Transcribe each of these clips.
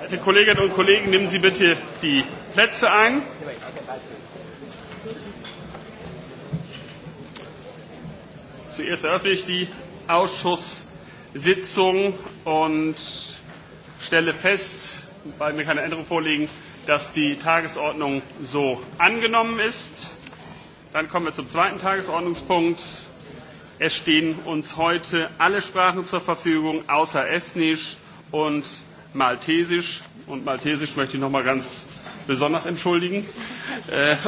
Werte Kolleginnen und Kollegen, nehmen Sie bitte die Plätze ein. Zuerst eröffne ich die Ausschusssitzung und stelle fest, weil mir keine Änderungen vorliegen, dass die Tagesordnung so angenommen ist. Dann kommen wir zum zweiten Tagesordnungspunkt Es stehen uns heute alle Sprachen zur Verfügung, außer Estnisch und Maltesisch. Und Maltesisch möchte ich nochmal ganz besonders entschuldigen.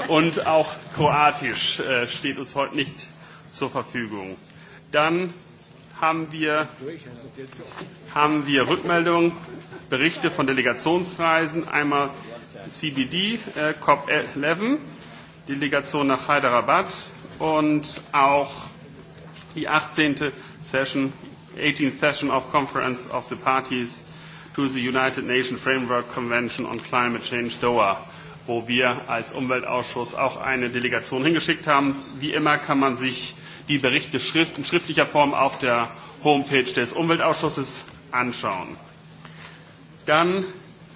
Und auch Kroatisch steht uns heute nicht zur Verfügung. Dann haben wir, haben wir Rückmeldungen, Berichte von Delegationsreisen. Einmal CBD, COP11, Delegation nach Hyderabad und auch die 18. Session, 18th Session of Conference of the Parties to the United Nations Framework Convention on Climate Change Doha, wo wir als Umweltausschuss auch eine Delegation hingeschickt haben. Wie immer kann man sich die Berichte schrift, in schriftlicher Form auf der Homepage des Umweltausschusses anschauen. Dann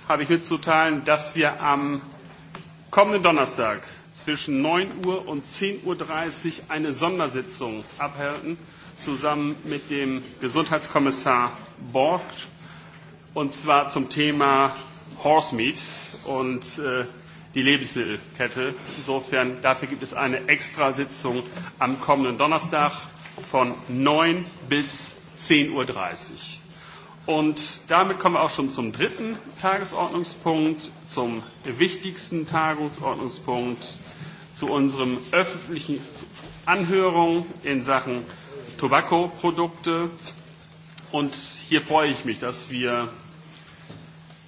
habe ich mitzuteilen, dass wir am kommenden Donnerstag zwischen 9 Uhr und 10.30 Uhr eine Sondersitzung abhalten, zusammen mit dem Gesundheitskommissar Borg, und zwar zum Thema Horse Meat und äh, die Lebensmittelkette. Insofern, dafür gibt es eine Extrasitzung am kommenden Donnerstag von 9 bis 10.30 Uhr. Und damit kommen wir auch schon zum dritten Tagesordnungspunkt, zum wichtigsten Tagesordnungspunkt zu unseren öffentlichen Anhörungen in Sachen Tobakoprodukte. Und hier freue ich mich, dass wir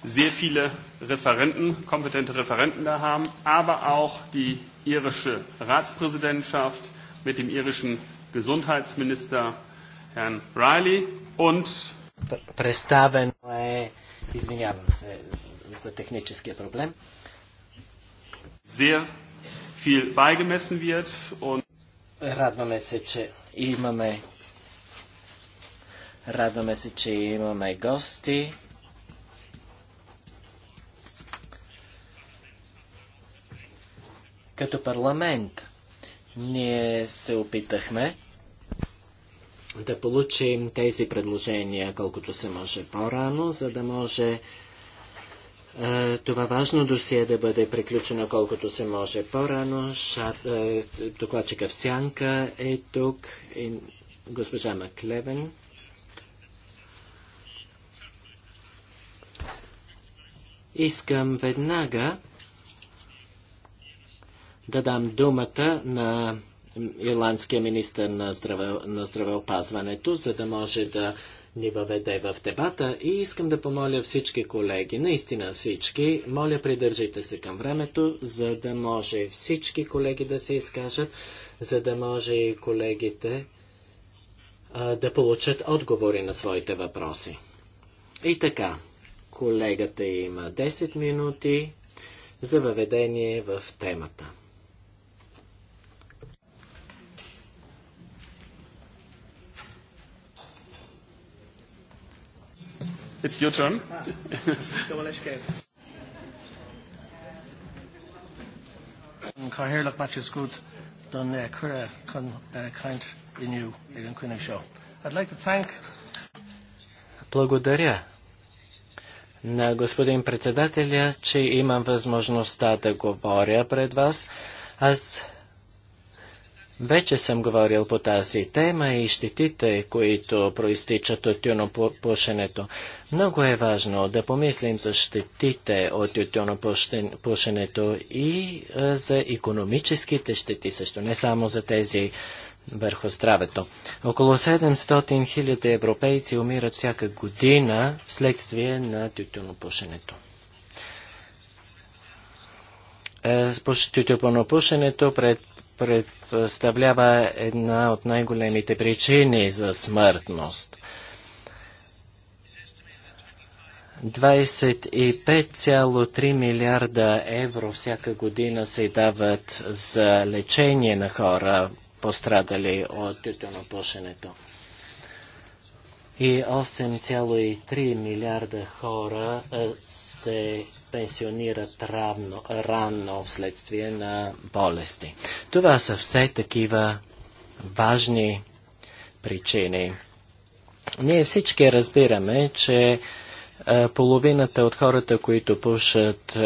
sehr viele Referenten, kompetente Referenten da haben, aber auch die irische Ratspräsidentschaft mit dem irischen Gesundheitsminister Herrn Riley und Sehr viel beigemessen wird. Und Радваме се, че имаме Радваме се, че имаме гости. Като парламент ние се опитахме да получим тези предложения колкото се може по-рано, за да може това важно досие да бъде приключено колкото се може по-рано. Докладчика в Сянка е тук и госпожа Маклевен. Искам веднага да дам думата на ирландския министр на, здраве, на здравеопазването, за да може да ни въведе в дебата и искам да помоля всички колеги, наистина всички, моля придържайте се към времето, за да може всички колеги да се изкажат, за да може и колегите а, да получат отговори на своите въпроси. И така, колегата има 10 минути за въведение в темата. It's your turn. Cá hirlach mat is good don cura chun kind renew ag an cuine seo. I'd like to thank Благодаря на господин председателя, че имам възможността да говоря пред вас. Аз вече съм говорил по тази тема и щетите, които проистичат от тюнопушенето. Много е важно да помислим за щетите от тюнопушенето и за економическите щети също, не само за тези върху здравето. Около 700 хиляди европейци умират всяка година вследствие на тютюнопушенето. Е, Тютюпонопушенето пред представлява една от най-големите причини за смъртност. 25,3 милиарда евро всяка година се дават за лечение на хора, пострадали от тютюнопушенето. И 8,3 милиарда хора е, се пенсионират равно, рано вследствие на болести. Това са все такива важни причини. Ние всички разбираме, че половината от хората, които пушат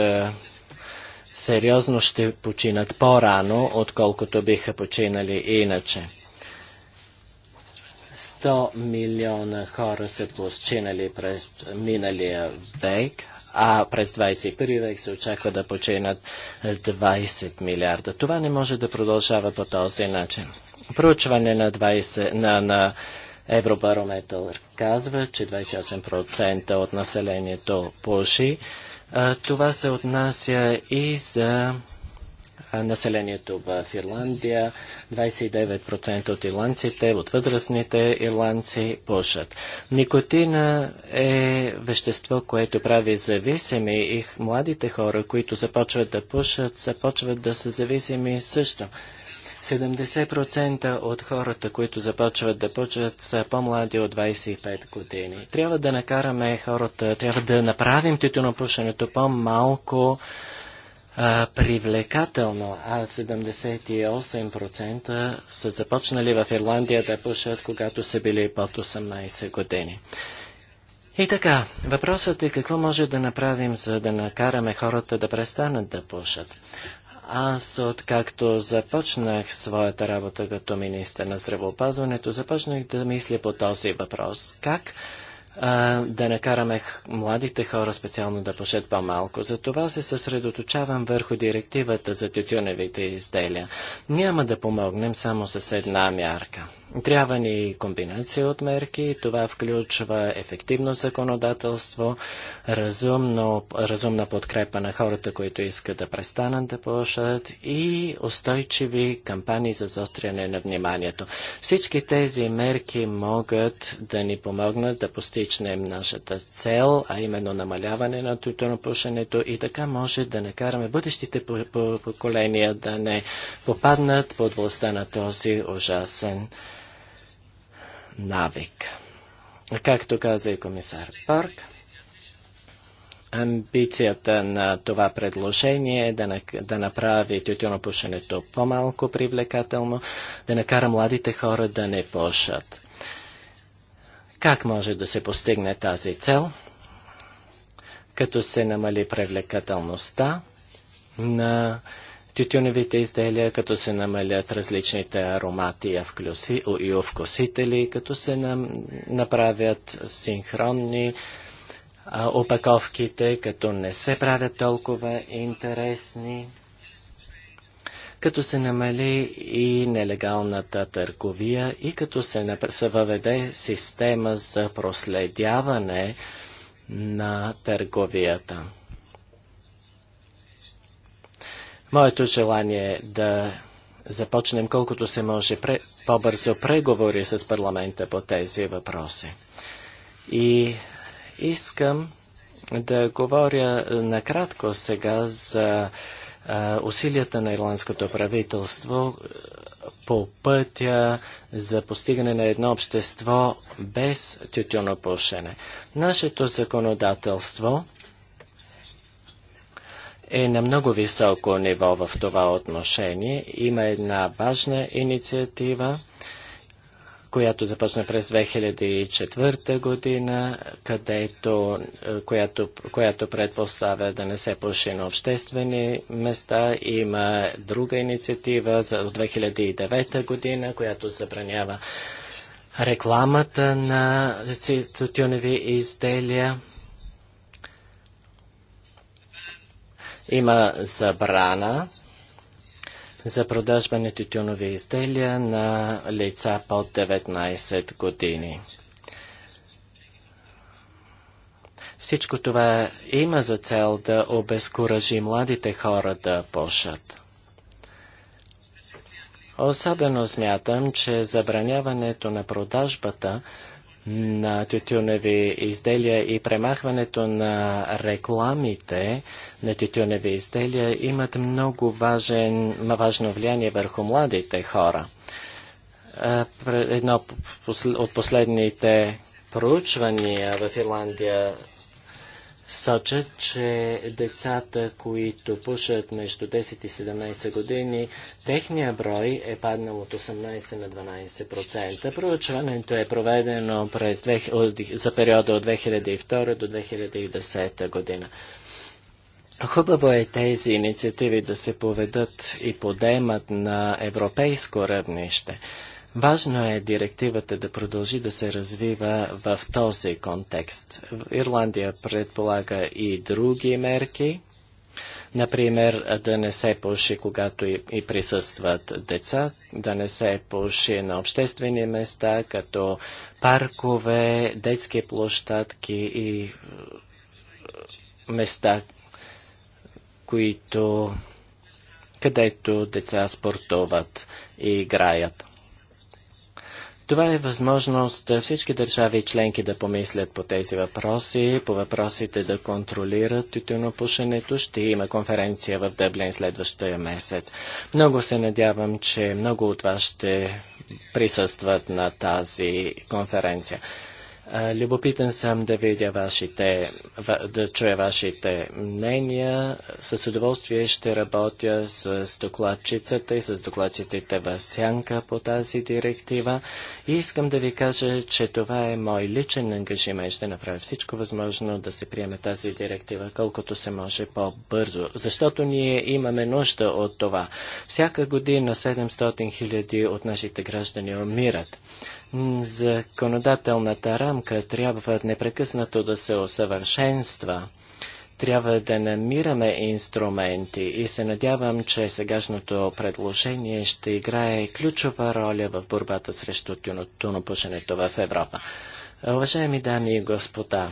сериозно ще починат по-рано, отколкото биха починали иначе. 100 милиона хора са починали през миналия век, а през 21 век се очаква да починат е, 20 милиарда. Това не може да продължава по този начин. Проучване на, 20, на, на Евробарометър казва, че 28% от населението пуши. Това се отнася и за населението в Ирландия. 29% от ирландците, от възрастните ирландци пушат. Никотина е вещество, което прави зависими и младите хора, които започват да пушат, започват да са зависими също. 70% от хората, които започват да пушат, са по-млади от 25 години. Трябва да накараме хората, трябва да направим тютюнопушенето по-малко а, привлекателно, а 78% са започнали в Ирландия да пушат, когато са били под 18 години. И така, въпросът е какво може да направим, за да накараме хората да престанат да пушат. Аз, откакто започнах своята работа като министър на здравеопазването, започнах да мисля по този въпрос. Как а, да накараме младите хора специално да пушат по-малко. Затова се съсредоточавам върху директивата за тютюневите изделия. Няма да помогнем само с една мярка. Трябва ни комбинация от мерки. Това включва ефективно законодателство, разумно, разумна подкрепа на хората, които искат да престанат да пушат и устойчиви кампании за заостряне на вниманието. Всички тези мерки могат да ни помогнат да постичнем нашата цел, а именно намаляване на тютюнопушенето и така може да накараме бъдещите поколения да не попаднат под властта на този ужасен навик. Както каза и комисар Парк, амбицията на това предложение е да, на, да направи тютюнопушенето по-малко привлекателно, да накара младите хора да не пушат. Как може да се постигне тази цел? Като се намали привлекателността на тютюневите изделия, като се намалят различните аромати и овкусители, като се направят синхронни опаковките, като не се правят толкова интересни, като се намали и нелегалната търговия и като се, се въведе система за проследяване на търговията. Моето желание е да започнем колкото се може по-бързо преговори с парламента по тези въпроси. И искам да говоря накратко сега за усилията на ирландското правителство по пътя за постигане на едно общество без тютюнопушене. Нашето законодателство е на много високо ниво в това отношение. Има една важна инициатива, която започна през 2004 година, където, която, която предпоставя да не се пуши на обществени места. Има друга инициатива за, от 2009 година, която забранява рекламата на тютюневи изделия. Има забрана за продажба на тютюнови изделия на лица под 19 години. Всичко това има за цел да обезкуражи младите хора да пошат. Особено смятам, че забраняването на продажбата на тютюневи изделия и премахването на рекламите на тютюневи изделия имат много важен, важно влияние върху младите хора. Едно от последните проучвания в Ирландия сочат, че децата, които пушат между 10 и 17 години, техния брой е паднал от 18 на 12%. Проучването е проведено през, за периода от 2002 до 2010 година. Хубаво е тези инициативи да се поведат и подемат на европейско равнище. Важно е директивата да продължи да се развива в този контекст. Ирландия предполага и други мерки, Например, да не се пуши, когато и, присъстват деца, да не се пуши на обществени места, като паркове, детски площадки и е, места, които, където деца спортуват и играят. Това е възможност всички държави и членки да помислят по тези въпроси, по въпросите да контролират тютюнопушенето. Ще има конференция в Дъблин следващия месец. Много се надявам, че много от вас ще присъстват на тази конференция. Любопитен съм да видя вашите, да чуя вашите мнения. С удоволствие ще работя с докладчицата и с докладчиците в сянка по тази директива. И искам да ви кажа, че това е мой личен ангажимент. Ще направя всичко възможно да се приеме тази директива колкото се може по-бързо. Защото ние имаме нужда от това. Всяка година 700 хиляди от нашите граждани умират. Законодателната рамка трябва непрекъснато да се усъвършенства. Трябва да намираме инструменти и се надявам, че сегашното предложение ще играе ключова роля в борбата срещу тюнопушенето в Европа. Уважаеми дами и господа,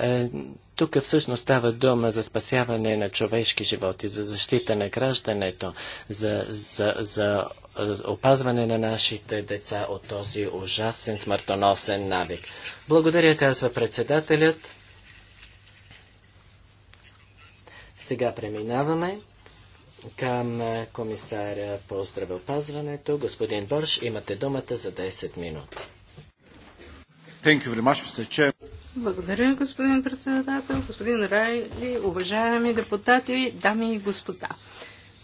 е, тук всъщност става дума за спасяване на човешки животи, за защита на граждането, за, за, за опазване на нашите деца от този ужасен смъртоносен навик. Благодаря, казва председателят. Сега преминаваме към комисаря по здравеопазването. Господин Борш, имате думата за 10 минути. Much, Благодаря, господин председател, господин Райли, уважаеми депутати, дами и господа.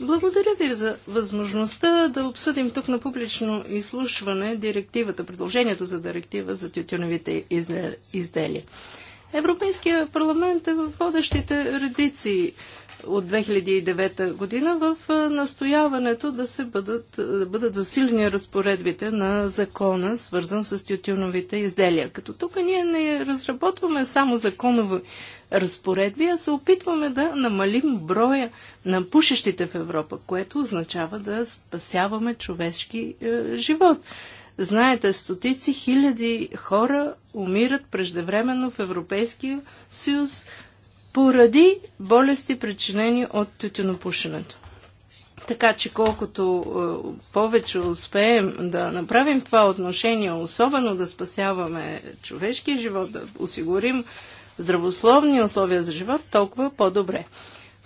Благодаря ви за възможността да обсъдим тук на публично изслушване директивата, предложението за директива за тютюневите изделия. Европейския парламент е в водещите редици от 2009 година в настояването да се бъдат, да бъдат засилени разпоредбите на закона, свързан с тютюновите изделия. Като тук ние не разработваме само законови разпоредби, а се опитваме да намалим броя на пушещите в Европа, което означава да спасяваме човешки е, живот. Знаете, стотици хиляди хора умират преждевременно в Европейския съюз поради болести, причинени от тютюнопушенето. Така че колкото е, повече успеем да направим това отношение, особено да спасяваме човешкия живот, да осигурим здравословни условия за живот, толкова по-добре.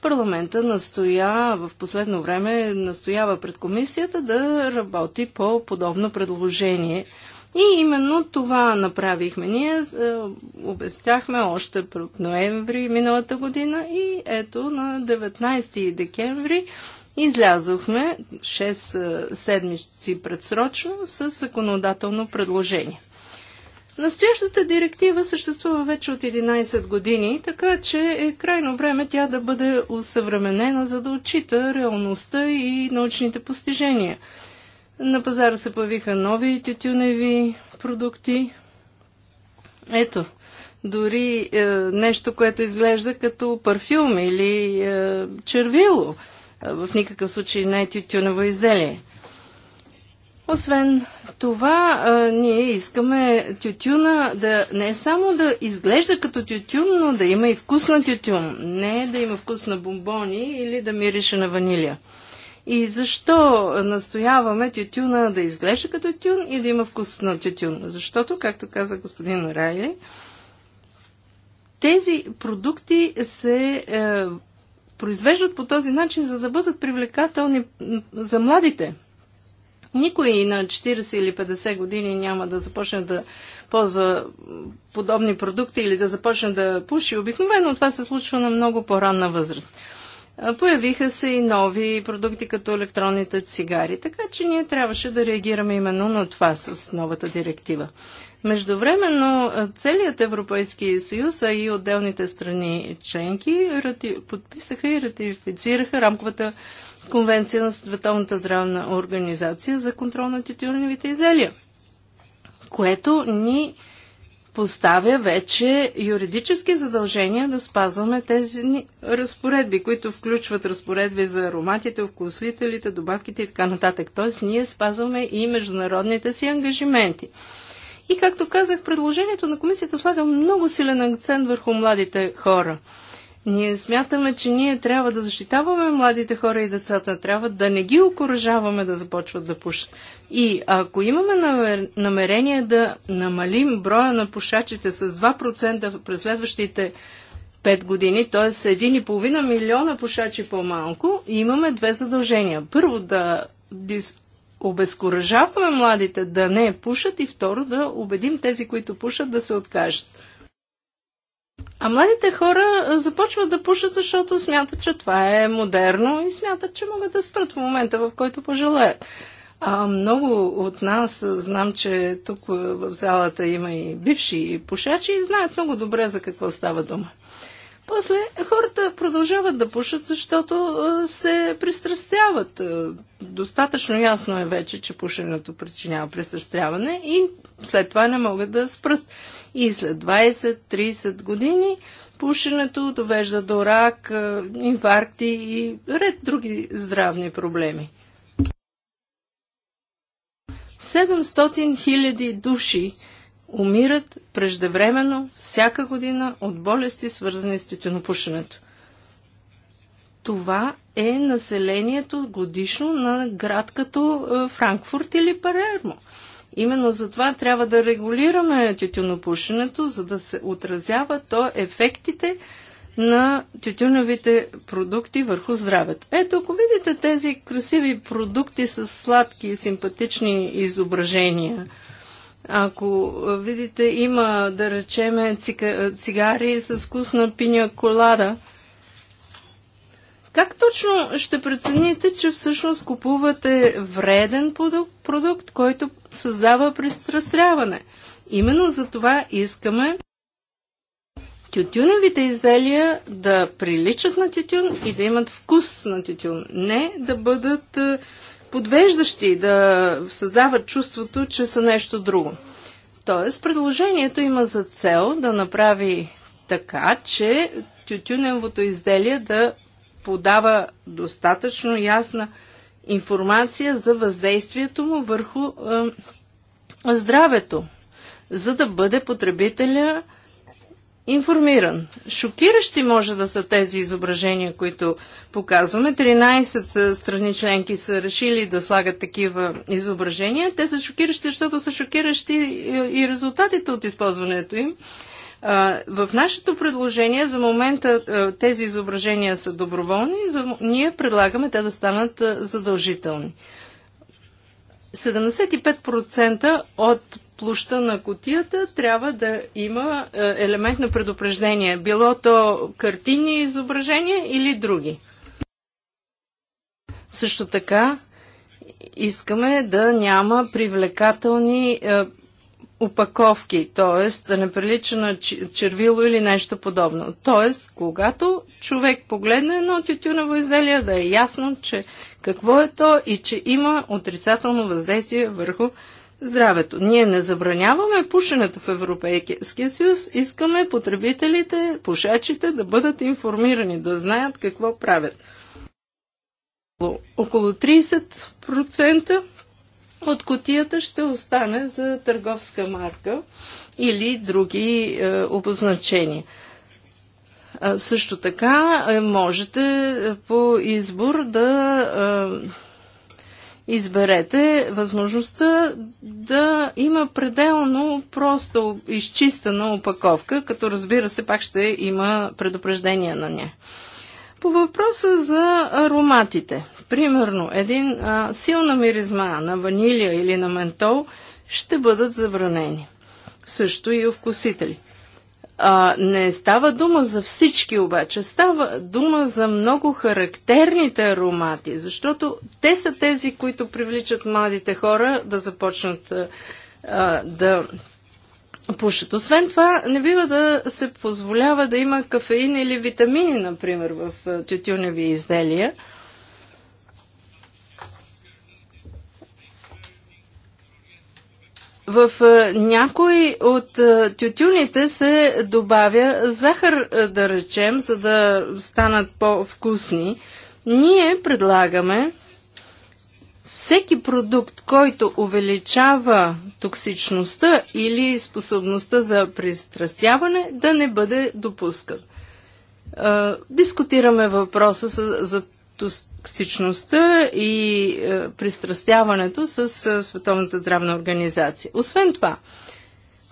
Парламента настоя в последно време настоява пред комисията да работи по подобно предложение – и именно това направихме. Ние е, обещахме още пред ноември миналата година и ето на 19 декември излязохме 6 е, седмици предсрочно с законодателно предложение. Настоящата директива съществува вече от 11 години, така че е крайно време тя да бъде усъвременена, за да отчита реалността и научните постижения – на пазара се появиха нови тютюневи продукти. Ето, дори е, нещо, което изглежда като парфюм или е, червило. Е, в никакъв случай не е тютюнево изделие. Освен това, е, ние искаме тютюна да не само да изглежда като тютюн, но да има и вкус на тютюн. Не да има вкус на бомбони или да мирише на ванилия. И защо настояваме тютюна да изглежда като тютюн и да има вкус на тютюн? Защото, както каза господин Райли, тези продукти се е, произвеждат по този начин, за да бъдат привлекателни за младите. Никой на 40 или 50 години няма да започне да ползва подобни продукти или да започне да пуши. Обикновено това се случва на много по-ранна възраст. Появиха се и нови продукти, като електронните цигари, така че ние трябваше да реагираме именно на това с новата директива. Междувременно целият Европейски съюз, а и отделните страни членки рати... подписаха и ратифицираха рамковата конвенция на Световната здравна организация за контрол на тютюневите изделия, което ни поставя вече юридически задължения да спазваме тези разпоредби, които включват разпоредби за ароматите, вкуслителите, добавките и така нататък. Тоест ние спазваме и международните си ангажименти. И както казах, предложението на комисията слага много силен акцент върху младите хора – ние смятаме, че ние трябва да защитаваме младите хора и децата, трябва да не ги окоръжаваме да започват да пушат. И ако имаме намерение да намалим броя на пушачите с 2% през следващите 5 години, т.е. 1,5 милиона пушачи по-малко, имаме две задължения. Първо да обезкоръжаваме младите да не пушат и второ да убедим тези, които пушат, да се откажат. А младите хора започват да пушат, защото смятат, че това е модерно и смятат, че могат да спрат в момента, в който пожелаят. А, много от нас знам, че тук в залата има и бивши пушачи и знаят много добре за какво става дума. После хората продължават да пушат, защото се пристрастяват. Достатъчно ясно е вече, че пушенето причинява пристрастяване и след това не могат да спрат. И след 20-30 години пушенето довежда до рак, инфаркти и ред други здравни проблеми. 700 000 души умират преждевременно всяка година от болести, свързани с тютюнопушенето. Това е населението годишно на град като е, Франкфурт или Парермо. Именно за това трябва да регулираме тютюнопушенето, за да се отразява то ефектите на тютюновите продукти върху здравето. Ето, ако видите тези красиви продукти с сладки и симпатични изображения – ако видите, има, да речеме, цигари с вкус на пиня колада. Как точно ще прецените, че всъщност купувате вреден продукт, продукт който създава пристрастряване? Именно за това искаме тютюневите изделия да приличат на тютюн и да имат вкус на тютюн, не да бъдат подвеждащи, да създават чувството, че са нещо друго. Тоест, предложението има за цел да направи така, че тютюневото изделие да подава достатъчно ясна информация за въздействието му върху е, здравето, за да бъде потребителя информиран. Шокиращи може да са тези изображения, които показваме. 13 страни членки са решили да слагат такива изображения. Те са шокиращи, защото са шокиращи и резултатите от използването им. В нашето предложение за момента тези изображения са доброволни, ние предлагаме те да станат задължителни. 75% от площа на котията трябва да има е, елемент на предупреждение, било то картинни изображения или други. Също така искаме да няма привлекателни опаковки, е, т.е. да не прилича на червило или нещо подобно. Т.е. когато човек погледне едно тютюнево изделие, да е ясно, че какво е то и че има отрицателно въздействие върху здравето. Ние не забраняваме пушенето в Европейския съюз, искаме потребителите, пушачите да бъдат информирани, да знаят какво правят. Около 30% от котията ще остане за търговска марка или други е, обозначения. А, също така е, можете е, по избор да е, изберете възможността да има пределно просто изчистена опаковка, като разбира се пак ще има предупреждения на нея. По въпроса за ароматите. Примерно, един а, силна миризма на ванилия или на ментол ще бъдат забранени. Също и овкусители. А, не става дума за всички обаче, става дума за много характерните аромати, защото те са тези, които привличат младите хора да започнат а, да пушат. Освен това, не бива да се позволява да има кафеин или витамини, например, в тютюневи изделия. В е, някои от е, тютюните се добавя захар, е, да речем, за да станат по-вкусни. Ние предлагаме всеки продукт, който увеличава токсичността или способността за пристрастяване, да не бъде допускан. Дискутираме въпроса за токсичността и е, пристрастяването с е, Световната здравна организация. Освен това,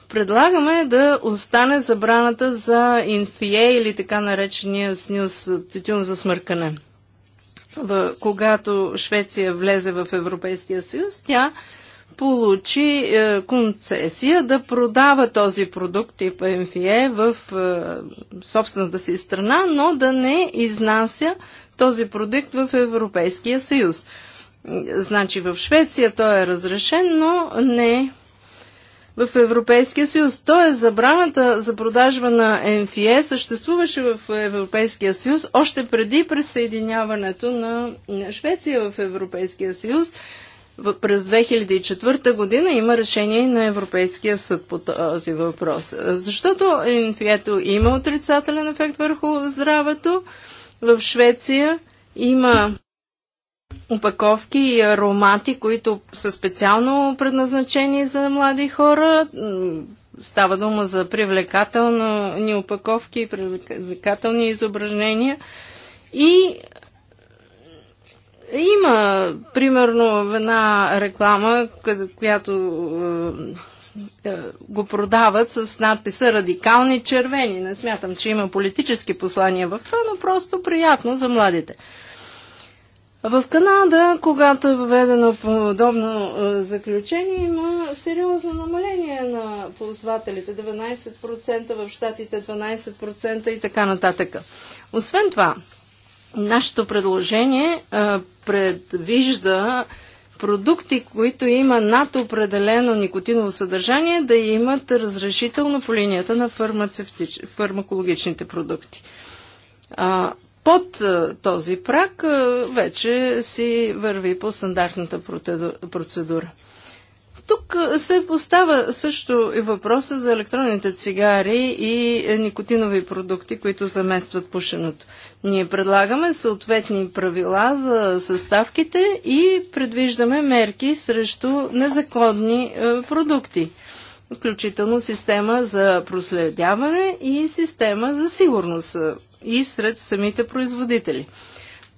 предлагаме да остане забраната за инфие или така наречения снюс, тютюн за смъркане. В, когато Швеция влезе в Европейския съюз, тя получи е, концесия да продава този продукт тип МФЕ в е, собствената си страна, но да не изнася този продукт в Европейския съюз. Значи в Швеция той е разрешен, но не в Европейския съюз. Тоест забраната за продажба на МФЕ съществуваше в Европейския съюз още преди присъединяването на Швеция в Европейския съюз през 2004 година има решение на Европейския съд по този въпрос. Е, защото инфието има отрицателен ефект върху здравето. В Швеция има опаковки и аромати, които са специално предназначени за млади хора. Става дума за привлекателни опаковки и привлекателни изображения. И има, примерно, една реклама, която е, е, го продават с надписа Радикални червени. Не смятам, че има политически послания в това, но просто приятно за младите. В Канада, когато е въведено подобно е, заключение, има сериозно намаление на ползвателите. 12% в щатите, 12% и така нататък. Освен това, нашето предложение предвижда продукти, които има над определено никотиново съдържание, да имат разрешително по линията на фармакологичните продукти. А, под този прак вече си върви по стандартната процедура. Тук се поставя също и въпроса за електронните цигари и е, никотинови продукти, които заместват пушеното. Ние предлагаме съответни правила за съставките и предвиждаме мерки срещу незаконни е, продукти, включително система за проследяване и система за сигурност е, и сред самите производители.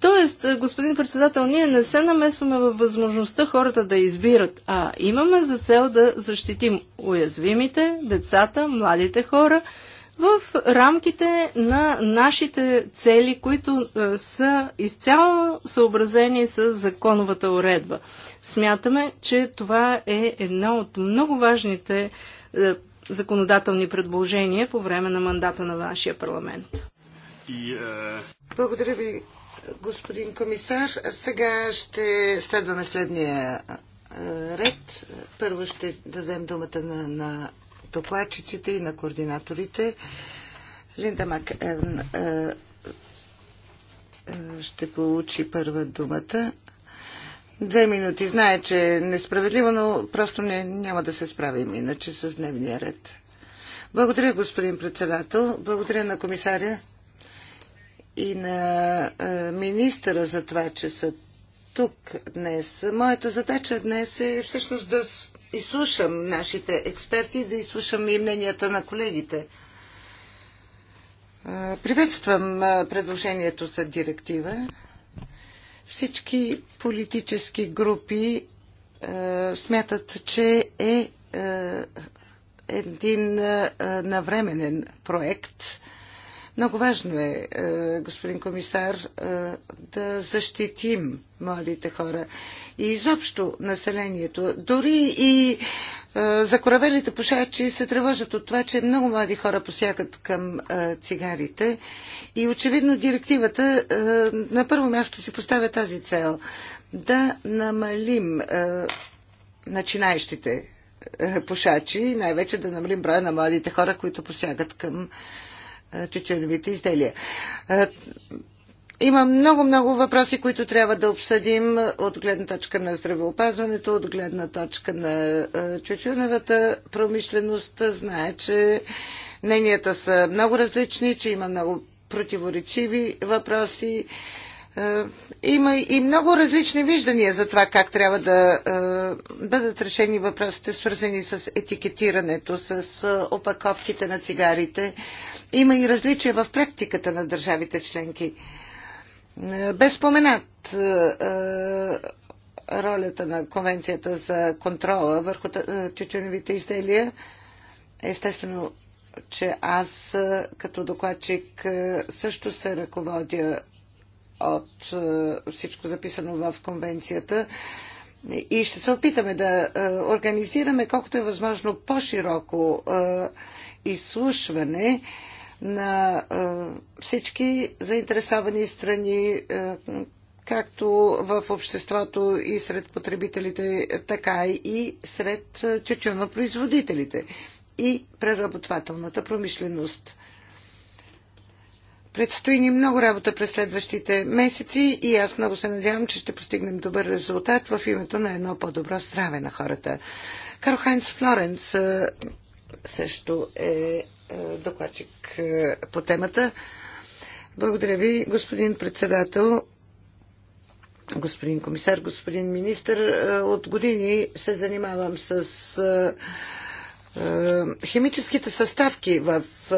Тоест, е, господин председател, ние не се намесваме във възможността хората да избират, а имаме за цел да защитим уязвимите, децата, младите хора в рамките на нашите цели, които е, са изцяло съобразени с законовата уредба. Смятаме, че това е едно от много важните е, законодателни предложения по време на мандата на нашия парламент. Благодаря ви, господин комисар. Сега ще следваме следния ред. Първо ще дадем думата на, на докладчиците и на координаторите. Линда Мак е, ще получи първа думата. Две минути. Знае, че е несправедливо, но просто не, няма да се справим иначе с дневния ред. Благодаря, господин председател. Благодаря на комисаря и на министъра за това, че са тук днес. Моята задача днес е всъщност да изслушам нашите експерти, да изслушам и мненията на колегите. Приветствам предложението за директива. Всички политически групи смятат, че е един навременен проект – много важно е, е господин комисар, е, да защитим младите хора и изобщо населението. Дори и е, закоравелите пушачи се тревожат от това, че много млади хора посягат към цигарите и очевидно директивата на първо място си поставя тази цел да намалим начинаещите пушачи, най-вече да намалим броя на младите хора, които посягат към тютюневите изделия. Има много-много въпроси, които трябва да обсъдим от гледна точка на здравеопазването, от гледна точка на тютюневата промишленост. Знае, че мненията са много различни, че има много противоречиви въпроси. Е, има и много различни виждания за това как трябва да е, бъдат решени въпросите, свързани с етикетирането, с е, опаковките на цигарите. Има и различия в практиката на държавите членки. Без споменат ролята на Конвенцията за контрола върху тютюневите изделия. Естествено, че аз като докладчик също се ръководя от е, всичко записано в конвенцията. И ще се опитаме да е, организираме колкото е възможно по-широко е, изслушване на всички заинтересовани страни, както в обществото и сред потребителите, така и сред тютюнопроизводителите и преработвателната промишленост. Предстои ни много работа през следващите месеци и аз много се надявам, че ще постигнем добър резултат в името на едно по-добро здраве на хората. Карл Хайнц Флоренц също е докладчик по темата. Благодаря ви, господин председател, господин комисар, господин министр. От години се занимавам с е, химическите съставки в е,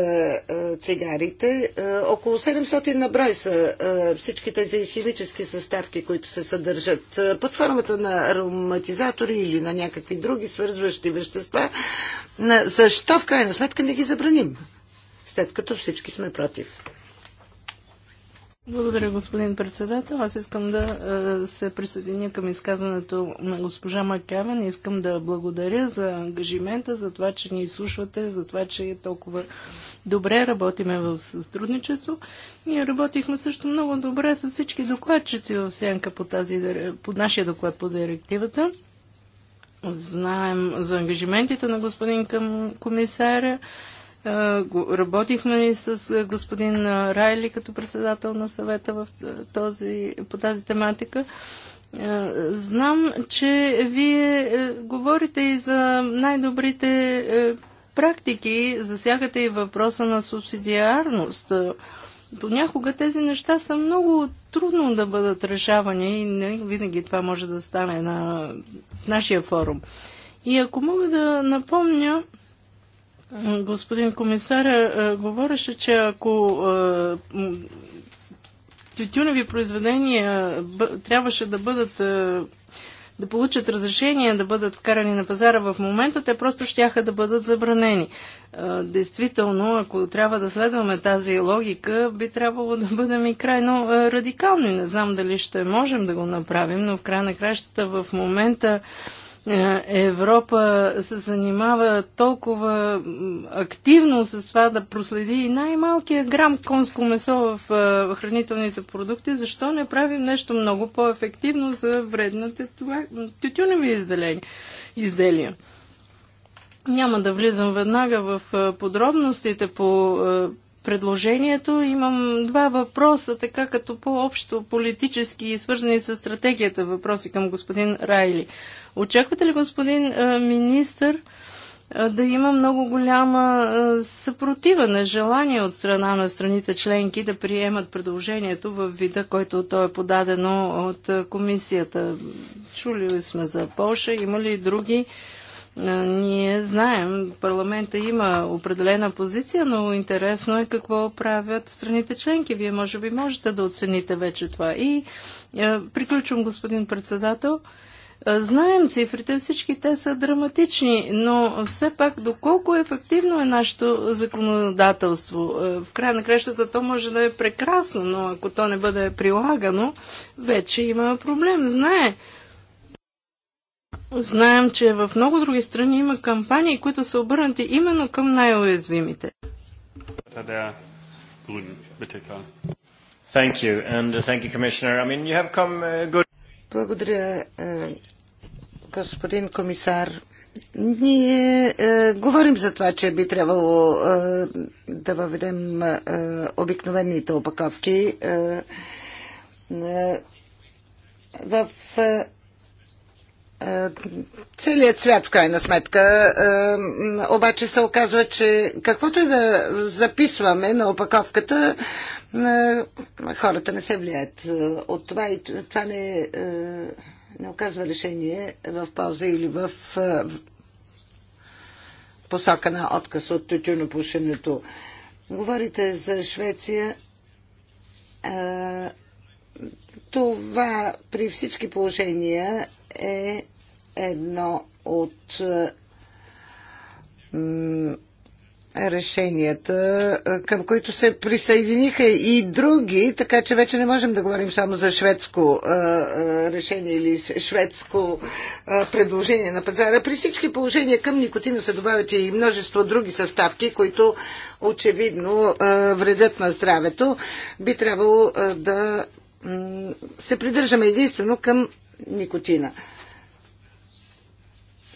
е, цигарите. Около 700 на брой са всички тези химически съставки, които се съдържат под формата на ароматизатори или на някакви други свързващи вещества. Защо в крайна сметка не ги забраним, след като всички сме против? Благодаря, господин председател. Аз искам да е, се присъединя към изказването на госпожа Макявен. Искам да благодаря за ангажимента, за това, че ни изслушвате, за това, че е толкова добре работиме в сътрудничество. Ние работихме също много добре с всички докладчици в сянка по, тази, по нашия доклад по директивата. Знаем за ангажиментите на господин към комисаря. Работихме и с господин Райли като председател на съвета в този, по тази тематика. Знам, че вие говорите и за най-добрите практики, засягате и въпроса на субсидиарност. Понякога тези неща са много трудно да бъдат решавани и не винаги това може да стане на, в нашия форум. И ако мога да напомня, Господин комисар, е, е, говореше, че ако е, тютюневи произведения трябваше да бъдат да получат разрешение да бъдат вкарани на пазара в момента, те просто щяха да бъдат забранени. Действително, ако трябва да следваме тази логика, би трябвало да бъдем и крайно радикални. Не знам дали ще можем да го направим, но в край на кращата в момента е, Европа се занимава толкова активно с това да проследи и най-малкия грам конско месо в е, хранителните продукти, защо не правим нещо много по-ефективно за вредните тютюневи изделия? Няма да влизам веднага в е, подробностите по предложението. Имам два въпроса, така като по-общо политически и свързани с стратегията въпроси към господин Райли. Очаквате ли, господин министър, да има много голяма съпротива, на желание от страна на страните членки да приемат предложението в вида, който то е подадено от комисията. Чули сме за Польша, има ли други ние знаем, парламента има определена позиция, но интересно е какво правят страните членки. Вие може би можете да оцените вече това. И приключвам, господин председател. Знаем цифрите, всички те са драматични, но все пак доколко ефективно е нашето законодателство? В края на кращата то може да е прекрасно, но ако то не бъде прилагано, вече има проблем. Знае Знаем, че в много други страни има кампании, които са обърнати именно към най-уязвимите. Благодаря, uh, е, господин комисар. Ние е, говорим за това, че би трябвало е, да въведем е, обикновените опаковки. Е, е, в е, е, целият свят, в крайна сметка. Е, обаче се оказва, че каквото и да записваме на опаковката, е, хората не се влияят от това и това не, не оказва решение в полза или в посока на отказ от тютюнопушенето. Говорите за Швеция. Това при всички положения е едно от решенията, към които се присъединиха и други, така че вече не можем да говорим само за шведско решение или шведско предложение на пазара. При всички положения към никотина се добавят и множество други съставки, които очевидно вредят на здравето. Би трябвало да се придържаме единствено към никотина.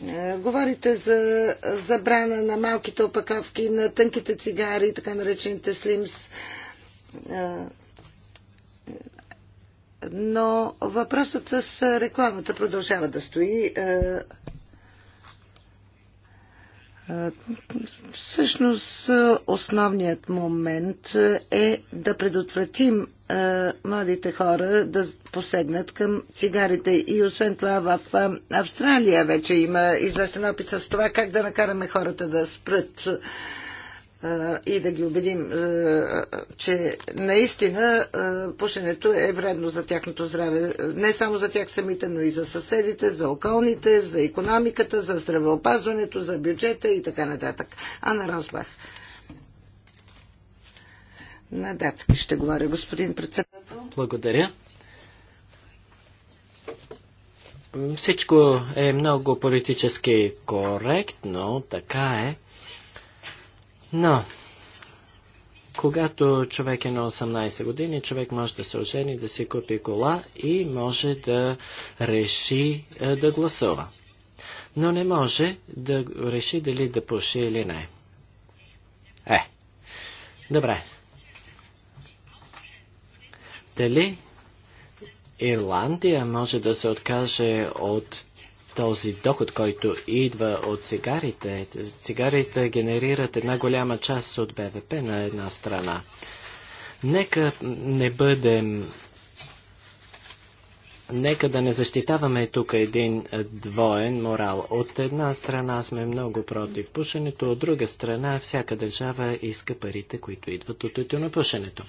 Е, говорите за забрана на малките опаковки, на тънките цигари, така наречените слимс. Е, но въпросът с рекламата продължава да стои. Е, всъщност основният момент е да предотвратим а, младите хора да посегнат към цигарите. И освен това в а, Австралия вече има известен опит с това как да накараме хората да спрат а, и да ги убедим, а, че наистина а, пушенето е вредно за тяхното здраве. Не само за тях самите, но и за съседите, за околните, за економиката, за здравеопазването, за бюджета и така нататък. Анна Росбах. На датски ще говоря, господин председател. Благодаря. Всичко е много политически коректно, така е. Но, когато човек е на 18 години, човек може да се ожени, да си купи кола и може да реши е, да гласува. Но не може да реши дали да пуши или не. Е, добре. Дали Ирландия може да се откаже от този доход, който идва от цигарите. Цигарите генерират една голяма част от БВП на една страна. Нека не бъдем. Нека да не защитаваме тук един двоен морал. От една страна сме много против пушенето, от друга страна всяка държава иска парите, които идват от пушенето.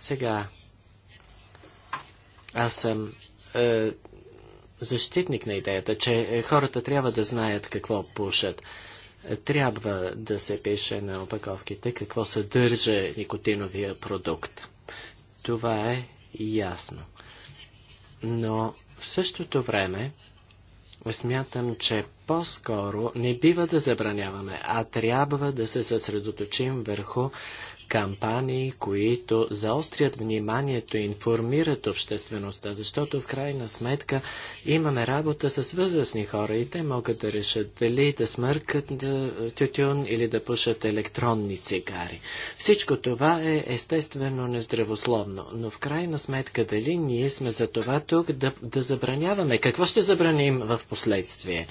Сега, аз съм е, защитник на идеята, че е, хората трябва да знаят какво пушат. Е, трябва да се пише на опаковките какво съдържа никотиновия продукт. Това е ясно. Но в същото време смятам, че по-скоро не бива да забраняваме, а трябва да се съсредоточим върху кампании, които заострят вниманието и информират обществеността, защото в крайна сметка имаме работа с възрастни хора и те могат да решат дали да смъркат тютюн или да пушат електронни цигари. Всичко това е естествено нездравословно, но в крайна сметка дали ние сме за това тук да, да забраняваме? Какво ще забраним в последствие?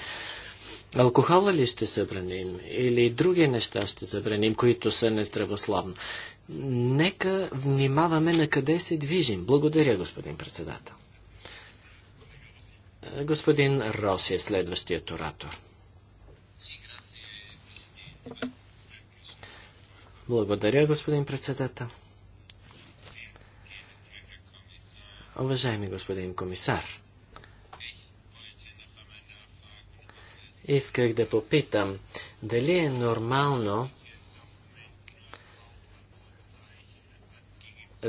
Алкохола ли ще забраним или други неща ще забраним, които са нездравословни? Нека внимаваме на къде се движим. Благодаря, господин председател. Господин Роси е следващият оратор. Благодаря, господин председател. Уважаеми господин комисар, Исках да попитам, дали е нормално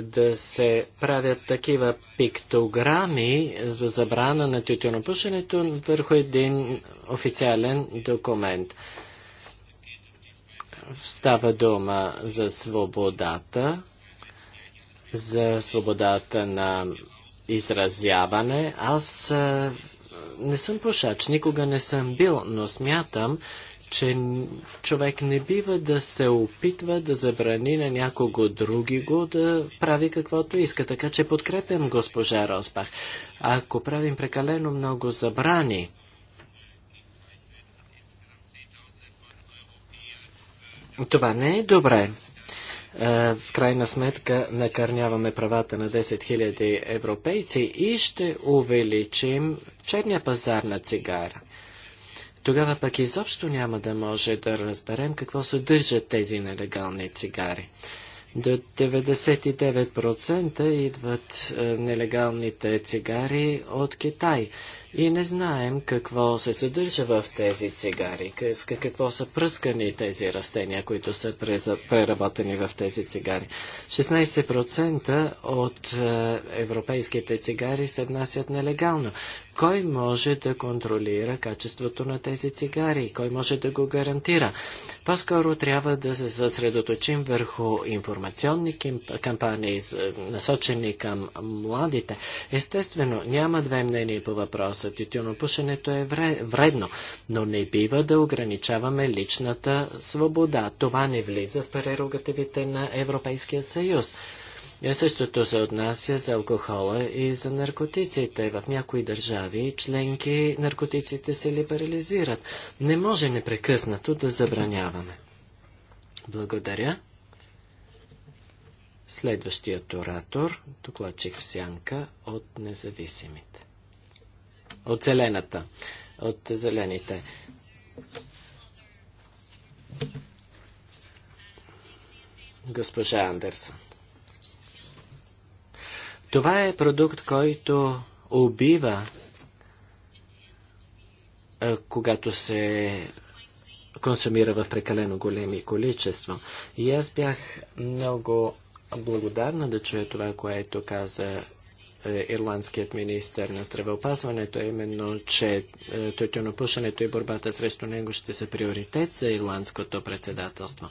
да се правят такива пиктограми за забрана на тютюнопушенето върху един официален документ. Става дума за свободата, за свободата на изразяване. Аз не съм пушач, никога не съм бил, но смятам, че човек не бива да се опитва да забрани на някого други го да прави каквото иска. Така че подкрепям госпожа Роспах. Ако правим прекалено много забрани, това не е добре. Е, в крайна сметка накърняваме правата на 10 000 европейци и ще увеличим черния пазар на цигара. Тогава пък изобщо няма да може да разберем какво съдържат тези нелегални цигари. До 99% идват е, нелегалните цигари от Китай и не знаем какво се съдържа в тези цигари, какво са пръскани тези растения, които са преработени в тези цигари. 16% от е, европейските цигари се внасят нелегално. Кой може да контролира качеството на тези цигари? Кой може да го гарантира? По-скоро трябва да се съсредоточим върху информационни кампании, насочени към младите. Естествено, няма две мнения по въпроса за тютюнопушенето е вредно, но не бива да ограничаваме личната свобода. Това не влиза в прерогативите на Европейския съюз. Е, същото се отнася за алкохола и за наркотиците. В някои държави членки наркотиците се либерализират. Не може непрекъснато да забраняваме. Благодаря. Следващият оратор, докладчик в сянка от независимите. От зелената. От зелените. Госпожа Андерсон. Това е продукт, който убива, когато се консумира в прекалено големи количества. И аз бях много благодарна да чуя това, което каза е, ирландският министр на здравеопазването, е именно, че е, пушенето и борбата срещу него ще са приоритет за ирландското председателство.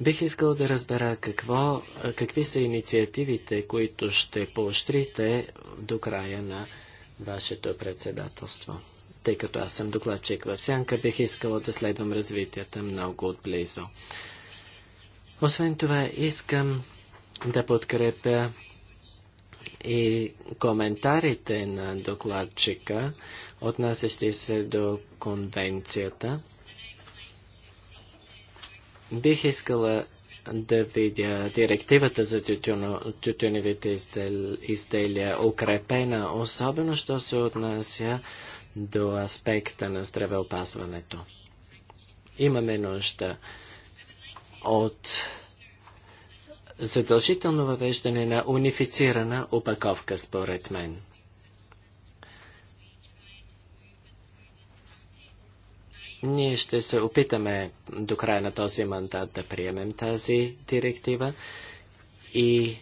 Бих искал да разбера какво, е, какви са инициативите, които ще поощрите до края на вашето председателство. Тъй като аз съм докладчик в Сянка, бих искала да следвам развитията много отблизо. Освен това, искам да подкрепя и коментарите на докладчика, отнасящи се до конвенцията. Бих искала да видя директивата за тютюневите изделия укрепена, особено що се отнася до аспекта на здравеопазването. Имаме нужда от задължително въвеждане на унифицирана опаковка, според мен. Ние ще се опитаме до края на този мандат да приемем тази директива и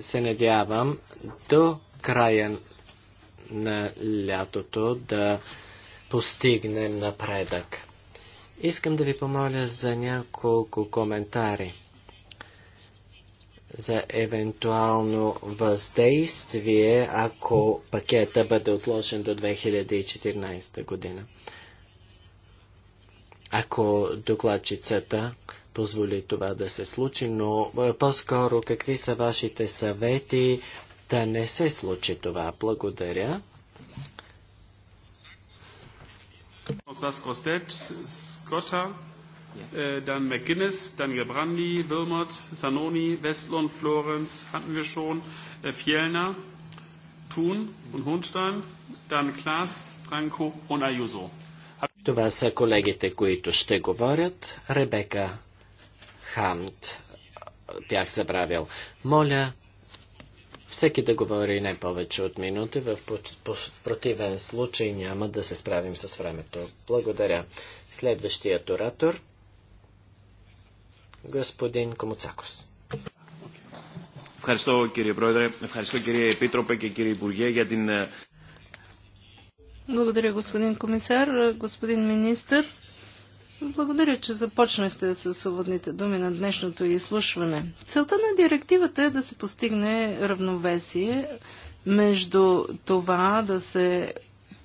се надявам до края на лятото да постигнем напредък. Искам да ви помоля за няколко коментари за евентуално въздействие, ако пакета бъде отложен до 2014 година. Ако докладчицата позволи това да се случи, но по-скоро какви са вашите съвети да не се случи това? Благодаря. Вас Gotter, äh, dann McGuinness, dann Gebrandi, Wilmot, Sanoni, Westlund, Florenz hatten wir schon, äh, Fjellner, Thun und Hohnstein, dann Klaas, Franco und Ayuso. Това са колегите, които ще говорят. Ребека Хант, бях забравил. Моля, всеки да говори не повече от минути, в, противен случай няма да се справим с времето. Благодаря. Следващият оратор, господин Комуцакос. Ευχαριστώ κύριε Πρόεδρε, ευχαριστώ κύριε Επίτροπε και κύριε Υπουργέ για την... Благодаря господин комисар, господин министр. Благодаря, че започнахте с свободните думи на днешното изслушване. Целта на директивата е да се постигне равновесие между това да се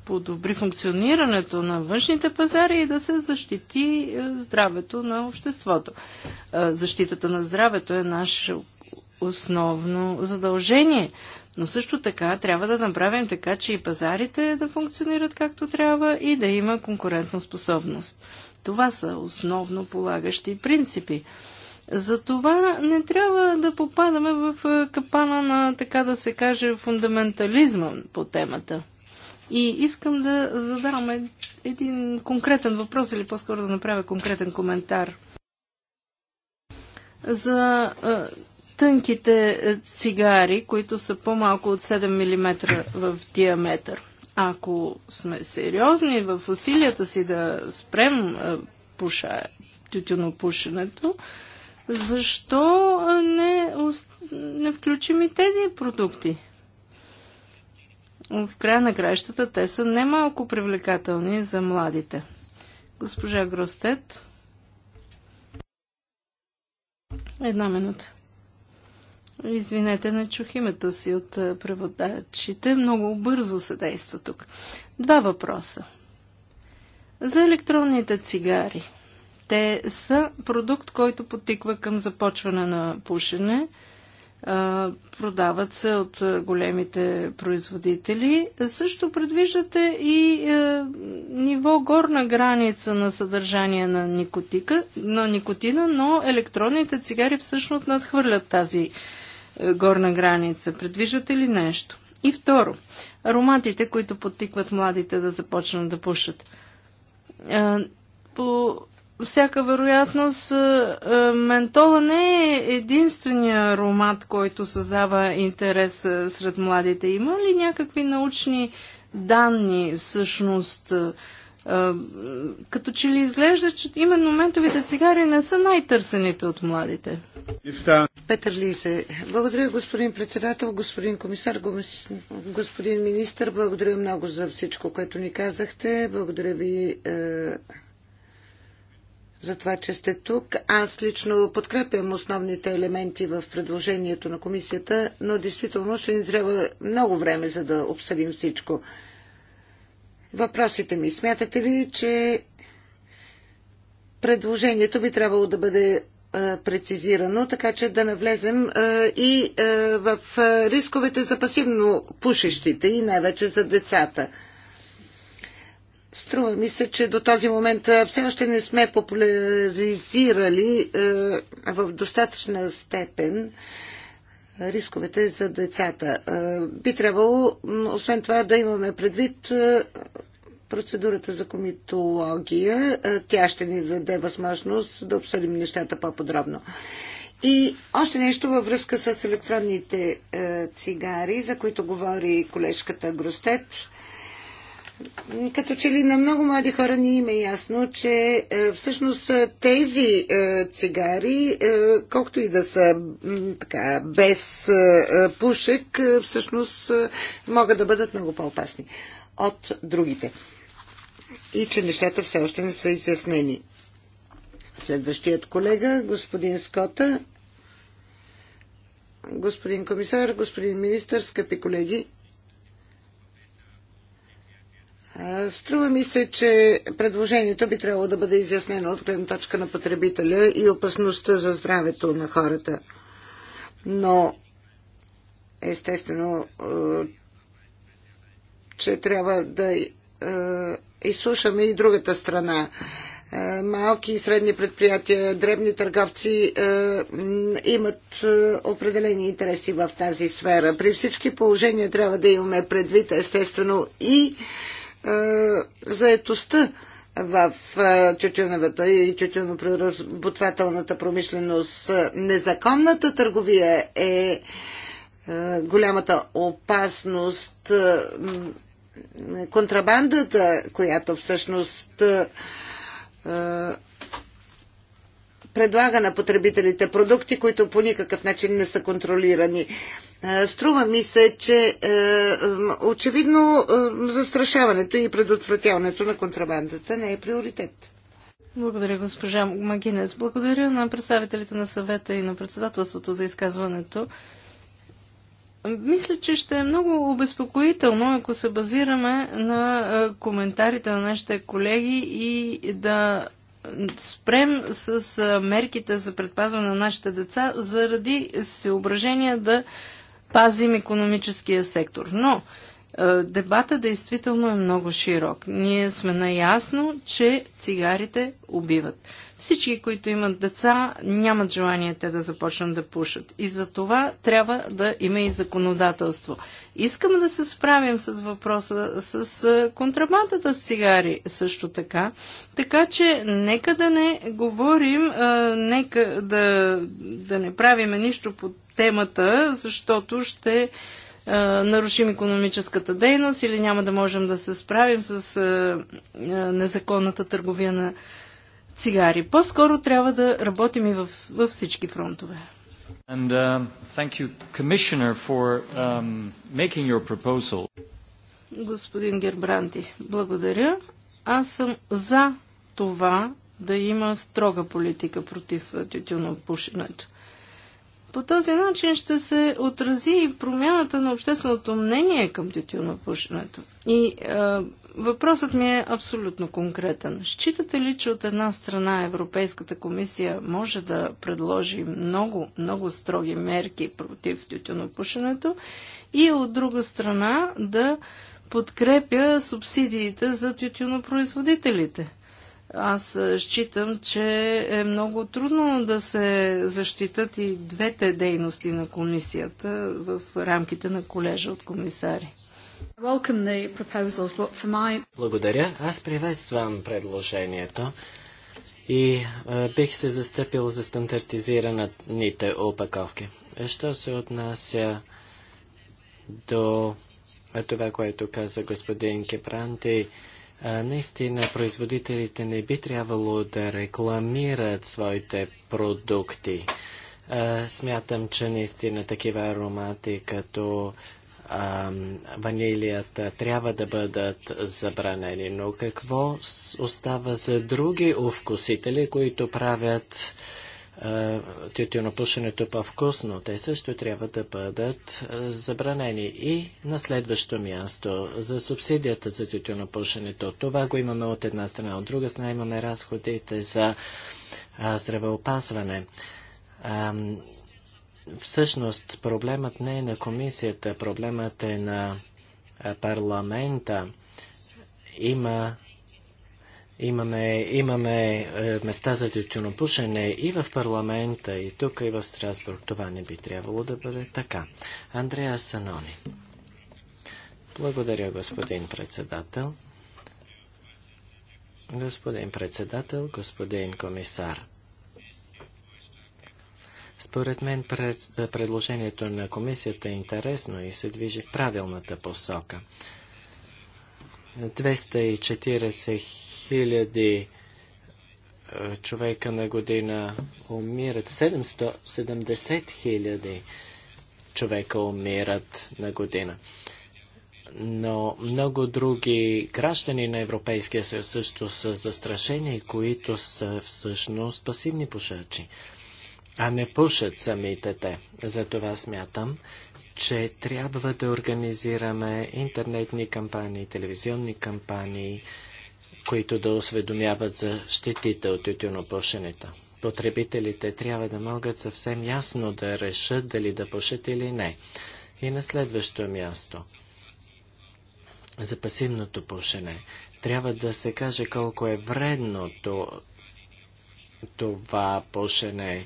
подобри функционирането на външните пазари и да се защити е, здравето на обществото. Е, защитата на здравето е наше основно задължение. Но също така трябва да направим така, че и пазарите да функционират както трябва и да има конкурентна способност. Това са основно полагащи принципи. Затова не трябва да попадаме в е, капана на, така да се каже, фундаментализма по темата. И искам да задам един конкретен въпрос или по-скоро да направя конкретен коментар. За е, тънките е, цигари, които са по-малко от 7 мм в диаметър. Ако сме сериозни в усилията си да спрем пуша, тютюнопушенето, защо не, не включим и тези продукти? В края на краищата те са немалко привлекателни за младите. Госпожа Гростет. Една минута. Извинете, не чух името си от преводачите. Много бързо се действа тук. Два въпроса. За електронните цигари. Те са продукт, който потиква към започване на пушене. Продават се от големите производители. Също предвиждате и ниво горна граница на съдържание на, никотика, на никотина, но електронните цигари всъщност надхвърлят тази е, горна граница? Предвиждате ли нещо? И второ, ароматите, които подтикват младите да започнат да пушат. Е, по всяка вероятност, е, ментола не е единствения аромат, който създава интерес сред младите. Има ли някакви научни данни всъщност? като че ли изглежда, че именно ментовите цигари не са най-търсените от младите. Петър Лисе, благодаря господин председател, господин комисар, господин министр, благодаря много за всичко, което ни казахте. Благодаря ви е, за това, че сте тук. Аз лично подкрепям основните елементи в предложението на комисията, но действително ще ни трябва много време, за да обсъдим всичко въпросите ми. Смятате ли, че предложението би трябвало да бъде прецизирано, така че да навлезем и в рисковете за пасивно пушещите и най-вече за децата. Струва ми се, че до този момент все още не сме популяризирали в достатъчна степен рисковете за децата. Би трябвало, освен това, да имаме предвид процедурата за комитология. Тя ще ни даде възможност да обсъдим нещата по-подробно. И още нещо във връзка с електронните цигари, за които говори колежката Гростет като че ли на много млади хора ни има е ясно, че е, всъщност е, тези е, цигари, колкото и да са така, без пушек, всъщност могат да бъдат много по-опасни от другите. И че нещата все още не са изяснени. Следващият колега, господин Скота. Господин комисар, господин министър, скъпи колеги, Струва ми се, че предложението би трябвало да бъде изяснено от гледна точка на потребителя и опасността за здравето на хората. Но, естествено, че трябва да изслушаме и другата страна. Малки и средни предприятия, дребни търговци имат определени интереси в тази сфера. При всички положения трябва да имаме предвид, естествено, и заетостта в тютюневата и тютюнопреразботвателната промишленост. Незаконната търговия е голямата опасност. Контрабандата, която всъщност предлага на потребителите продукти, които по никакъв начин не са контролирани. Е, струва ми се, че е, очевидно е, застрашаването и предотвратяването на контрабандата не е приоритет. Благодаря, госпожа Магинес. Благодаря на представителите на съвета и на председателството за изказването. Мисля, че ще е много обезпокоително, ако се базираме на коментарите на нашите колеги и да спрем с мерките за предпазване на нашите деца заради съображения да пазим економическия сектор. Но е, дебата действително е много широк. Ние сме наясно, че цигарите убиват. Всички, които имат деца, нямат желание те да започнат да пушат. И за това трябва да има и законодателство. Искам да се справим с въпроса с е, контрабандата с цигари също така. Така че нека да не говорим, е, нека да, да не правиме нищо по темата, защото ще е, нарушим економическата дейност или няма да можем да се справим с е, е, незаконната търговия на цигари. По-скоро трябва да работим и във всички фронтове. And uh, thank you, Commissioner, for um, making your proposal. Господин Гербранти, благодаря. Аз съм за това да има строга политика против тютюнопушенето. пушенето. По този начин ще се отрази и промяната на общественото мнение към тютюнопушенето. И е, въпросът ми е абсолютно конкретен. Считате ли, че от една страна Европейската комисия може да предложи много, много строги мерки против тютюнопушенето и от друга страна да подкрепя субсидиите за тютюнопроизводителите? Аз считам, че е много трудно да се защитат и двете дейности на комисията в рамките на колежа от комисари. Благодаря. Аз приветствам предложението и бих се застъпил за стандартизираните опаковки. Що се отнася до това, което каза господин Кепранти, наистина производителите не би трябвало да рекламират своите продукти. Смятам, че наистина такива аромати като ванилията трябва да бъдат забранени. Но какво остава за други овкусители, които правят тютюнопушенето по-вкусно. Те също трябва да бъдат забранени. И на следващо място за субсидията за тютюнопушенето. Това го имаме от една страна. От друга страна имаме разходите за здравеопазване. всъщност проблемът не е на комисията, проблемът е на парламента. Има Имаме, имаме е, места за тютюнопушене и в парламента, и тук, и в Страсбург. Това не би трябвало да бъде така. Андреа Санони. Благодаря, господин председател. Господин председател, господин комисар. Според мен пред, предложението на комисията е интересно и се движи в правилната посока. 240 хиляди е, човека на година умират. 770 хиляди човека умират на година. Но много други граждани на Европейския съюз също са застрашени, които са всъщност пасивни пушачи, а не пушат самите те. Затова смятам, че трябва да организираме интернетни кампании, телевизионни кампании, които да осведомяват за щетите от тютюнопушенето. Потребителите трябва да могат съвсем ясно да решат дали да пушат или не. И на следващо място за пасивното пушене. Трябва да се каже колко е вредно то, това пушене.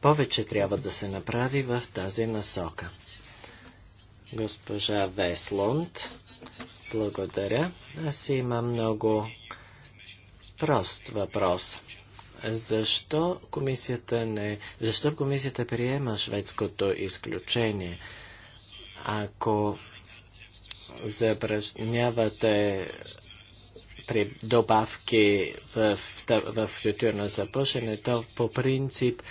Повече трябва да се направи в тази насока. Госпожа Веслунд благодаря. Аз имам много прост въпрос. Защо комисията не... Защо комисията приема шведското изключение? Ако забранявате при добавки в, в, в тютюрна запушене, то по принцип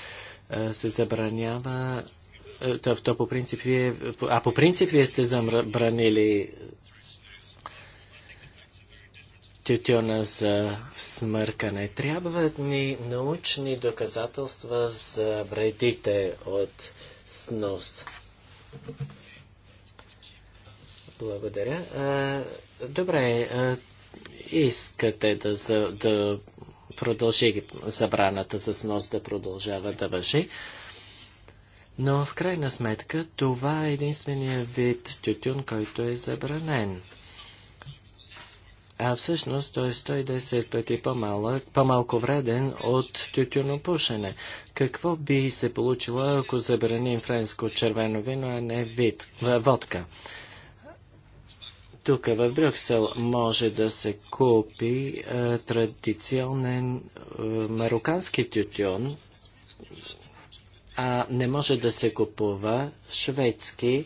се забранява то, то по принцип вие, а по принцип вие сте забранили тютюна за смъркане. Трябват ни научни доказателства за вредите от снос. Благодаря. Добре, искате да, за, да продължи забраната за снос да продължава да въжи. Но в крайна сметка това е единствения вид тютюн, който е забранен а всъщност той е 110 пъти по-малък, по-малко вреден от тютюнопушене. Какво би се получило, ако забраним френско червено вино, а не вид, водка? Тук в Брюксел може да се купи е, традиционен е, марокански тютюн, а не може да се купува шведски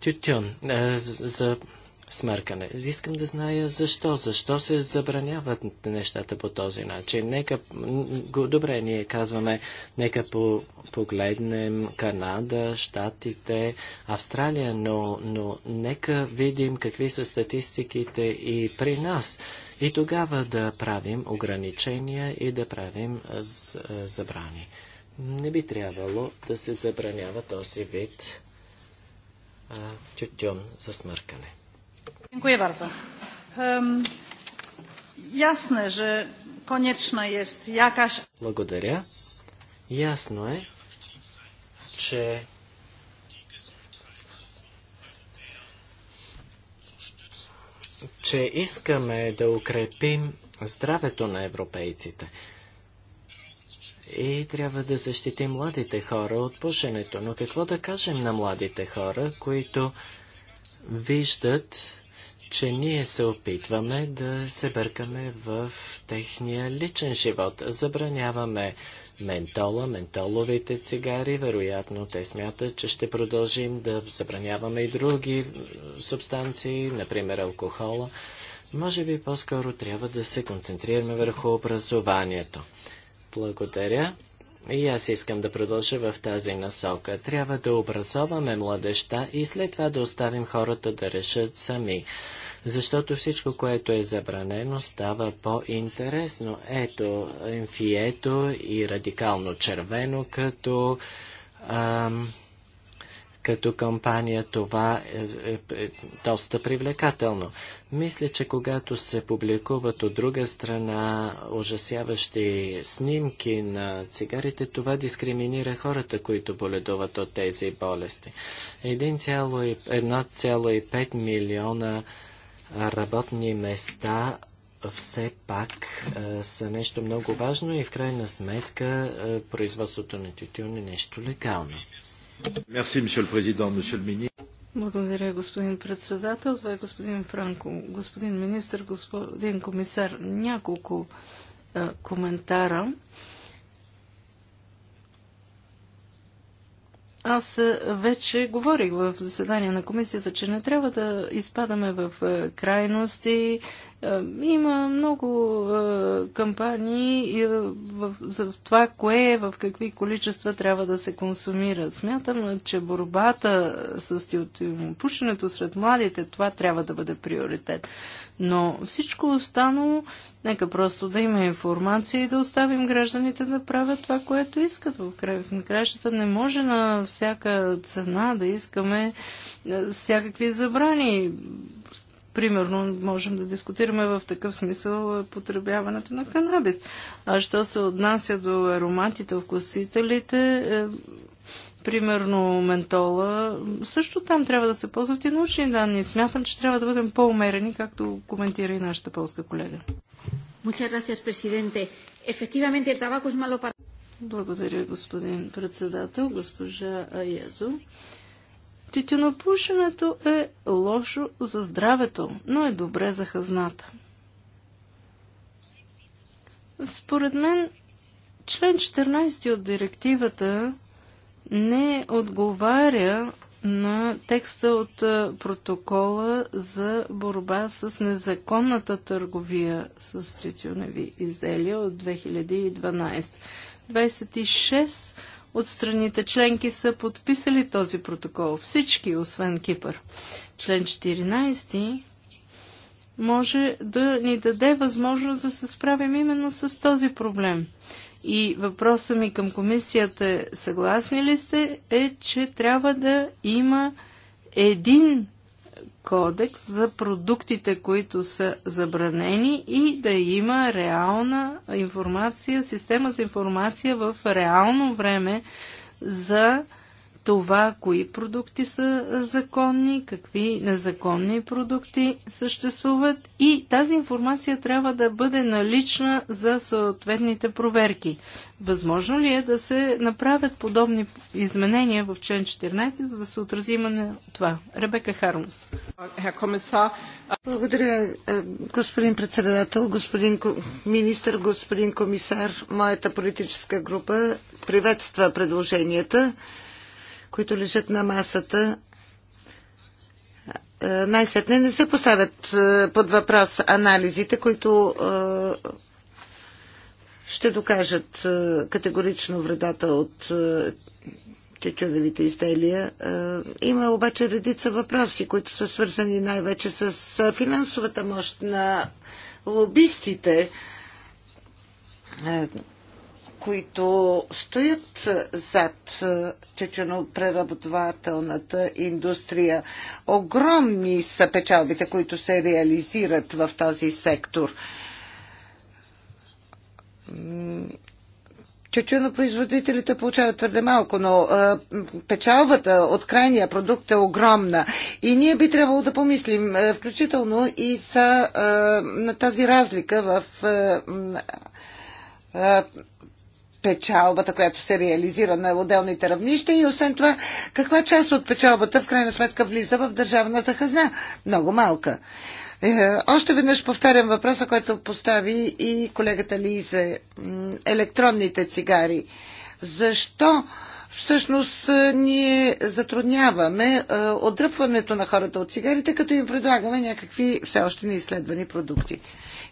тютюн. Е, за смъркане. Искам да зная защо. Защо се забраняват нещата по този начин? Нека, добре, ние казваме, нека по, погледнем Канада, Штатите, Австралия, но, но нека видим какви са статистиките и при нас. И тогава да правим ограничения и да правим забрани. Не би трябвало да се забранява този вид тютюн за смъркане. Dziękuję bardzo. Благодаря. Ясно е, че че искаме да укрепим здравето на европейците. И трябва да защитим младите хора от пушенето. Но какво да кажем на младите хора, които виждат че ние се опитваме да се бъркаме в техния личен живот. Забраняваме ментола, ментоловите цигари. Вероятно, те смятат, че ще продължим да забраняваме и други субстанции, например алкохола. Може би по-скоро трябва да се концентрираме върху образованието. Благодаря. И аз искам да продължа в тази насока. Трябва да образоваме младеща и след това да оставим хората да решат сами. Защото всичко, което е забранено, става по-интересно. Ето, инфието и радикално червено като ам, като кампания това е, е, е доста привлекателно. Мисля, че когато се публикуват от друга страна ужасяващи снимки на цигарите, това дискриминира хората, които боледуват от тези болести. 1,5 милиона работни места все пак е, са нещо много важно и в крайна сметка е, производството на тютюн е нещо легално. Благодаря, господин председател. Това е господин Франко. Господин министр, господин комисар, няколко е, коментара. Аз е, вече говорих в заседание на комисията, че не трябва да изпадаме в е, крайности. Е, има много кампании за това, кое в какви количества трябва да се консумира. Смятам, че борбата с пушенето сред младите, това трябва да бъде приоритет. Но всичко останало Нека просто да има информация и да оставим гражданите да правят това, което искат. В кращата не може на всяка цена да искаме е, всякакви забрани. Примерно, можем да дискутираме в такъв смисъл е, потребяването на канабис. А що се отнася до ароматите, вкусителите, е, примерно ментола, също там трябва да се ползват и научни данни. Смятам, че трябва да бъдем по-умерени, както коментира и нашата полска колега. Благодаря, господин председател, госпожа Аязо. Тютюнопушенето е лошо за здравето, но е добре за хазната. Според мен, член 14 от директивата не отговаря на текста от протокола за борба с незаконната търговия с тютюневи изделия от 2012. 26 от страните членки са подписали този протокол. Всички, освен Кипър. Член 14 може да ни даде възможност да се справим именно с този проблем. И въпросът ми към комисията, е, съгласни ли сте, е, че трябва да има един кодекс за продуктите, които са забранени и да има реална информация, система за информация в реално време за това, кои продукти са законни, какви незаконни продукти съществуват и тази информация трябва да бъде налична за съответните проверки. Възможно ли е да се направят подобни изменения в член 14, за да се отразима на това? Ребека Хармс. Благодаря, господин председател, господин министр, господин комисар. Моята политическа група приветства предложенията които лежат на масата, е, най-сетне не се поставят е, под въпрос анализите, които е, ще докажат категорично вредата от тютюневите изделия. Има обаче редица въпроси, които са свързани най-вече с финансовата мощ на лобистите, които стоят зад е, тютюнопреработвателната индустрия. Огромни са печалбите, които се реализират в този сектор. Тютюнопроизводителите получават твърде малко, но а, е, печалбата от крайния продукт е огромна. И ние би трябвало да помислим, а, е, включително и за а, на тази разлика в а, а, печалбата, която се реализира на отделните равнища и освен това каква част от печалбата в крайна сметка влиза в държавната хазна? Много малка. Е, още веднъж повтарям въпроса, който постави и колегата Лизе. Електронните цигари. Защо всъщност е, ние затрудняваме е, отдръпването на хората от цигарите, като им предлагаме някакви все още неизследвани продукти?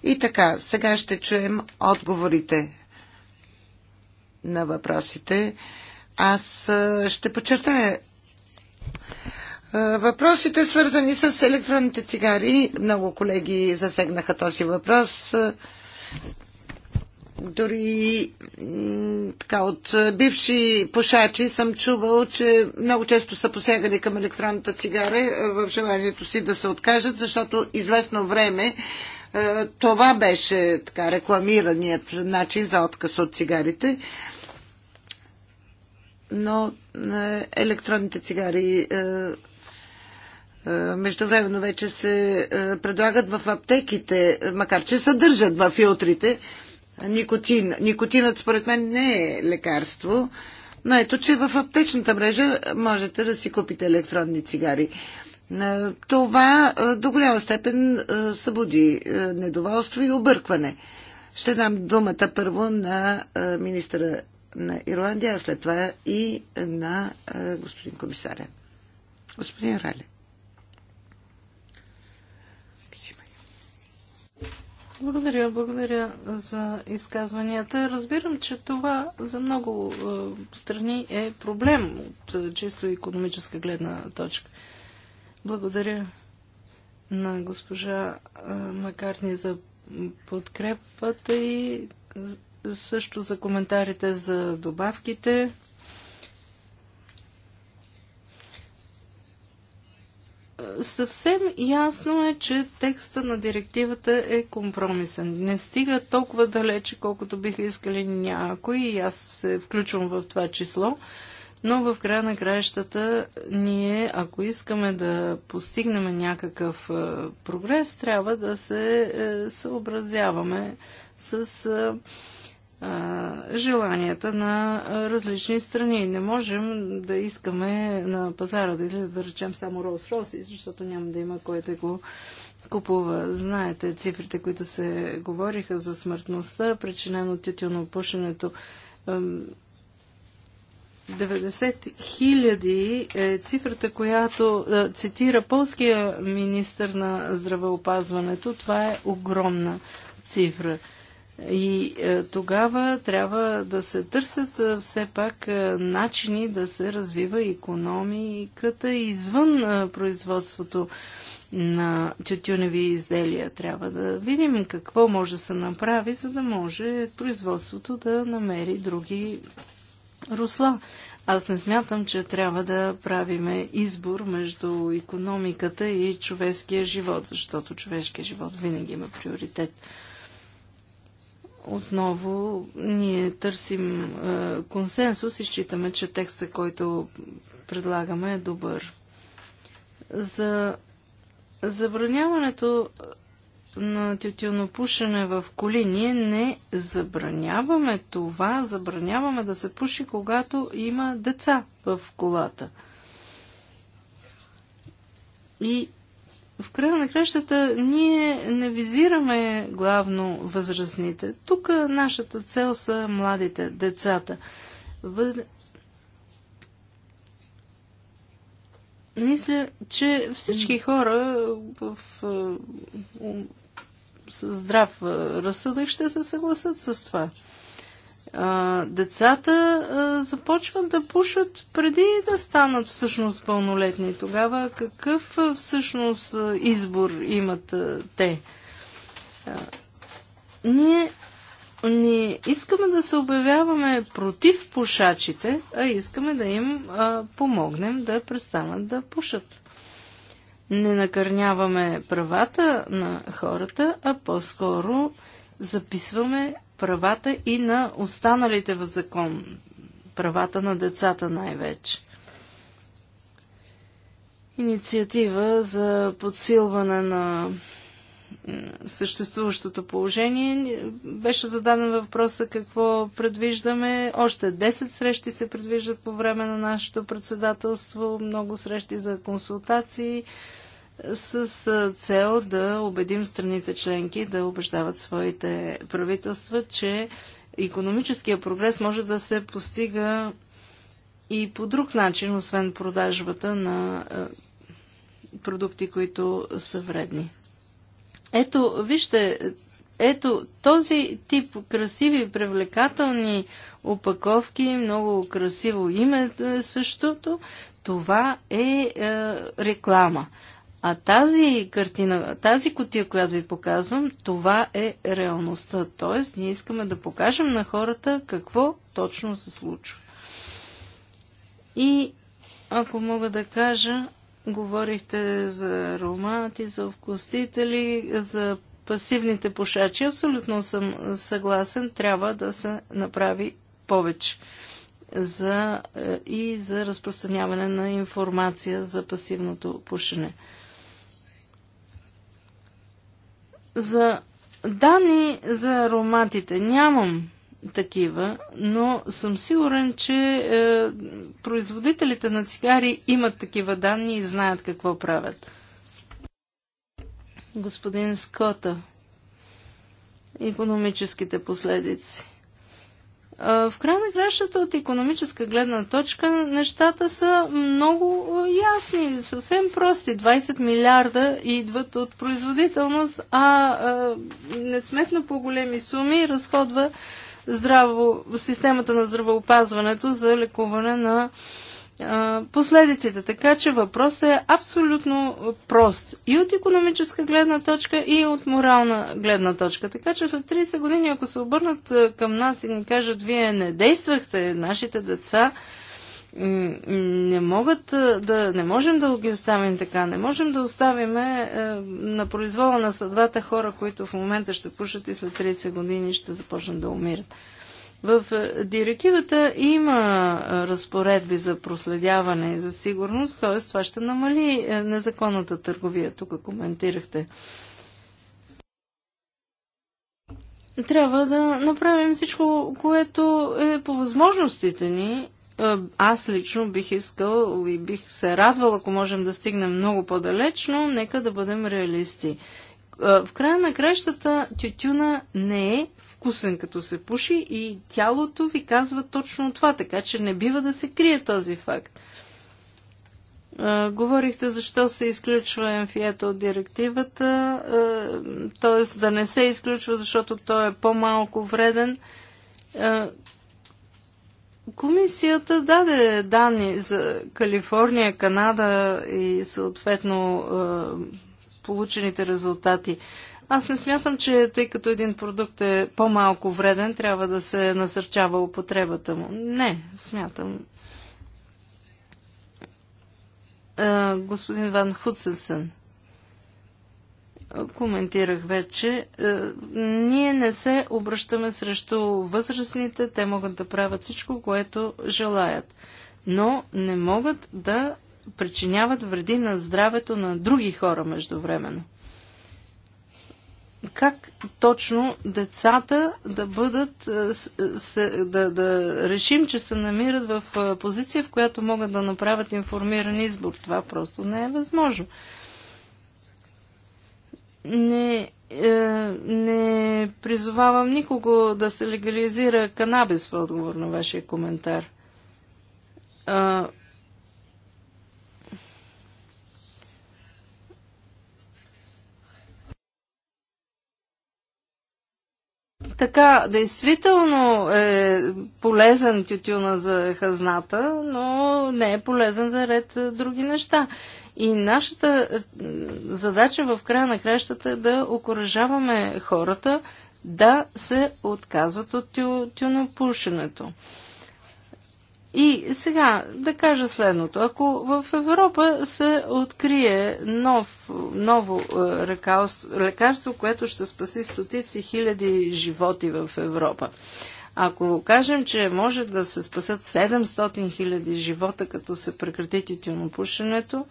И така, сега ще чуем отговорите на въпросите. Аз ще подчертая въпросите, свързани с електронните цигари. Много колеги засегнаха този въпрос. Дори така, от бивши пушачи съм чувал, че много често са посягали към електронната цигара в желанието си да се откажат, защото известно време е, това беше така рекламираният начин за отказ от цигарите. Но е, електронните цигари е, междувременно вече се предлагат в аптеките, макар че съдържат в филтрите никотин. Никотинът според мен не е лекарство, но ето, че в аптечната мрежа можете да си купите електронни цигари. Е, това е, до голяма степен е, събуди недоволство и объркване. Ще дам думата първо на министра на Ирландия, а след това и на господин комисаря. Господин Рале. Благодаря, благодаря за изказванията. Разбирам, че това за много страни е проблем от чисто економическа гледна точка. Благодаря на госпожа Макарни за подкрепата и също за коментарите за добавките. съвсем ясно е, че текста на директивата е компромисен. Не стига толкова далече, колкото биха искали някои и аз се включвам в това число но в края на краищата ние, ако искаме да постигнем някакъв е, прогрес, трябва да се е, съобразяваме с е, желанията на различни страни. Не можем да искаме на пазара да излиза, да речем, само Rolls-Royce, защото няма да има кой да го купува. Знаете цифрите, които се говориха за смъртността, причинено от пушенето 90 хиляди е цифрата, която е, цитира полския министр на здравеопазването. Това е огромна цифра. И е, тогава трябва да се търсят е, все пак начини да се развива економиката извън производството на тютюневи изделия. Трябва да видим какво може да се направи, за да може производството да намери други Русла, Аз не смятам, че трябва да правиме избор между економиката и човешкия живот, защото човешкия живот винаги има приоритет. Отново ние търсим е, консенсус и считаме, че текста, който предлагаме е добър. За забраняването на тютюнопушене в коли. Ние не забраняваме това, забраняваме да се пуши, когато има деца в колата. И в края на кращата ние не визираме главно възрастните. Тук нашата цел са младите, децата. В... Мисля, че всички хора в е, здрав разсъдък ще се съгласат с това. А, децата а, започват да пушат преди да станат всъщност пълнолетни. Тогава какъв всъщност избор имат а, те? А, ние не искаме да се обявяваме против пушачите, а искаме да им а, помогнем да престанат да пушат не накърняваме правата на хората, а по-скоро записваме правата и на останалите в закон. Правата на децата най-вече. Инициатива за подсилване на съществуващото положение. Беше зададен въпроса какво предвиждаме. Още 10 срещи се предвиждат по време на нашето председателство, много срещи за консултации, с цел да убедим страните членки да убеждават своите правителства, че економическия прогрес може да се постига и по друг начин, освен продажбата на продукти, които са вредни. Ето, вижте, ето този тип красиви, привлекателни опаковки, много красиво име е същото, това е, е реклама. А тази картина, тази котия, която ви показвам, това е реалността. Тоест, ние искаме да покажем на хората какво точно се случва. И ако мога да кажа, говорихте за романти, за вкусители, за пасивните пушачи. Абсолютно съм съгласен, трябва да се направи повече за, е, и за разпространяване на информация за пасивното пушене. За данни за ароматите нямам такива, но съм сигурен, че е, производителите на цигари имат такива данни и знаят какво правят. Господин Скота, економическите последици. В край на кращата от економическа гледна точка нещата са много ясни, съвсем прости. 20 милиарда идват от производителност, а, несметно по-големи суми разходва здраво, системата на здравеопазването за лекуване на последиците. Така че въпросът е абсолютно прост и от економическа гледна точка, и от морална гледна точка. Така че след 30 години, ако се обърнат към нас и ни кажат, вие не действахте, нашите деца не могат да, не можем да ги оставим така, не можем да оставим е, на произвола на съдбата хора, които в момента ще пушат и след 30 години ще започнат да умират. В е, директивата има е, разпоредби за проследяване и за сигурност, т.е. това ще намали е, незаконната търговия, тук коментирахте. Трябва да направим всичко, което е по възможностите ни. Аз лично бих искал и бих се радвал, ако можем да стигнем много по-далеч, но нека да бъдем реалисти в края на кращата тютюна не е вкусен като се пуши и тялото ви казва точно това, така че не бива да се крие този факт. А, говорихте защо се изключва МФИЕТ от директивата, т.е. да не се изключва, защото той е по-малко вреден. А, комисията даде данни за Калифорния, Канада и съответно а, получените резултати. Аз не смятам, че тъй като един продукт е по-малко вреден, трябва да се насърчава употребата му. Не, смятам. А, господин Ван Худсенсен, коментирах вече, а, ние не се обръщаме срещу възрастните, те могат да правят всичко, което желаят, но не могат да причиняват вреди на здравето на други хора междувременно как точно децата да бъдат, е, е, да, да решим, че се намират в е, позиция, в която могат да направят информиран избор. Това просто не е възможно. Не, е, не призовавам никого да се легализира канабис в отговор на вашия коментар. Така, действително е полезен тютюна за хазната, но не е полезен за ред е, други неща. И нашата е, задача в края на кращата е да окоръжаваме хората да се отказват от тю, тюнопушенето. пушенето. И сега да кажа следното. Ако в Европа се открие нов, ново е, лекарство, лекарство, което ще спаси стотици хиляди животи в Европа, ако кажем, че може да се спасат 700 хиляди живота, като се прекрати тютюнопушенето,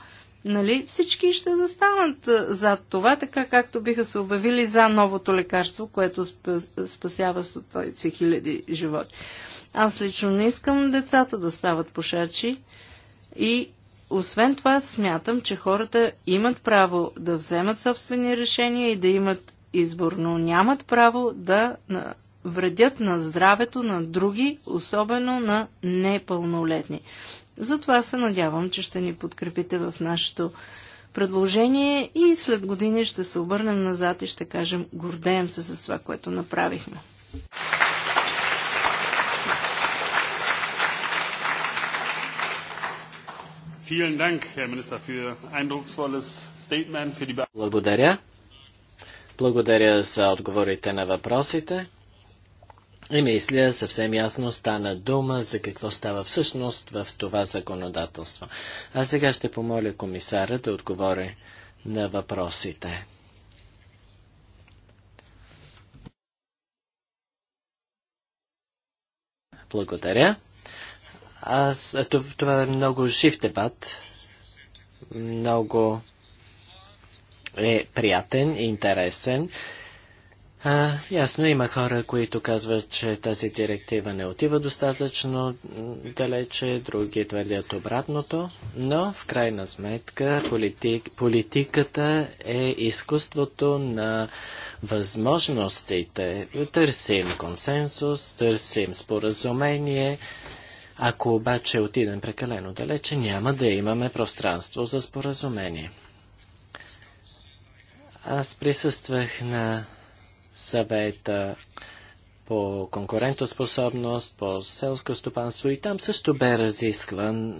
нали, всички ще застанат е, за това, така както биха се обявили за новото лекарство, което спасява стотици хиляди животи. Аз лично не искам децата да стават пушачи и освен това смятам, че хората имат право да вземат собствени решения и да имат избор, но нямат право да вредят на здравето на други, особено на непълнолетни. Затова се надявам, че ще ни подкрепите в нашето предложение и след години ще се обърнем назад и ще кажем гордеем се с това, което направихме. Благодаря. Благодаря за отговорите на въпросите. И мисля, съвсем ясно стана дума за какво става всъщност в това законодателство. А сега ще помоля комисара да отговори на въпросите. Благодаря. Аз, това е много жив дебат, много е приятен и интересен. А, ясно, има хора, които казват, че тази директива не отива достатъчно далече, други твърдят обратното, но в крайна сметка политик, политиката е изкуството на възможностите. Търсим консенсус, търсим споразумение, ако обаче отидем прекалено далече, няма да имаме пространство за споразумение. Аз присъствах на съвета по конкурентоспособност, по селско стопанство и там също бе разискван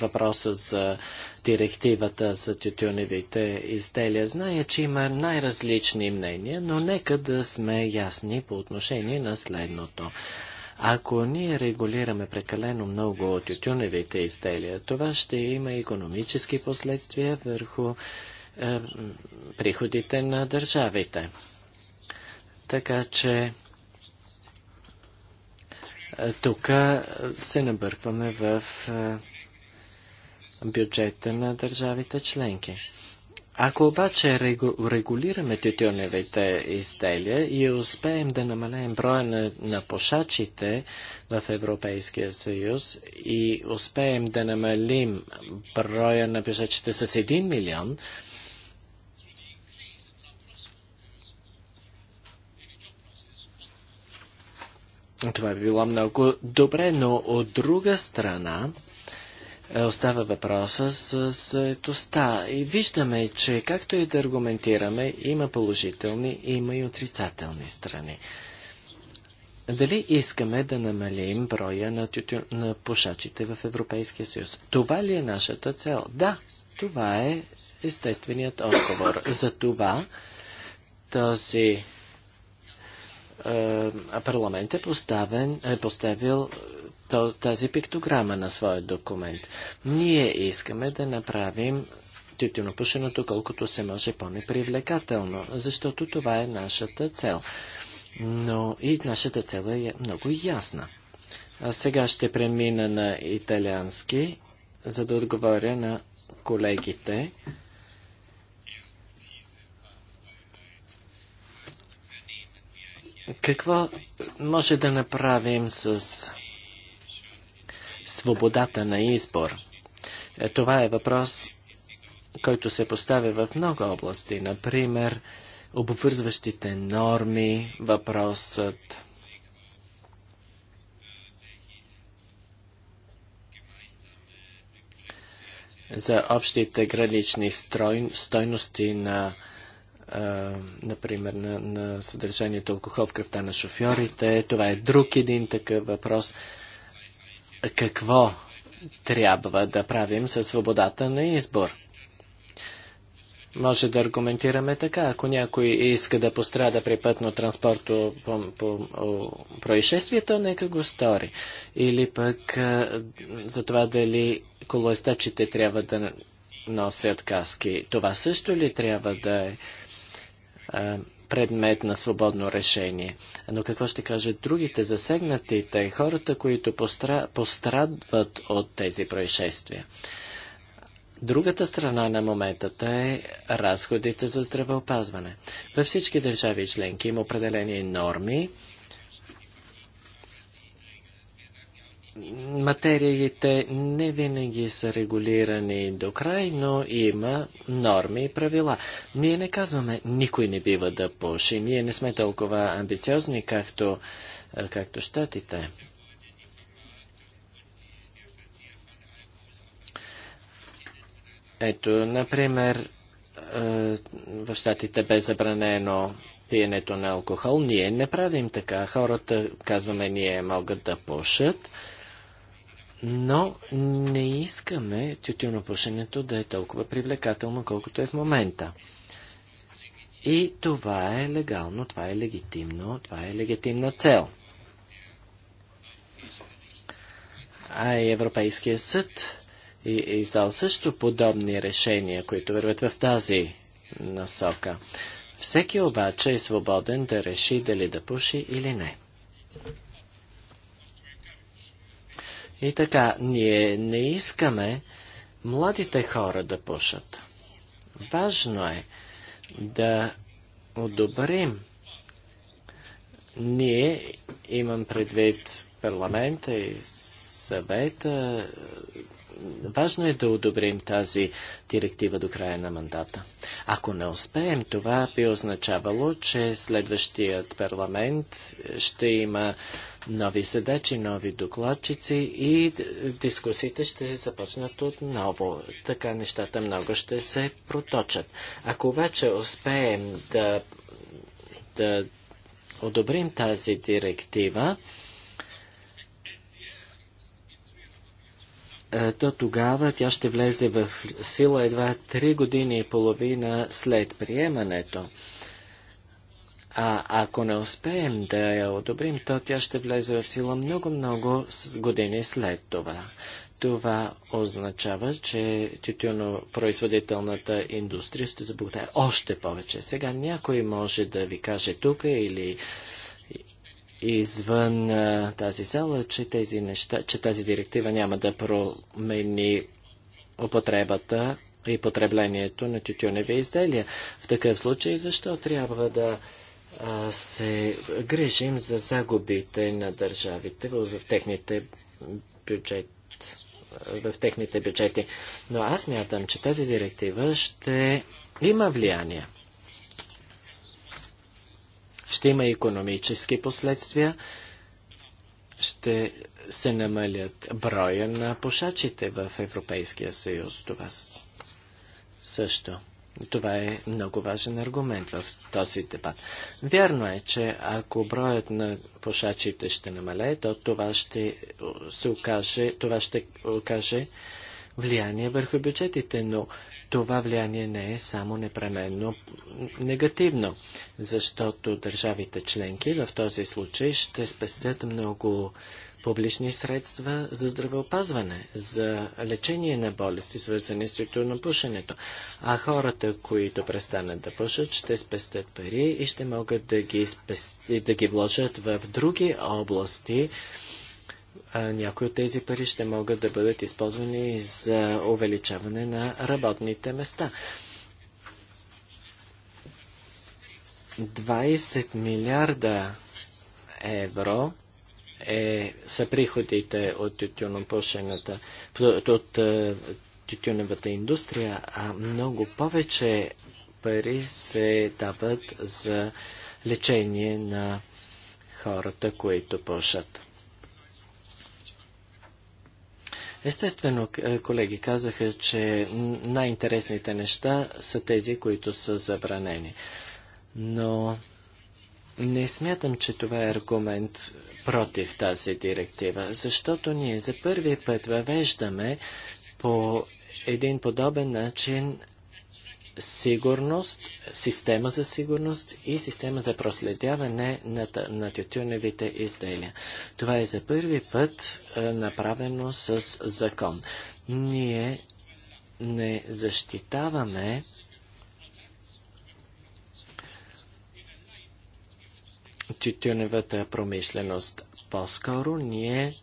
въпросът за директивата за тютюневите изделия. Зная, че има най-различни мнения, но нека да сме ясни по отношение на следното. Ако ние регулираме прекалено много от тютюневите изделия, това ще има економически последствия върху е, приходите на държавите. Така че е, тук се набъркваме в е, бюджета на държавите членки. Ако обаче регулираме тютюневите изделия и успеем да намалеем броя на, на пошачите в Европейския съюз и успеем да намалим броя на пешачите с 1 милион, това би било много добре, но от друга страна е, остава въпроса с заетостта. И виждаме, че както и да аргументираме, има положителни, има и отрицателни страни. Дали искаме да намалим броя на, тютю... на пушачите в Европейския съюз? Това ли е нашата цел? Да, това е естественият отговор. За това този е, парламент е, поставен, е поставил тази пиктограма на своя документ. Ние искаме да направим тютюнопушеното колкото се може по-непривлекателно, защото това е нашата цел. Но и нашата цел е много ясна. А сега ще премина на италиански, за да отговоря на колегите. Какво може да направим с свободата на избор. Е, това е въпрос, който се поставя в много области. Например, обвързващите норми, въпросът за общите гранични строй, стойности на, например, на, на съдържанието алкохол в кръвта на шофьорите. Това е друг един такъв въпрос какво трябва да правим със свободата на избор. Може да аргументираме така. Ако някой иска да пострада при пътно транспорто по, по, по происшествието, нека го стори. Или пък а, за това дали колоестачите трябва да носят каски. Това също ли трябва да е а, предмет на свободно решение. Но какво ще кажат другите засегнатите, хората, които постра... пострадват от тези происшествия? Другата страна на моментата е разходите за здравеопазване. Във всички държави членки има определени норми, материите не винаги са регулирани до край, но има норми и правила. Ние не казваме, никой не бива да пуши. Ние не сме толкова амбициозни, както, както щатите. Ето, например, в щатите бе забранено пиенето на алкохол. Ние не правим така. Хората, казваме, ние могат да пушат но не искаме тютюнопушенето да е толкова привлекателно, колкото е в момента. И това е легално, това е легитимно, това е легитимна цел. А и Европейския съд е издал също подобни решения, които вървят в тази насока. Всеки обаче е свободен да реши дали да пуши или не. И така, ние не искаме младите хора да пушат. Важно е да одобрим. Ние имам предвид парламента и съвета, важно е да одобрим тази директива до края на мандата. Ако не успеем, това би означавало, че следващият парламент ще има нови задачи, нови докладчици и дискусиите ще започнат отново. Така нещата много ще се проточат. Ако обаче успеем да, да одобрим тази директива, Е, то тогава тя ще влезе в сила едва 3 години и половина след приемането. А ако не успеем да я одобрим, то тя ще влезе в сила много-много години след това. Това означава, че тютюнопроизводителната индустрия ще забогатее още повече. Сега някой може да ви каже тук или извън а, тази зала, че, тези неща, че тази директива няма да промени употребата и потреблението на тютюневи изделия. В такъв случай, защо трябва да а, се грижим за загубите на държавите в, в техните бюджети? в техните бюджети. Но аз мятам, че тази директива ще има влияние ще има економически последствия, ще се намалят броя на пушачите в Европейския съюз. Това също. Това е много важен аргумент в този дебат. Вярно е, че ако броят на пушачите ще намалее, то това ще се окаже, това ще окаже влияние върху бюджетите, но това влияние не е само непременно негативно, защото държавите членки в този случай ще спестят много публични средства за здравеопазване, за лечение на болести, свързани с пушенето. А хората, които престанат да пушат, ще спестят пари и ще могат да ги, спести, да ги вложат в други области, някои от тези пари ще могат да бъдат използвани за увеличаване на работните места. 20 милиарда евро е, са приходите от тютюнопушената, от, от тютюневата индустрия, а много повече пари се дават за лечение на хората, които пушат. Естествено, е, колеги казаха, че най-интересните неща са тези, които са забранени. Но не смятам, че това е аргумент против тази директива, защото ние за първи път въвеждаме по един подобен начин сигурност, система за сигурност и система за проследяване на, на тютюневите изделия. Това е за първи път е, направено с закон. Ние не защитаваме тютюневата промишленост. По-скоро ние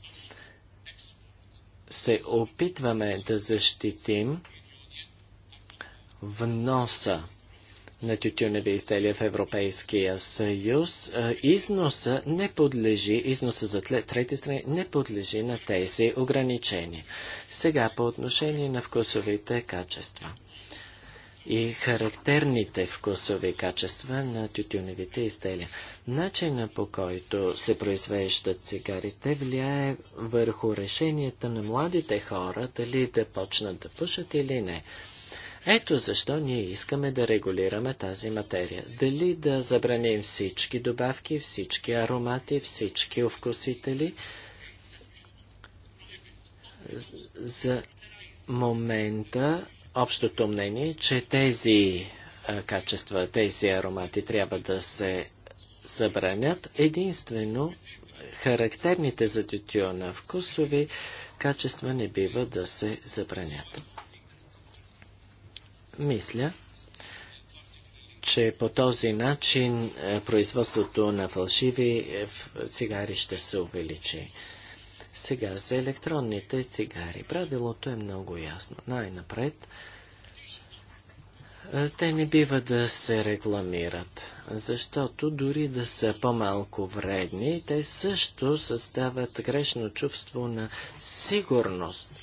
се опитваме да защитим вноса на тютюневи изделия в Европейския съюз, е, износа не подлежи, износа за трети страни не подлежи на тези ограничения. Сега по отношение на вкусовите качества и характерните вкусови качества на тютюневите изделия. Начина по който се произвеждат цигарите влияе върху решенията на младите хора дали да почнат да пушат или не. Ето защо ние искаме да регулираме тази материя. Дали да забраним всички добавки, всички аромати, всички овкусители? За момента общото мнение, е, че тези качества, тези аромати трябва да се забранят единствено характерните за тютюна вкусови качества не бива да се забранят. Мисля, че по този начин е, производството на фалшиви е, цигари ще се увеличи. Сега за електронните цигари. Правилото е много ясно. Най-напред, е, те не бива да се рекламират, защото дори да са по-малко вредни, те също създават грешно чувство на сигурност –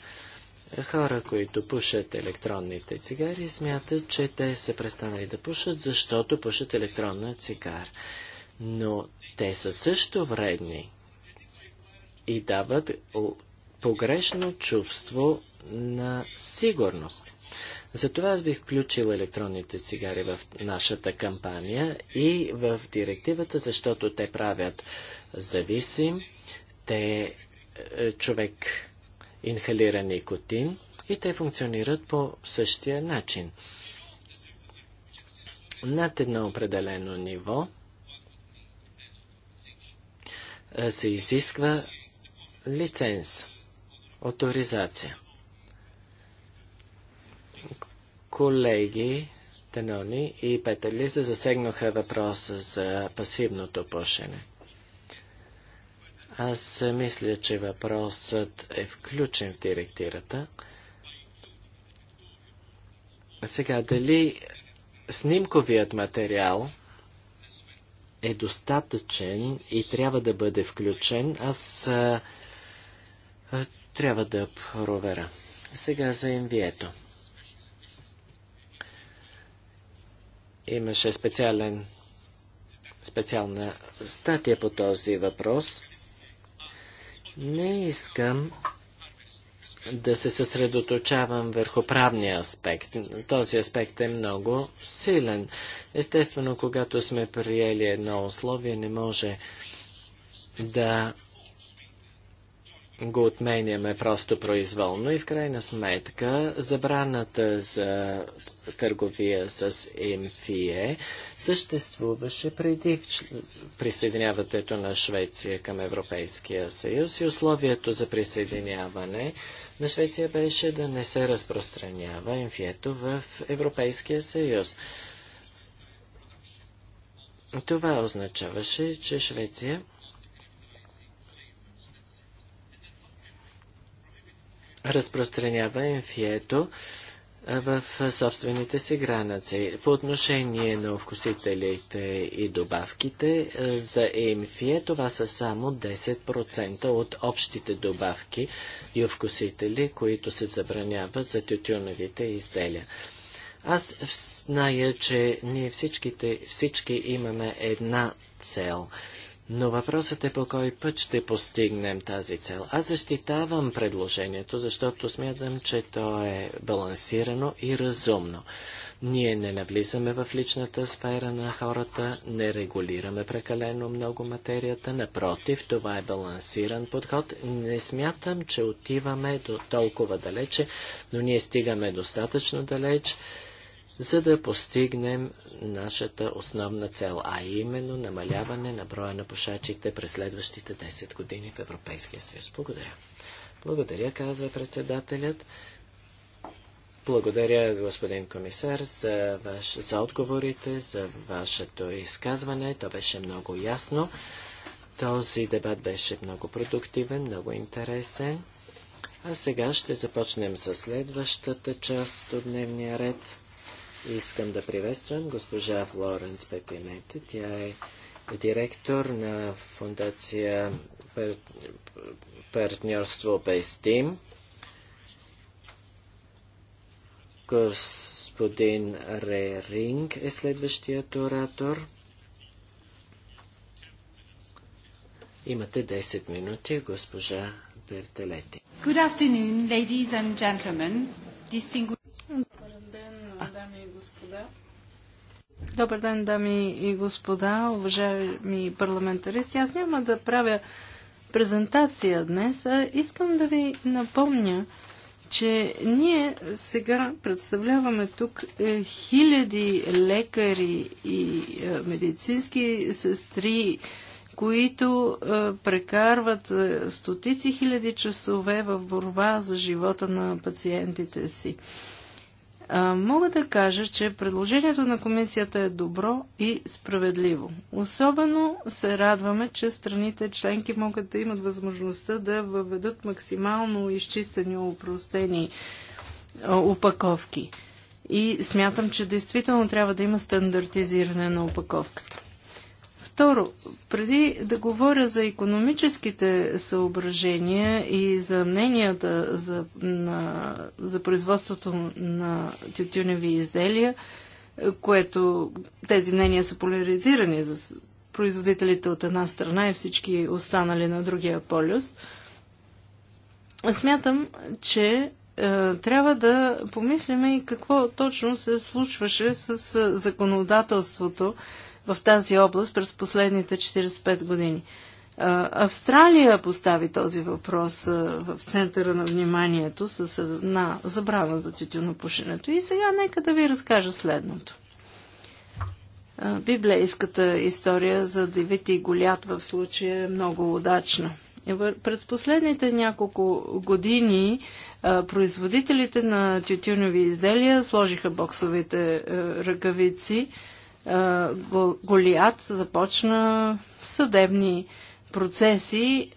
хора, които пушат електронните цигари, смятат, че те са престанали да пушат, защото пушат електронна цигар. Но те са също вредни и дават погрешно чувство на сигурност. Затова аз бих включил електронните цигари в нашата кампания и в директивата, защото те правят зависим, те е, човек инхалира никотин и те функционират по същия начин. Над едно определено ниво се изисква лиценз, авторизация. Колеги Тенони и Петелиза засегнаха въпроса за пасивното пушене. Аз мисля, че въпросът е включен в директирата. Сега, дали снимковият материал е достатъчен и трябва да бъде включен, аз а, а, трябва да проверя. Сега за инвието. Имаше специален, специална статия по този въпрос – не искам да се съсредоточавам върху правния аспект. Този аспект е много силен. Естествено, когато сме приели едно условие, не може да го отменяме просто произволно и в крайна сметка забраната за търговия с МФЕ съществуваше преди присъединяването на Швеция към Европейския съюз и условието за присъединяване на Швеция беше да не се разпространява МФЕ-то в Европейския съюз. Това означаваше, че Швеция разпространява енфието в собствените си граници. По отношение на вкусителите и добавките, за емфие това са само 10% от общите добавки и вкусители, които се забраняват за тютюновите изделия. Аз зная, че ние всичките, всички имаме една цел – но въпросът е по кой път ще постигнем тази цел. Аз защитавам предложението, защото смятам, че то е балансирано и разумно. Ние не навлизаме в личната сфера на хората, не регулираме прекалено много материята. Напротив, това е балансиран подход. Не смятам, че отиваме до толкова далече, но ние стигаме достатъчно далеч за да постигнем нашата основна цел, а именно намаляване на броя на пушачите през следващите 10 години в Европейския съюз. Благодаря. Благодаря, казва председателят. Благодаря, господин комисар, за, ваш, за отговорите, за вашето изказване. То беше много ясно. Този дебат беше много продуктивен, много интересен. А сега ще започнем с следващата част от дневния ред. Искам да приветствам госпожа Флоренц Петинете. Тя е директор на фундация пар... Партньорство без Тим. Господин Реринг е следващият оратор. Имате 10 минути, госпожа Бертелети. Good afternoon, ladies and gentlemen. Distinguished... Добър ден, дами и господа, уважаеми парламентаристи. Аз няма да правя презентация днес, а искам да ви напомня, че ние сега представляваме тук е, хиляди лекари и е, медицински сестри, които е, прекарват стотици хиляди часове в борба за живота на пациентите си. Мога да кажа, че предложението на комисията е добро и справедливо. Особено се радваме, че страните членки могат да имат възможността да въведат максимално изчистени, упростени опаковки. И смятам, че действително трябва да има стандартизиране на опаковката. Второ, преди да говоря за економическите съображения и за мненията за, на, за производството на тютюневи изделия, което тези мнения са поляризирани за производителите от една страна и всички останали на другия полюс, смятам, че е, трябва да помислиме и какво точно се случваше с е, законодателството в тази област през последните 45 години. Австралия постави този въпрос в центъра на вниманието с една забрана за тютюнопушенето. И сега нека да ви разкажа следното. Библейската история за Давид и Голят в случая е много удачна. През последните няколко години производителите на тютюнови изделия сложиха боксовите ръкавици, е, Голият започна съдебни процеси,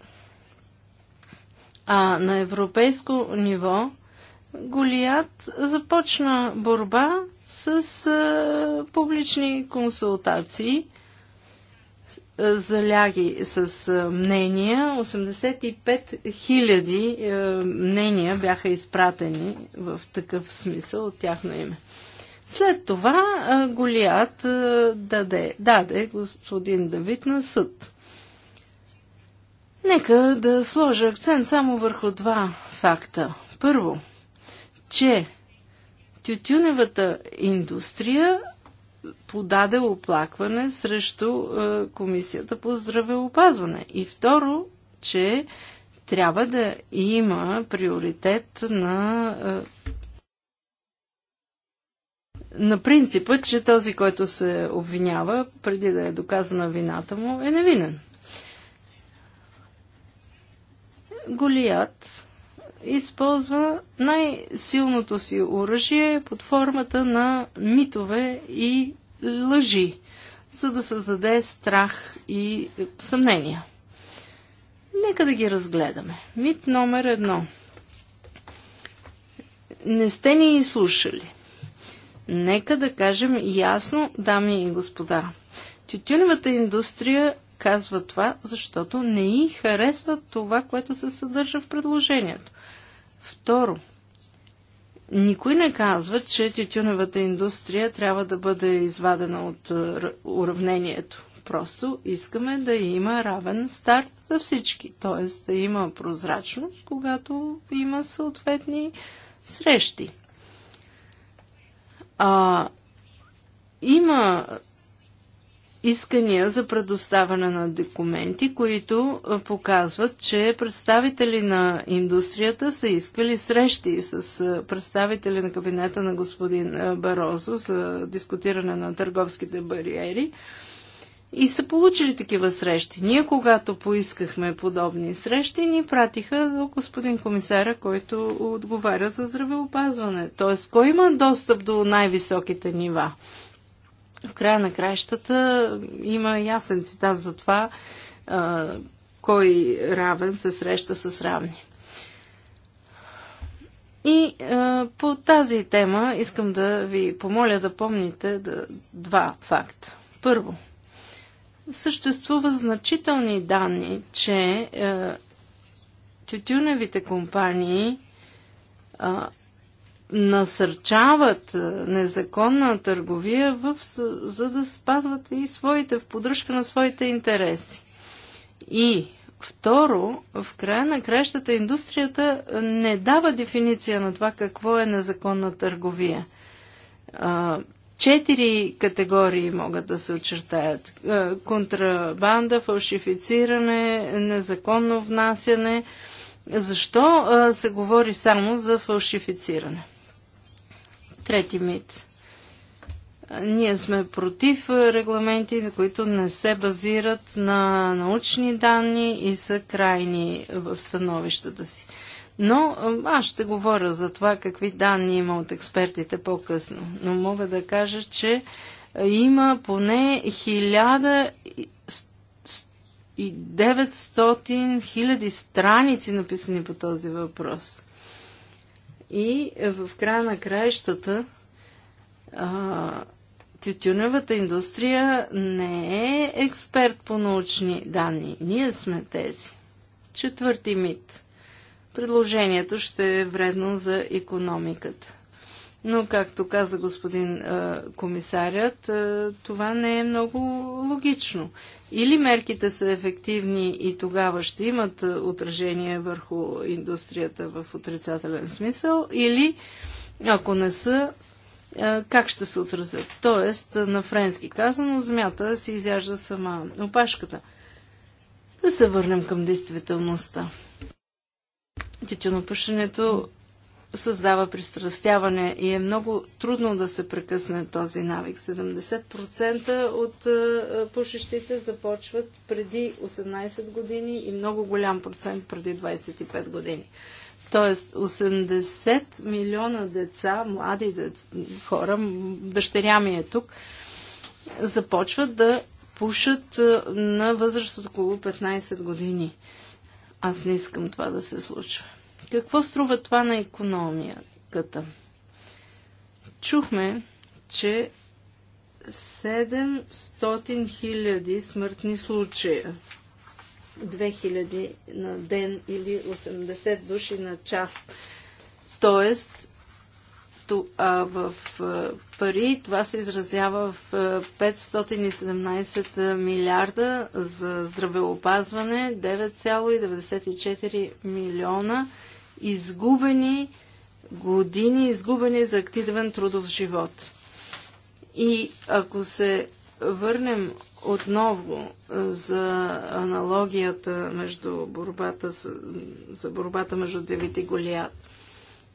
а на европейско ниво Голият започна борба с а, е, публични консултации, е, заляги с а, мнения. 85 000 мнения бяха изпратени в такъв смисъл от тяхно име. След това Голият даде, даде господин Давид на съд. Нека да сложа акцент само върху два факта. Първо, че тютюневата индустрия подаде оплакване срещу Комисията по здравеопазване. И второ, че трябва да има приоритет на на принципа, че този, който се обвинява, преди да е доказана вината му, е невинен. Голият използва най-силното си оръжие под формата на митове и лъжи, за да създаде страх и съмнения. Нека да ги разгледаме. Мит номер едно. Не сте ни изслушали. Нека да кажем ясно, дами и господа. Тютюневата индустрия казва това, защото не й харесва това, което се съдържа в предложението. Второ, никой не казва, че тютюневата индустрия трябва да бъде извадена от е, уравнението. Просто искаме да има равен старт за всички, т.е. да има прозрачност, когато има съответни срещи. А, има искания за предоставяне на документи, които показват, че представители на индустрията са искали срещи с представители на кабинета на господин Барозо за дискутиране на търговските бариери. И са получили такива срещи. Ние, когато поискахме подобни срещи, ни пратиха до господин комисара, който отговаря за здравеопазване. Тоест, кой има достъп до най-високите нива? В края на краищата има ясен цитат за това, кой равен се среща с равни. И е, по тази тема искам да ви помоля да помните да, два факта. Първо – съществува значителни данни, че е, тютюневите компании е, насърчават незаконна търговия, в, за да спазват и своите, в поддръжка на своите интереси. И второ, в края на кращата индустрията е, не дава дефиниция на това какво е незаконна търговия. Четири категории могат да се очертаят. Е, контрабанда, фалшифициране, незаконно внасяне. Защо е, се говори само за фалшифициране? Трети мит. Ние сме против е, регламенти, които не се базират на научни данни и са крайни в становищата си. Но аз ще говоря за това какви данни има от експертите по-късно. Но мога да кажа, че има поне 1900 хиляди страници написани по този въпрос. И е, в края на краищата тютюневата индустрия не е експерт по научни данни. Ние сме тези. Четвърти мит предложението ще е вредно за економиката. Но, както каза господин е, комисарят, е, това не е много логично. Или мерките са ефективни и тогава ще имат отражение върху индустрията в отрицателен смисъл, или ако не са, е, как ще се отразят? Тоест, на френски казано, змята се изяжда сама опашката. Да се върнем към действителността тютюнопушенето създава пристрастяване и е много трудно да се прекъсне този навик. 70% от е, е, пушещите започват преди 18 години и много голям процент преди 25 години. Тоест 80 милиона деца, млади деца, хора, дъщеря ми е тук, започват да пушат е, на възраст от около 15 години. Аз не искам това да се случва. Какво струва това на економиката? Чухме, че 700 000 смъртни случая 2000 на ден или 80 души на час. Тоест, а в пари това се изразява в 517 милиарда за здравеопазване, 9,94 милиона изгубени години, изгубени за активен трудов живот. И ако се върнем отново за аналогията между борбата за борбата между Девити и Голият.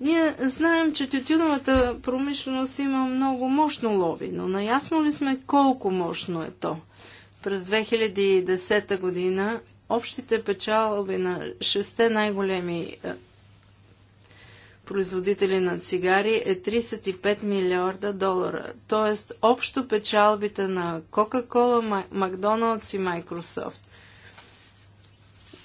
Ние знаем, че тютюновата промишленост има много мощно лоби, но наясно ли сме колко мощно е то? През 2010 година общите печалби на шесте най-големи е, производители на цигари е 35 милиарда долара. Тоест, общо печалбите на Coca-Cola, Макдоналдс и Microsoft.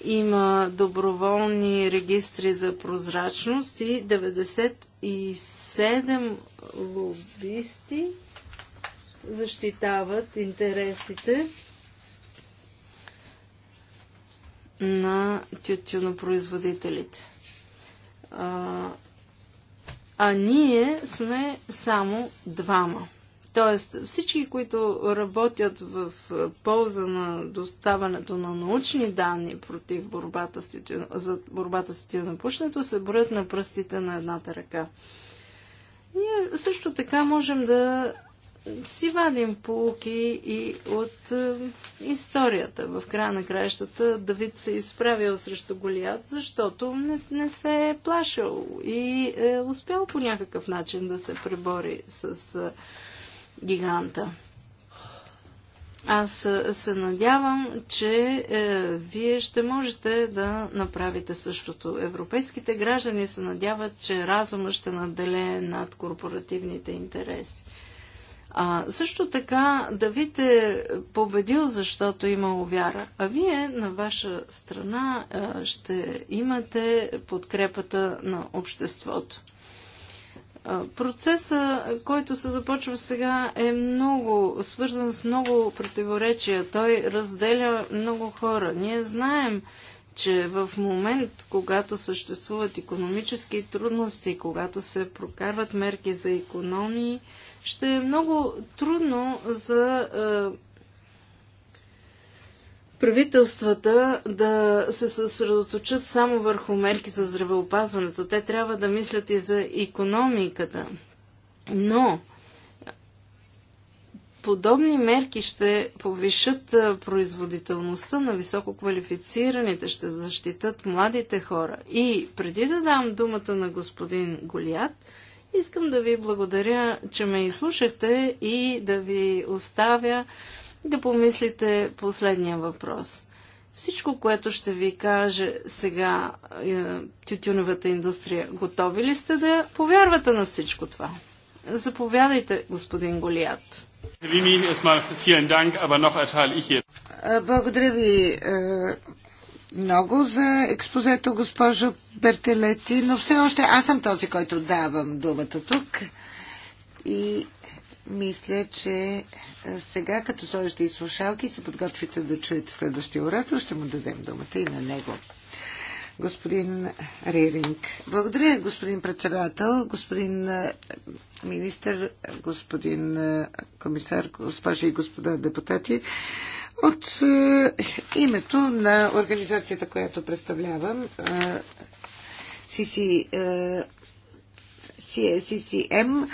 Има доброволни регистри за прозрачност и 97 лобисти защитават интересите на тютюнопроизводителите. А, а ние сме само двама. Тоест всички, които работят в полза на доставането на научни данни против борбата с тютюн, за борбата с тютюнопушенето, се броят на пръстите на едната ръка. Ние също така можем да си вадим полуки и от е, историята. В края на краищата Давид се изправил срещу Голият, защото не, не се е плашил и е успял по някакъв начин да се пребори с е, гиганта. Аз се надявам, че е, вие ще можете да направите същото. Европейските граждани се надяват, че разума ще наделее над корпоративните интереси. А, също така, Давид е победил, защото имало вяра. А вие на ваша страна е, ще имате подкрепата на обществото. Процеса, който се започва сега, е много свързан с много противоречия. Той разделя много хора. Ние знаем, че в момент, когато съществуват економически трудности, когато се прокарват мерки за економии, ще е много трудно за е, правителствата да се съсредоточат само върху мерки за здравеопазването. Те трябва да мислят и за економиката. Но подобни мерки ще повишат производителността на висококвалифицираните, ще защитат младите хора. И преди да дам думата на господин Голият, искам да ви благодаря, че ме изслушахте и да ви оставя да помислите последния въпрос. Всичко, което ще ви каже сега е, тютюновата индустрия, готови ли сте да повярвате на всичко това? Заповядайте, господин Голият. Е. Е, благодаря ви много за експозето, госпожо Бертелети, но все още аз съм този, който давам думата тук. И мисля, че е, сега, като сложите и слушалки, се подготвите да чуете следващия оратор. Ще му дадем думата и на него. Господин Рейринг. Благодаря, господин председател, господин е, министр, господин е, комисар, госпожи и господа депутати. От името на организацията, която представлявам, CC, CCM,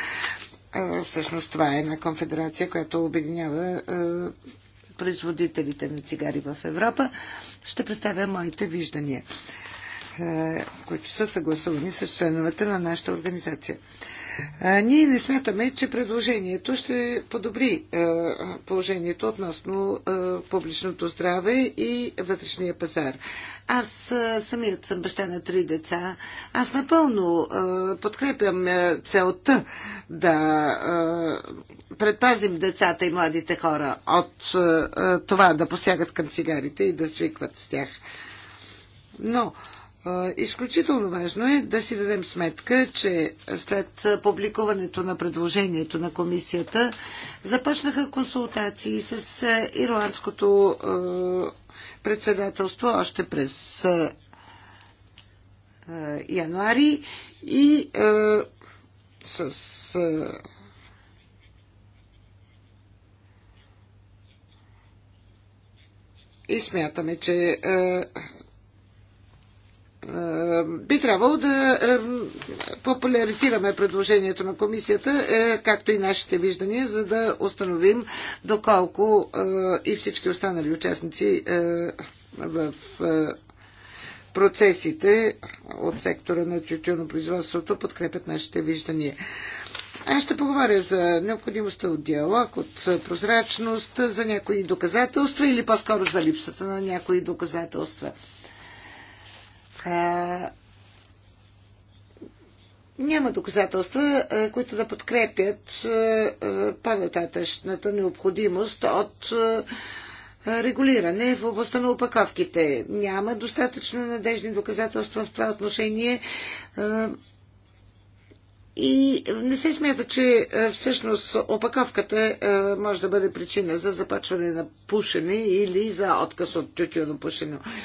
Всъщност това е една конфедерация, която обединява производителите на цигари в Европа. Ще представя моите виждания, които са съгласувани с членовете на нашата организация ние не смятаме, че предложението ще подобри положението относно публичното здраве и вътрешния пазар. Аз самият съм баща на три деца. Аз напълно подкрепям целта да предпазим децата и младите хора от това да посягат към цигарите и да свикват с тях. Но Изключително важно е да си дадем сметка, че след публикуването на предложението на комисията започнаха консултации с ирландското председателство още през януари и с и смятаме, че е, би трябвало да е, популяризираме предложението на комисията, е, както и нашите виждания, за да установим доколко и всички останали участници в процесите от сектора на тютюнопроизводството подкрепят нашите виждания. Аз ще поговоря за необходимостта от диалог, от прозрачност, за някои доказателства или по-скоро за липсата на някои доказателства а, няма доказателства, а, които да подкрепят по-нататъчната необходимост от а, регулиране в областта на опаковките. Няма достатъчно надежни доказателства в това отношение. А, и не се смята, че всъщност опаковката може да бъде причина за започване на пушене или за отказ от тютюно пушено. пушене.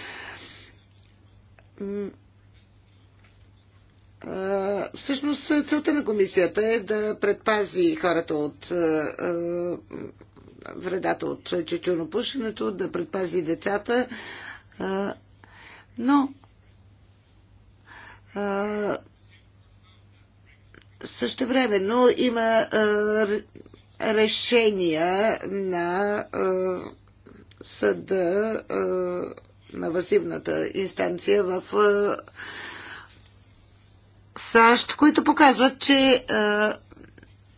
Всъщност целта на комисията е да предпази хората от вредата от пушенето, да предпази децата, но също време, но има решения на съда на васивната инстанция в е, САЩ, които показват, че е,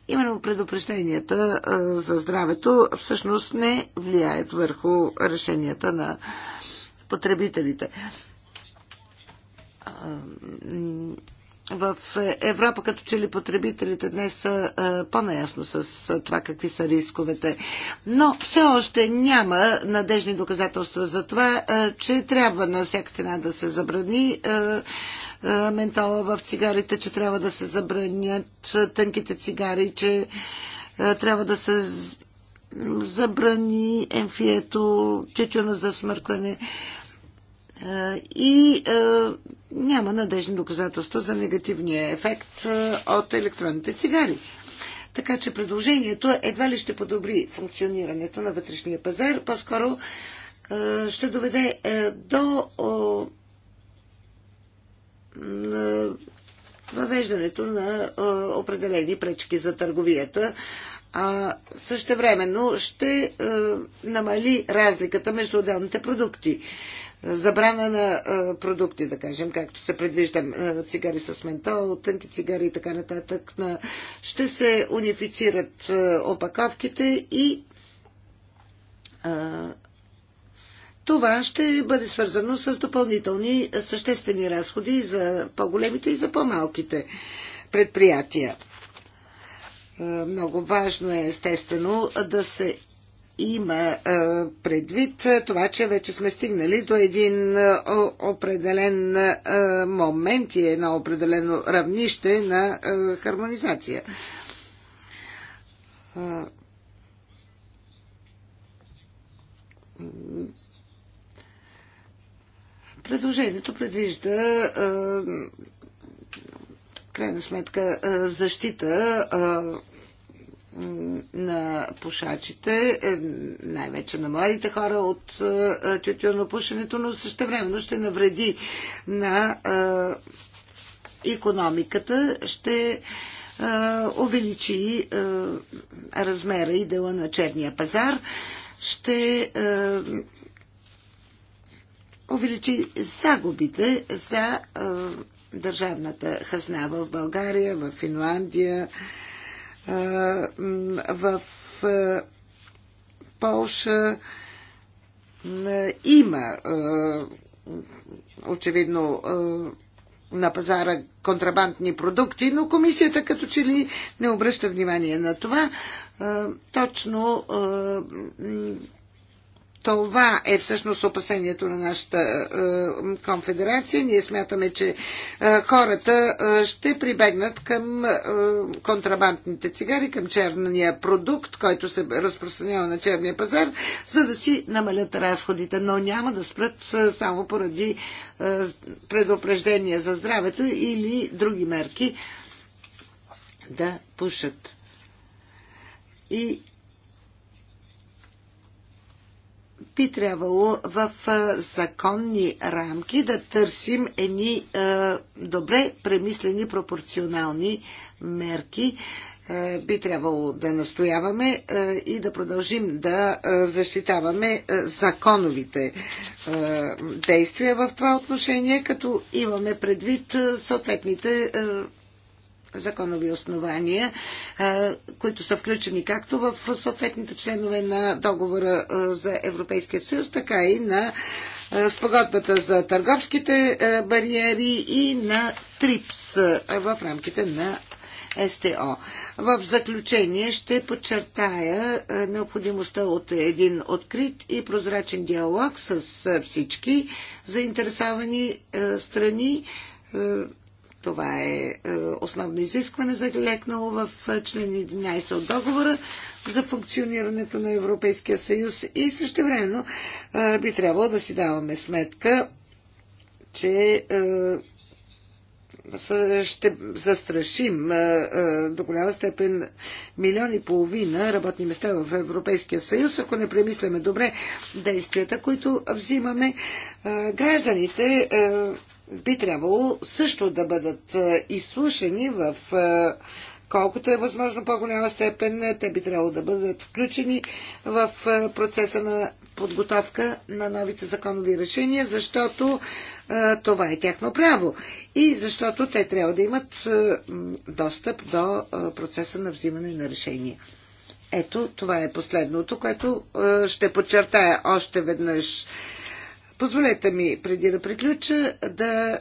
именно предупрежденията е, за здравето всъщност не влияят върху решенията на потребителите в Европа като че ли потребителите днес са е, по-наясно с е, това какви са рисковете. Но все още няма надежни доказателства за това, е, че трябва на всяка цена да се забрани ментола в цигарите, че трябва да се забранят тънките цигари, че трябва да се забрани емфието, тютюна за смъркване. И няма надежни доказателства за негативния ефект е, от електронните цигари. Така че предложението едва ли ще подобри функционирането на вътрешния пазар, по-скоро е, ще доведе е, до въвеждането на определени пречки за търговията, а същевременно ще намали разликата между отделните продукти забрана на продукти, да кажем, както се предвижда цигари с ментол, тънки цигари и така нататък. Ще се унифицират опаковките и това ще бъде свързано с допълнителни съществени разходи за по-големите и за по-малките предприятия. Много важно е, естествено, да се има е, предвид това, че вече сме стигнали до един е, определен е, момент и едно определено равнище на хармонизация. Предложението предвижда крайна сметка защита на пушачите, е, най-вече на младите хора от е, е, тютюнопушенето, но времено ще навреди на економиката, ще увеличи размера и дела на черния пазар, ще увеличи загубите за държавната хазна в България, в Финландия, в Полша има очевидно на пазара контрабандни продукти, но комисията като че ли не обръща внимание на това. Точно това е всъщност опасението на нашата е, конфедерация. Ние смятаме, че е, хората е, ще прибегнат към е, контрабандните цигари, към черния продукт, който се разпространява на черния пазар, за да си намалят разходите. Но няма да спрат е, само поради е, предупреждения за здравето или други мерки да пушат. И би трябвало в законни рамки да търсим едни добре премислени пропорционални мерки. Би трябвало да настояваме и да продължим да защитаваме законовите действия в това отношение, като имаме предвид съответните законови основания, които са включени както в съответните членове на договора за Европейския съюз, така и на спогодбата за търговските бариери и на ТРИПС в рамките на СТО. В заключение ще подчертая необходимостта от един открит и прозрачен диалог с всички заинтересовани страни това е, е основно изискване, залегнало в е, член 11 от договора за функционирането на Европейския съюз и същевременно е, би трябвало да си даваме сметка, че ще застрашим до голяма степен милион и половина работни места в Европейския съюз, ако не премисляме добре действията, които взимаме. Гражданите би трябвало също да бъдат е, изслушани в е, колкото е възможно по-голяма степен. Те би трябвало да бъдат включени в е, процеса на подготовка на новите законови решения, защото това е тяхно право и защото те трябва да имат достъп до процеса на взимане на решения. Ето, това е последното, което ще подчертая още веднъж. Позволете ми, преди да приключа, да е,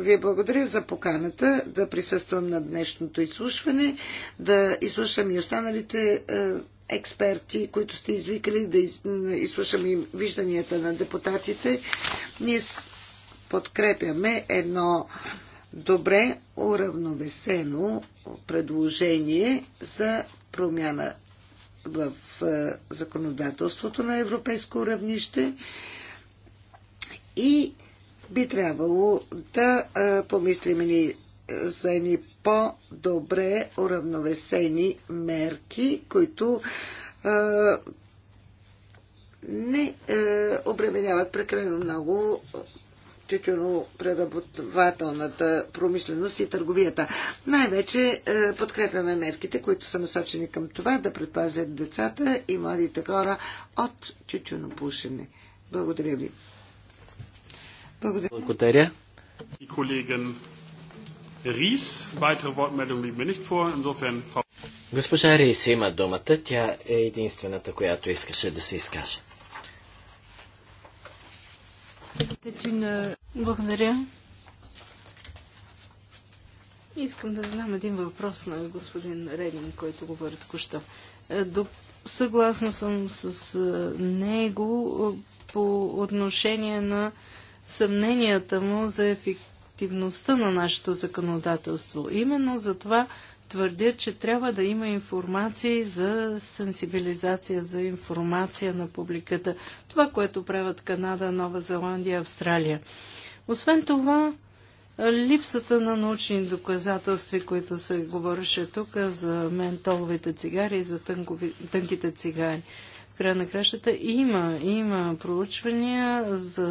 ви благодаря за поканата да присъствам на днешното изслушване, да изслушам и останалите е, експерти, които сте извикали, да изслушам и вижданията на депутатите. Ние подкрепяме едно добре уравновесено предложение за промяна в е, законодателството на европейско равнище и би трябвало да помислим ни за едни по-добре уравновесени мерки, които не обременяват прекалено много тютюнопреработвателната промишленост и търговията. Най-вече е, подкрепяме мерките, които са насочени към това да предпазят децата и младите хора от тютюнопушене. Благодаря ви. Благодаря. Госпожа Рис има думата. Тя е единствената, която искаше да се изкаже. Благодаря. Искам да задам един въпрос на господин Редин, който говори току-що. Е, съгласна съм с е, него е, по отношение на съмненията му за ефективността на нашето законодателство. Именно за това твърдя, че трябва да има информации за сенсибилизация, за информация на публиката. Това, което правят Канада, Нова Зеландия, Австралия. Освен това, липсата на научни доказателства, които се говореше тук за ментоловите цигари и за тънкови, тънките цигари края на кращата има, има проучвания за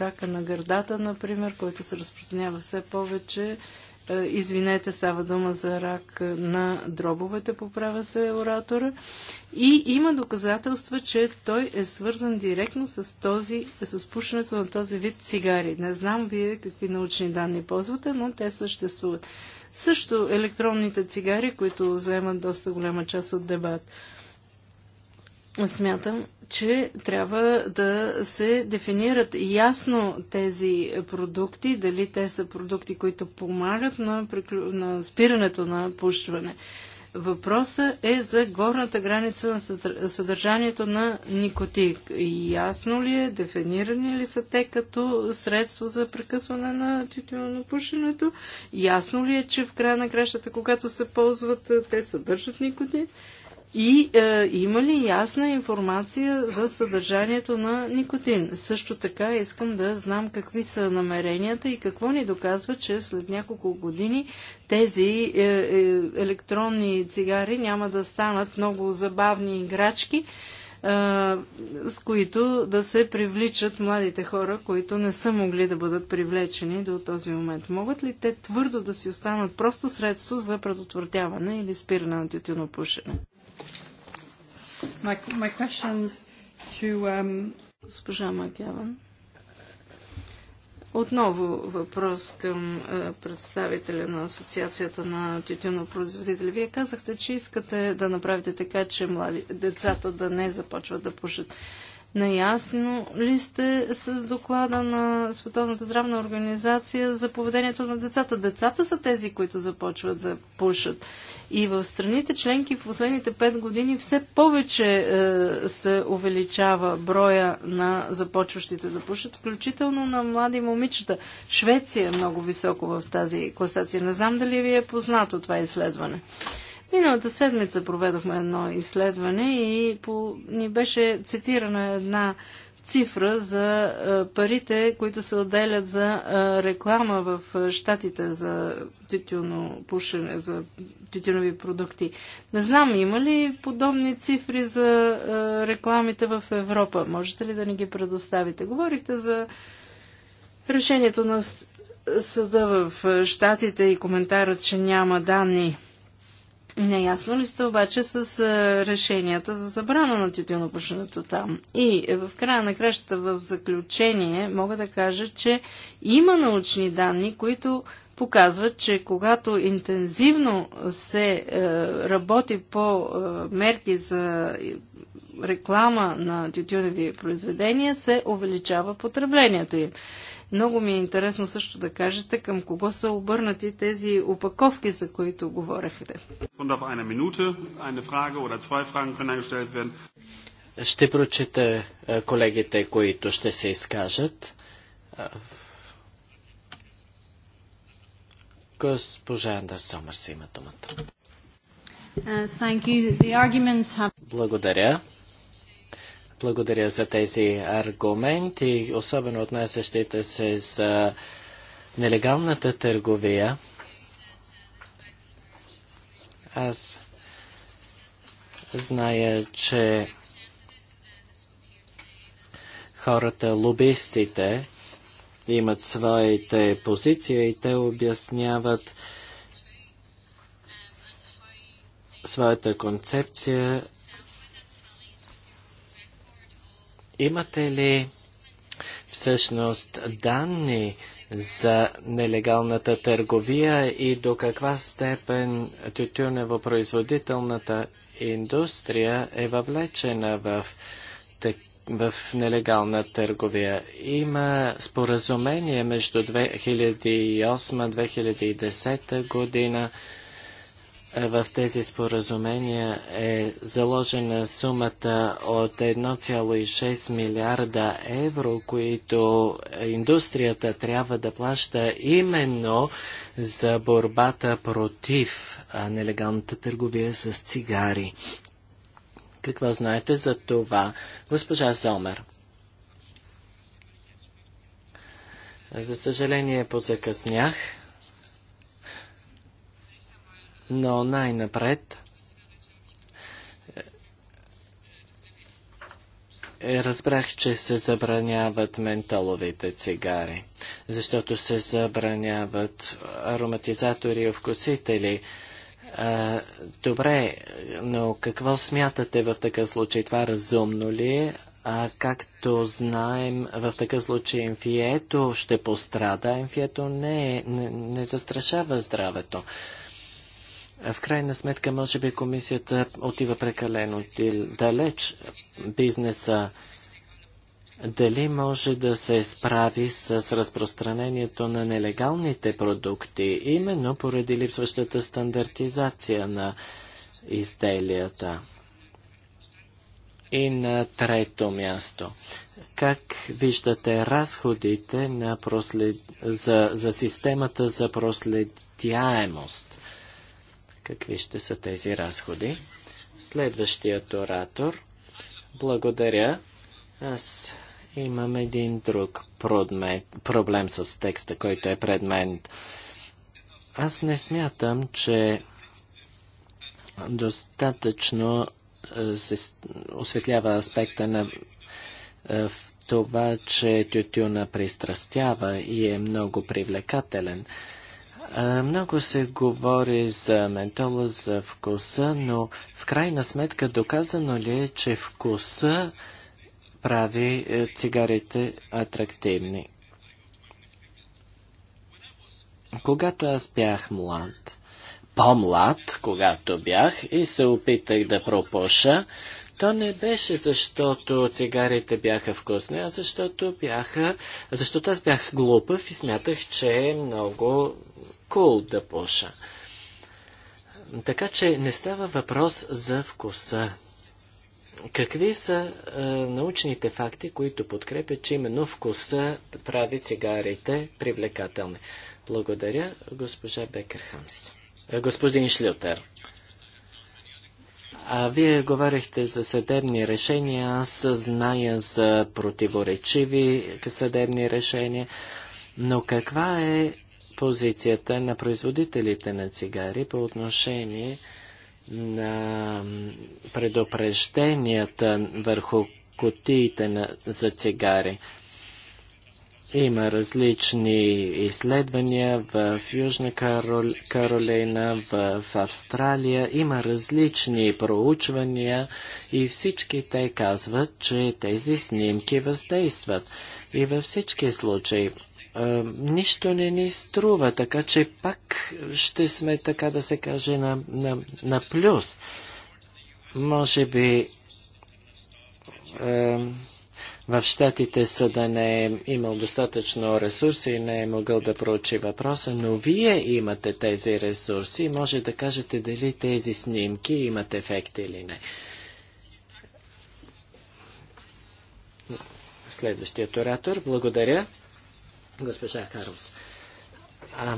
рака на гърдата, например, който се разпространява все повече. Е, извинете, става дума за рак на дробовете, поправя се оратора. И има доказателства, че той е свързан директно с, този, с пушенето на този вид цигари. Не знам вие какви научни данни ползвате, но те съществуват. Също електронните цигари, които заемат доста голяма част от дебат. Смятам, че трябва да се дефинират ясно тези продукти, дали те са продукти, които помагат на, приклю... на спирането на пушване. Въпросът е за горната граница на съдържанието на никотик. Ясно ли е, дефинирани ли са те като средство за прекъсване на тютюнопушенето? Ясно ли е, че в края на кращата, когато се ползват, те съдържат никотик? и е, има ли ясна информация за съдържанието на никотин? Също така искам да знам какви са намеренията и какво ни доказва, че след няколко години тези е, е, електронни цигари няма да станат много забавни играчки, е, с които да се привличат младите хора, които не са могли да бъдат привлечени до този момент. Могат ли те твърдо да си останат просто средство за предотвратяване или спиране на тютюнопушене? My, my questions to, um... Госпожа Макяван. Отново въпрос към е, представителя на Асоциацията на тютюнопроизводители. Вие казахте, че искате да направите така, че млади, децата да не започват да пушат. Наясно ли сте с доклада на Световната здравна организация за поведението на децата? Децата са тези, които започват да пушат. И в страните членки в последните 5 години все повече е, се увеличава броя на започващите да пушат, включително на млади момичета. Швеция е много високо в тази класация. Не знам дали ви е познато това изследване. Миналата седмица проведохме едно изследване и по, ни беше цитирана една цифра за е, парите, които се отделят за е, реклама в е, щатите за тютюно пушене, за тютюнови продукти. Не знам, има ли подобни цифри за рекламите в Европа? Можете ли да ни ги предоставите? Говорихте за решението на съда в щатите и коментарът, че няма данни. Неясно ли сте обаче с решенията за забрана на тютюнопушенето там? И е, в края на кращата в заключение мога да кажа, че има научни данни, които показват, че когато интензивно се е, работи по е, мерки за реклама на тютюневи произведения, се увеличава потреблението им. Много ми е интересно също да кажете към кого са обърнати тези упаковки, за които говорехте. Ще прочета е, колегите, които ще се изкажат. Е, Госпожа Андър Сомърс има думата. Е, Благодаря. Благодаря за тези аргументи, особено отнасящите се за нелегалната търговия. Аз зная, че хората, лобистите, имат своите позиции и те обясняват своята концепция Имате ли всъщност данни за нелегалната търговия и до каква степен тютюнево-производителната индустрия е въвлечена в, в нелегална търговия. Има споразумение между 2008-2010 година в тези споразумения е заложена сумата от 1,6 милиарда евро, които индустрията трябва да плаща именно за борбата против нелегалната търговия с цигари. Какво знаете за това, госпожа Зомер? За съжаление, позакъснях. Но най-напред е, разбрах, че се забраняват ментоловите цигари, защото се забраняват ароматизатори и вкусители. А, добре, но какво смятате в такъв случай? Това разумно ли е? А, както знаем, в такъв случай инфието ще пострада, инфието не, е, не, не застрашава здравето. В крайна сметка, може би комисията отива прекалено далеч. Бизнеса дали може да се справи с разпространението на нелегалните продукти, именно поради липсващата стандартизация на изделията. И на трето място. Как виждате разходите на прослед... за, за системата за проследяемост? какви ще са тези разходи. Следващият оратор. Благодаря. Аз имам един друг продмет, проблем с текста, който е пред мен. Аз не смятам, че достатъчно е, се осветлява аспекта на е, това, че тютюна пристрастява и е много привлекателен. Много се говори за ментола, за вкуса, но в крайна сметка доказано ли е, че вкуса прави е, цигарите атрактивни? Когато аз бях млад, по-млад, когато бях и се опитах да пропуша, то не беше защото цигарите бяха вкусни, а защото бяха, защото аз бях глупав и смятах, че е много кул да пуша. Така че не става въпрос за вкуса. Какви са е, научните факти, които подкрепят, че именно вкуса прави цигарите привлекателни? Благодаря, госпожа Бекерхамс. Е, господин Шлютер. А вие говорихте за съдебни решения, аз зная за противоречиви съдебни решения, но каква е позицията на производителите на цигари по отношение на предупрежденията върху кутиите на, за цигари. Има различни изследвания в Южна Карол... Каролина, в... в Австралия. Има различни проучвания и всички те казват, че тези снимки въздействат. И във всички случаи нищо не ни струва, така че пак ще сме, така да се каже, на, на, на плюс. Може би в щатите съда не е имал достатъчно ресурси и не е могъл да проучи въпроса, но вие имате тези ресурси и може да кажете дали тези снимки имат ефект или не. Следващият оратор, благодаря госпожа Карлс. А,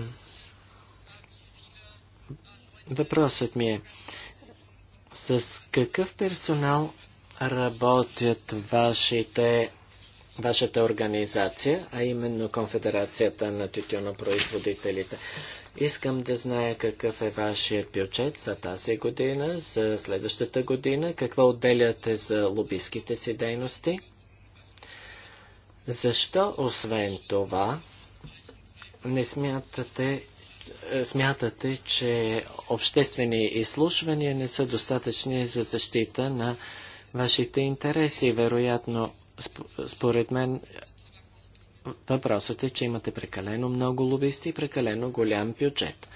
въпросът ми е, с какъв персонал работят вашите, вашата организация, а именно Конфедерацията на тютюнопроизводителите? Искам да зная какъв е вашият бюджет за тази година, за следващата година, какво отделяте за лобистските си дейности? Защо, освен това, не смятате, е, смятате, че обществени изслушвания не са достатъчни за защита на вашите интереси? Вероятно, според мен, въпросът е, че имате прекалено много лобисти и прекалено голям бюджет.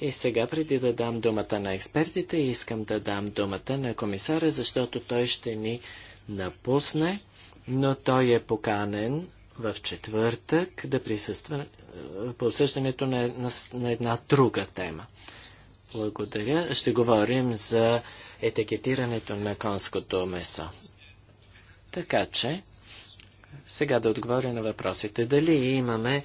И сега, преди да дам думата на експертите, искам да дам думата на комисара, защото той ще ни напусне, но той е поканен в четвъртък да присъства е, по обсъждането на, на, на една друга тема. Благодаря. Ще говорим за етикетирането на конското месо. Така че, сега да отговоря на въпросите. Дали имаме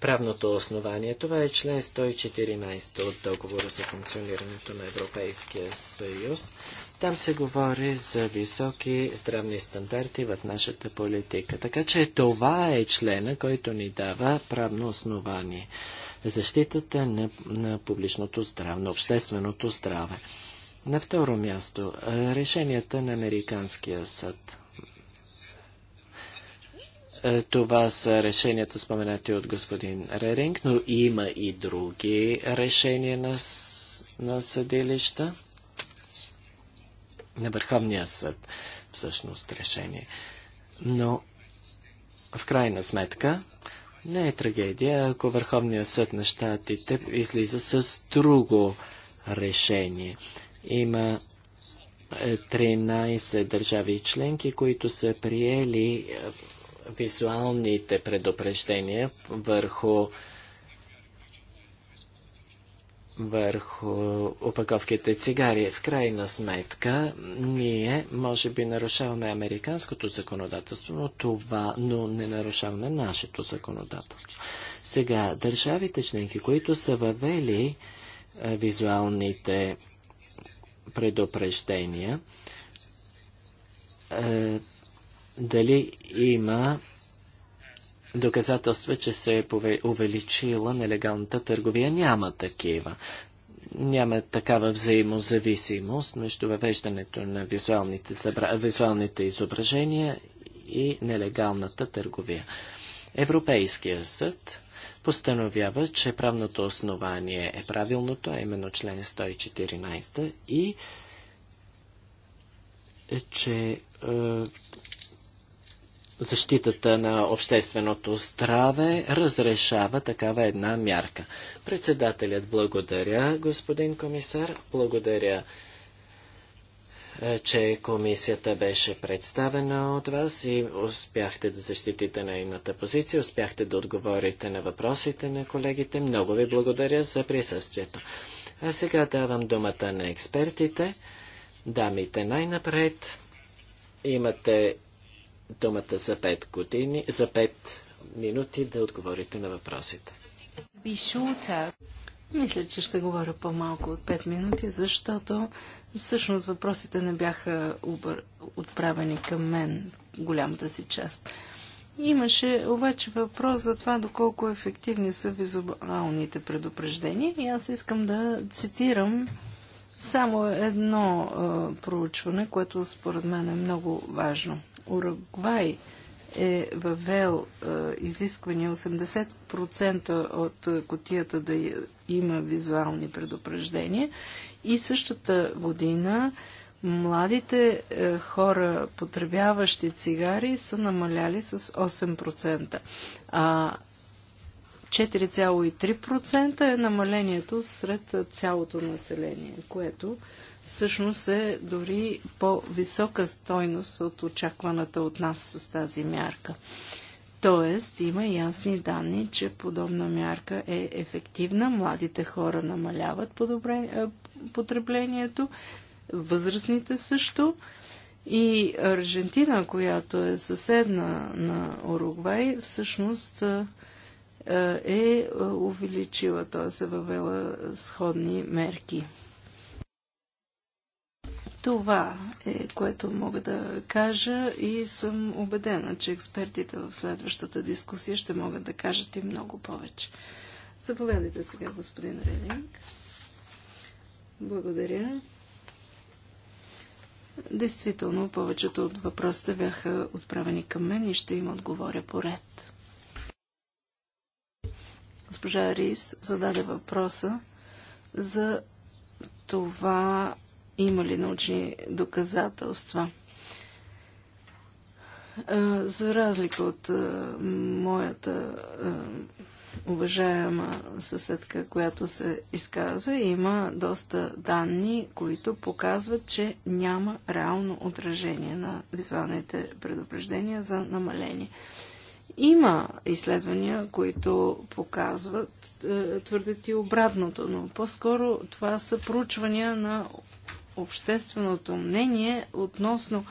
правното основание? Това е член 114 от договора за функционирането на Европейския съюз. Там се говори за високи здравни стандарти в нашата политика. Така че това е члена, който ни дава правно основание. Защитата на, на публичното здраве, на общественото здраве. На второ място, решенията на Американския съд. Това са решенията, споменати от господин Реринг, но има и други решения на, на съдилища на Върховния съд всъщност решение. Но в крайна сметка не е трагедия, ако Върховния съд на щатите излиза с друго решение. Има 13 е, държави и членки, които са приели е, визуалните предупреждения върху върху опаковките цигари. В крайна сметка, ние може би нарушаваме американското законодателство, но това, но не нарушаваме нашето законодателство. Сега, държавите членки, които са въвели е, визуалните предупреждения, е, дали има доказателства, че се е увеличила нелегалната търговия. Няма такива. Няма такава взаимозависимост между въвеждането на визуалните, забра... визуалните изображения и нелегалната търговия. Европейския съд постановява, че правното основание е правилното, а именно член 114 и е, че е, защитата на общественото здраве разрешава такава една мярка. Председателят благодаря, господин комисар, благодаря, е, че комисията беше представена от вас и успяхте да защитите нейната позиция, успяхте да отговорите на въпросите на колегите. Много ви благодаря за присъствието. А сега давам думата на експертите. Дамите най-напред. Имате думата за 5 години, за 5 минути да отговорите на въпросите. Мисля, че ще говоря по-малко от 5 минути, защото всъщност въпросите не бяха отправени към мен голямата си част. Имаше обаче въпрос за това доколко ефективни са визуалните предупреждения и аз искам да цитирам само едно а, проучване, което според мен е много важно. Уругвай е въвел е, изисквания 80% от котията да има визуални предупреждения и същата година младите е, хора, потребяващи цигари, са намаляли с 8%, а 4,3% е намалението сред цялото население, което всъщност е дори по-висока стойност от очакваната от нас с тази мярка. Тоест, има ясни данни, че подобна мярка е ефективна, младите хора намаляват е, потреблението, възрастните също. И Аржентина, която е съседна на Уругвай, всъщност е, е увеличила, т.е. е въвела сходни мерки. Това е което мога да кажа и съм убедена, че експертите в следващата дискусия ще могат да кажат и много повече. Заповядайте сега, господин Релинг. Благодаря. Действително, повечето от въпросите бяха отправени към мен и ще им отговоря по ред. Госпожа Рис зададе въпроса за това има ли научни доказателства. За разлика от моята уважаема съседка, която се изказа, има доста данни, които показват, че няма реално отражение на визуалните предупреждения за намаление. Има изследвания, които показват, твърдят и обратното, но по-скоро това са проучвания на общественото мнение относно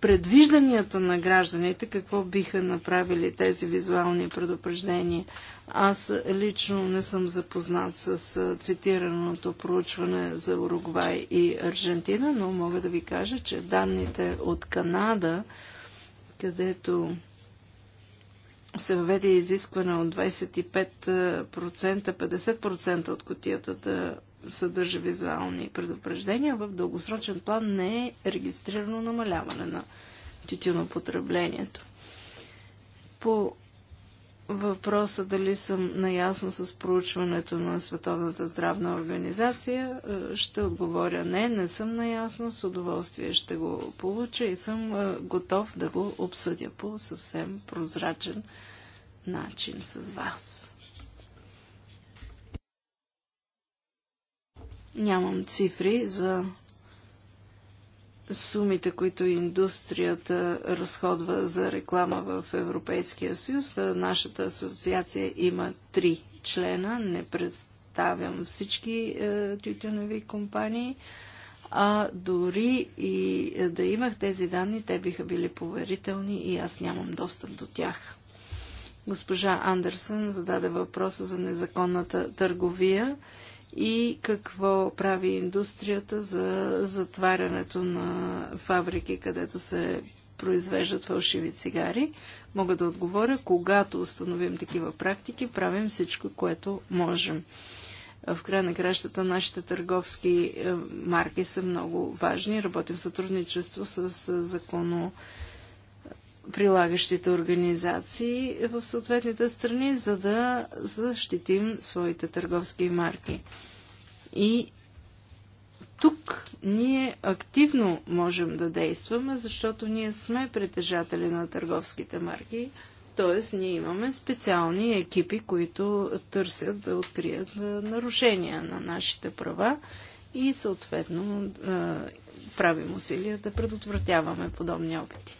предвижданията на гражданите, какво биха направили тези визуални предупреждения. Аз лично не съм запознат с цитираното проучване за Уругвай и Аржентина, но мога да ви кажа, че данните от Канада, където се въведе изискване от 25%, 50% от котията да съдържа визуални предупреждения, в дългосрочен план не е регистрирано намаляване на тютюнопотреблението. По въпроса дали съм наясно с проучването на Световната здравна организация, е, ще отговоря не, не съм наясно, с удоволствие ще го получа и съм е, готов да го обсъдя по съвсем прозрачен начин с вас. Нямам цифри за сумите, които индустрията разходва за реклама в Европейския съюз. Нашата асоциация има три члена. Не представям всички е, тютюнови компании. А дори и е, да имах тези данни, те биха били поверителни и аз нямам достъп до тях. Госпожа Андерсън зададе въпроса за незаконната търговия и какво прави индустрията за затварянето на фабрики, където се произвеждат фалшиви цигари. Мога да отговоря, когато установим такива практики, правим всичко, което можем. В края на кращата нашите търговски е, марки са много важни. Работим в сътрудничество с е, законодателството прилагащите организации в съответните страни, за да защитим своите търговски марки. И тук ние активно можем да действаме, защото ние сме притежатели на търговските марки, т.е. ние имаме специални екипи, които търсят да открият нарушения на нашите права и съответно правим усилия да предотвратяваме подобни опити.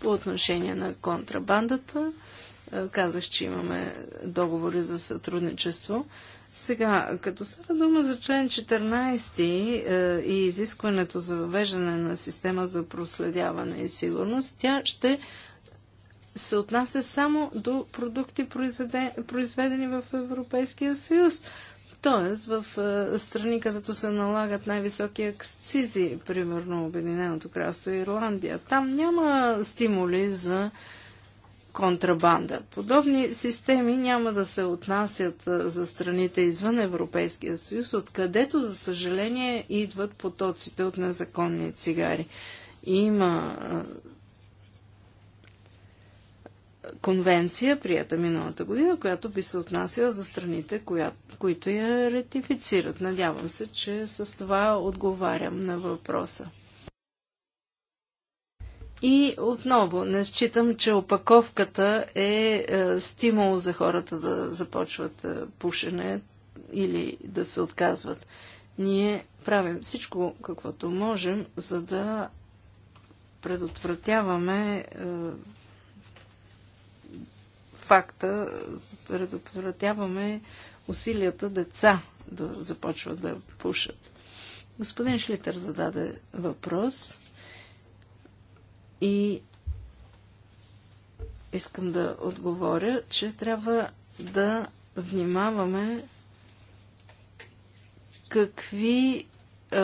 По отношение на контрабандата, е, казах, че имаме договори за сътрудничество. Сега, като става дума за член 14 е, и изискването за въвеждане на система за проследяване и сигурност, тя ще се отнася само до продукти, произведени в Европейския съюз. Тоест, в е, страни, където се налагат най-високи акцизи, примерно Обединеното кралство и Ирландия, там няма стимули за контрабанда. Подобни системи няма да се отнасят е, за страните извън Европейския съюз, откъдето, за съжаление, идват потоците от незаконни цигари. Има е, конвенция, прията миналата година, която би се отнасяла за страните, коя, които я ратифицират. Надявам се, че с това отговарям на въпроса. И отново, не считам, че опаковката е, е стимул за хората да започват е, пушене или да се отказват. Ние правим всичко, каквото можем, за да предотвратяваме е, факта предотвратяваме усилията деца да започват да пушат. Господин Шлитър зададе въпрос и искам да отговоря, че трябва да внимаваме какви е,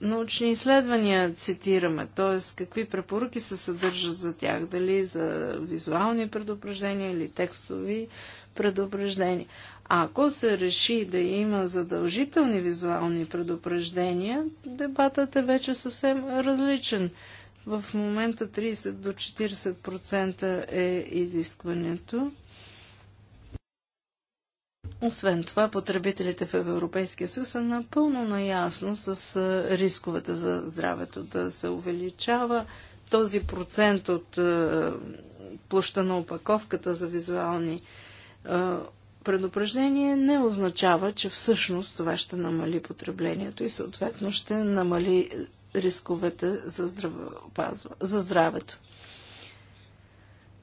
научни изследвания цитираме, т.е. какви препоръки се съдържат за тях, дали за визуални предупреждения или текстови предупреждения. А ако се реши да има задължителни визуални предупреждения, дебатът е вече съвсем различен. В момента 30 до 40% е изискването. Освен това, потребителите в Европейския съюз са напълно наясно с рисковете за здравето да се увеличава. Този процент от площа на опаковката за визуални предупреждение не означава, че всъщност това ще намали потреблението и съответно ще намали рисковете за, за здравето.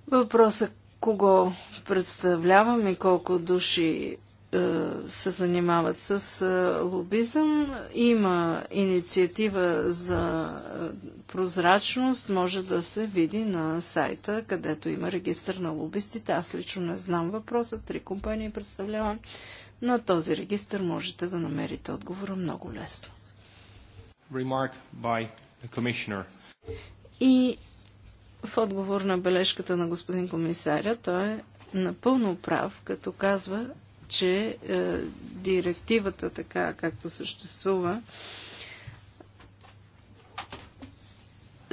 Въпросът кого представлявам и колко души е, се занимават с е, лобизъм. Има инициатива за е, прозрачност, може да се види на сайта, където има регистър на лобистите. Аз лично не знам въпроса, три компании представлявам. На този регистър можете да намерите отговора много лесно. И в отговор на бележката на господин комисаря, той е напълно прав, като казва, че е, директивата, така както съществува,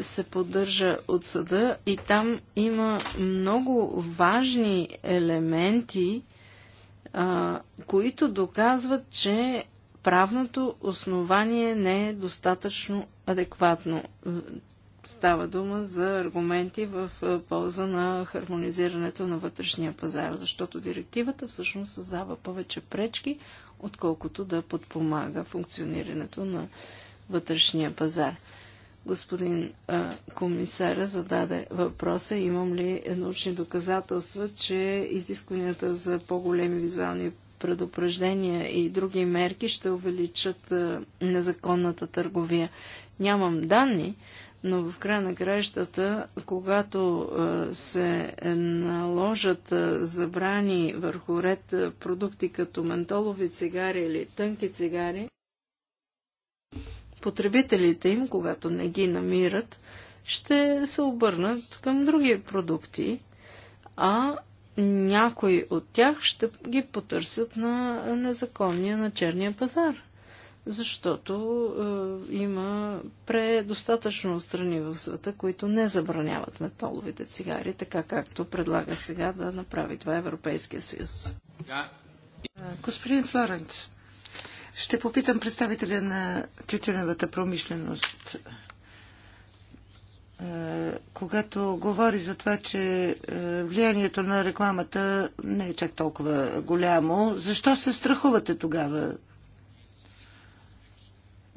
се поддържа от съда и там има много важни елементи, които доказват, че правното основание не е достатъчно адекватно. Е, става дума за аргументи в е, полза на хармонизирането на вътрешния пазар, защото директивата всъщност създава повече пречки, отколкото да подпомага функционирането на вътрешния пазар. Господин а, е, комисаря зададе въпроса, имам ли научни доказателства, че изискванията за по-големи визуални предупреждения и други мерки ще увеличат а, е, незаконната търговия. Нямам данни, но в края на краищата, когато се е, наложат забрани върху ред продукти като ментолови цигари или тънки цигари, потребителите им, когато не ги намират, ще се обърнат към други продукти, а някои от тях ще ги потърсят на незаконния, на черния пазар защото е, има предостатъчно страни в света, които не забраняват металовите цигари, така както предлага сега да направи това Европейския съюз. Е, господин Флоренц, ще попитам представителя на тютюневата промишленост. Е, когато говори за това, че е, влиянието на рекламата не е чак толкова голямо, защо се страхувате тогава?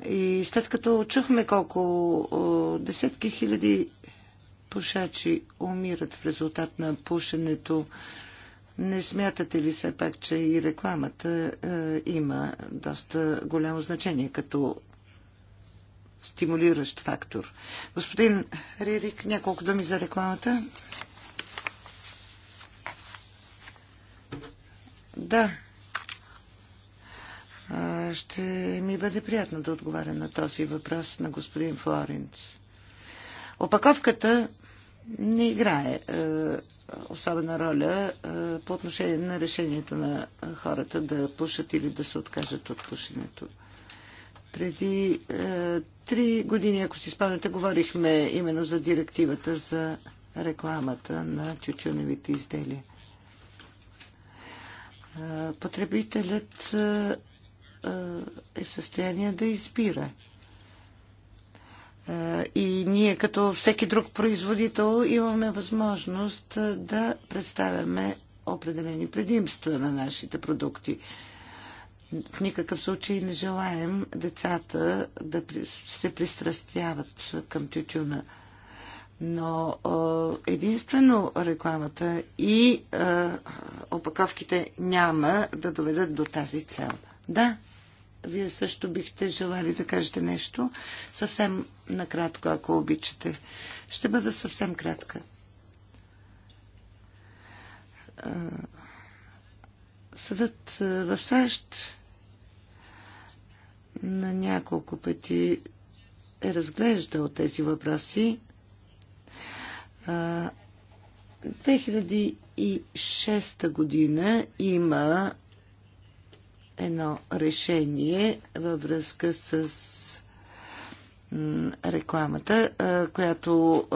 И след като чухме колко десетки хиляди пушачи умират в резултат на пушенето, не смятате ли все пак, че и рекламата е, има доста голямо значение като стимулиращ фактор? Господин Ририк, няколко думи за рекламата. Да, ще ми бъде приятно да отговаря на този въпрос на господин Флоренц. Опаковката не играе особена роля по отношение на решението на хората да пушат или да се откажат от пушенето. Преди е, три години, ако си спомняте, говорихме именно за директивата за рекламата на тютюневите изделия. Потребителят е, е в състояние да избира. И ние, като всеки друг производител, имаме възможност да представяме определени предимства на нашите продукти. В никакъв случай не желаем децата да се пристрастяват към тютюна. Но единствено рекламата и опаковките няма да доведат до тази цел. Да, вие също бихте желали да кажете нещо. Съвсем накратко, ако обичате. Ще бъда съвсем кратка. Съдът в САЩ на няколко пъти е разглеждал тези въпроси. 2006 година има едно решение във връзка с рекламата, която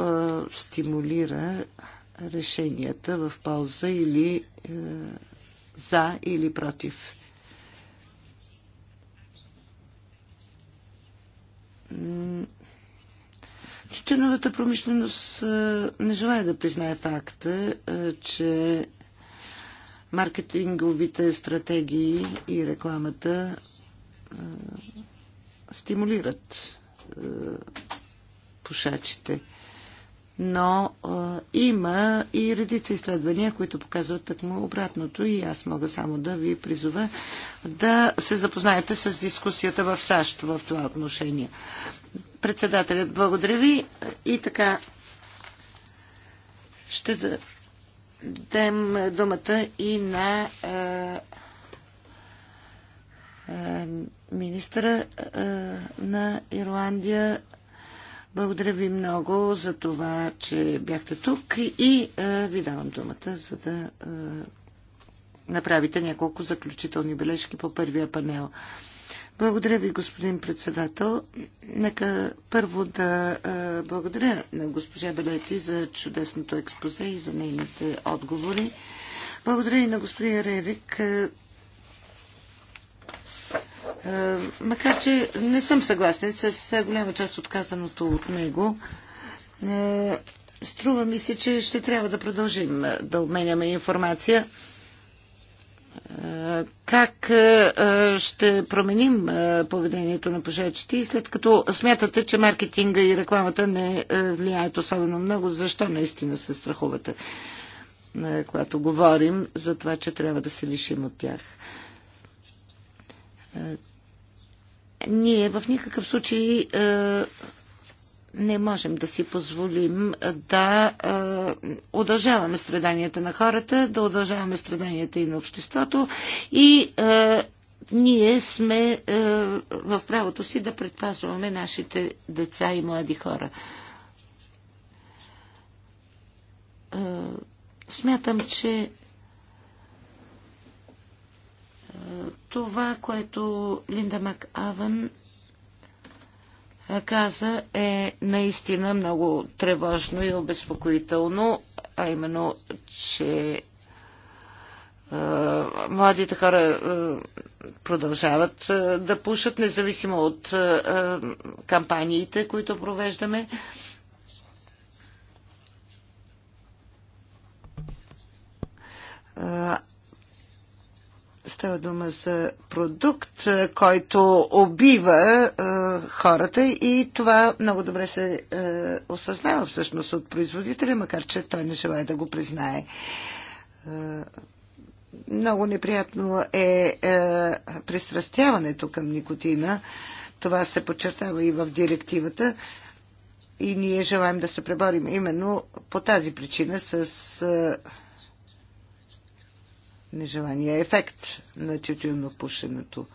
стимулира решенията в полза или е, за или против. Тютюновата промишленост не желая да признае факта, че маркетинговите стратегии и рекламата стимулират пушачите. Но а, има и редица изследвания, които показват такмо обратното и аз мога само да ви призова да се запознаете с дискусията в САЩ в това отношение. Председателят, благодаря ви и така ще да дадем думата и на министра на Ирландия. Благодаря ви много за това, че бяхте тук и ви давам думата, за да направите няколко заключителни бележки по първия панел. Благодаря ви, господин председател. Нека първо да благодаря на госпожа Белети за чудесното експозе и за нейните отговори. Благодаря и на господин Ревик. Макар, че не съм съгласен с голяма част от казаното от него, струва ми се, че ще трябва да продължим да обменяме информация. Как е, е, ще променим е, поведението на пушачите след като смятате, че маркетинга и рекламата не влияят особено много? Защо наистина се страхувате, когато говорим за това, че трябва да се лишим от тях? Ние в никакъв случай не можем да си позволим да е, удължаваме страданията на хората, да удължаваме страданията и на обществото и е, ние сме е, в правото си да предпазваме нашите деца и млади хора. Е, смятам, че е, това, което Линда Мак Аван каза, е наистина много тревожно и обезпокоително, а именно, че младите хора продължават да пушат, независимо от кампаниите, които провеждаме. Става дума за продукт, е, който убива е, хората и това много добре се е, осъзнава всъщност от производителя, макар че той не желая да го признае. Е, много неприятно е, е пристрастяването към никотина. Това се подчертава и в директивата. И ние желаем да се преборим именно по тази причина с. Е, нежелания ефект на тютюнопушенето.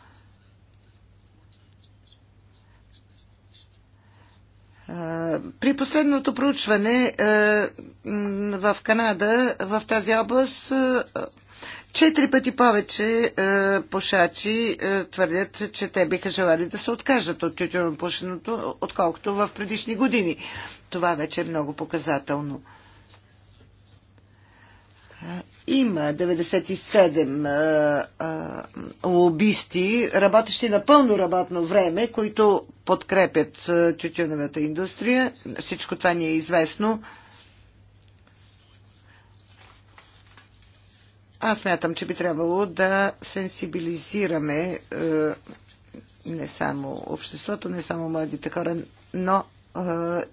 При последното проучване в Канада, в тази област, четири пъти повече пушачи твърдят, че те биха желали да се откажат от тютюнопушеното, отколкото в предишни години. Това вече е много показателно. Има 97 лобисти, работещи на пълно работно време, които подкрепят тютюневата индустрия. Всичко това ни е известно. Аз мятам, че би трябвало да сенсибилизираме не само обществото, не само младите хора, но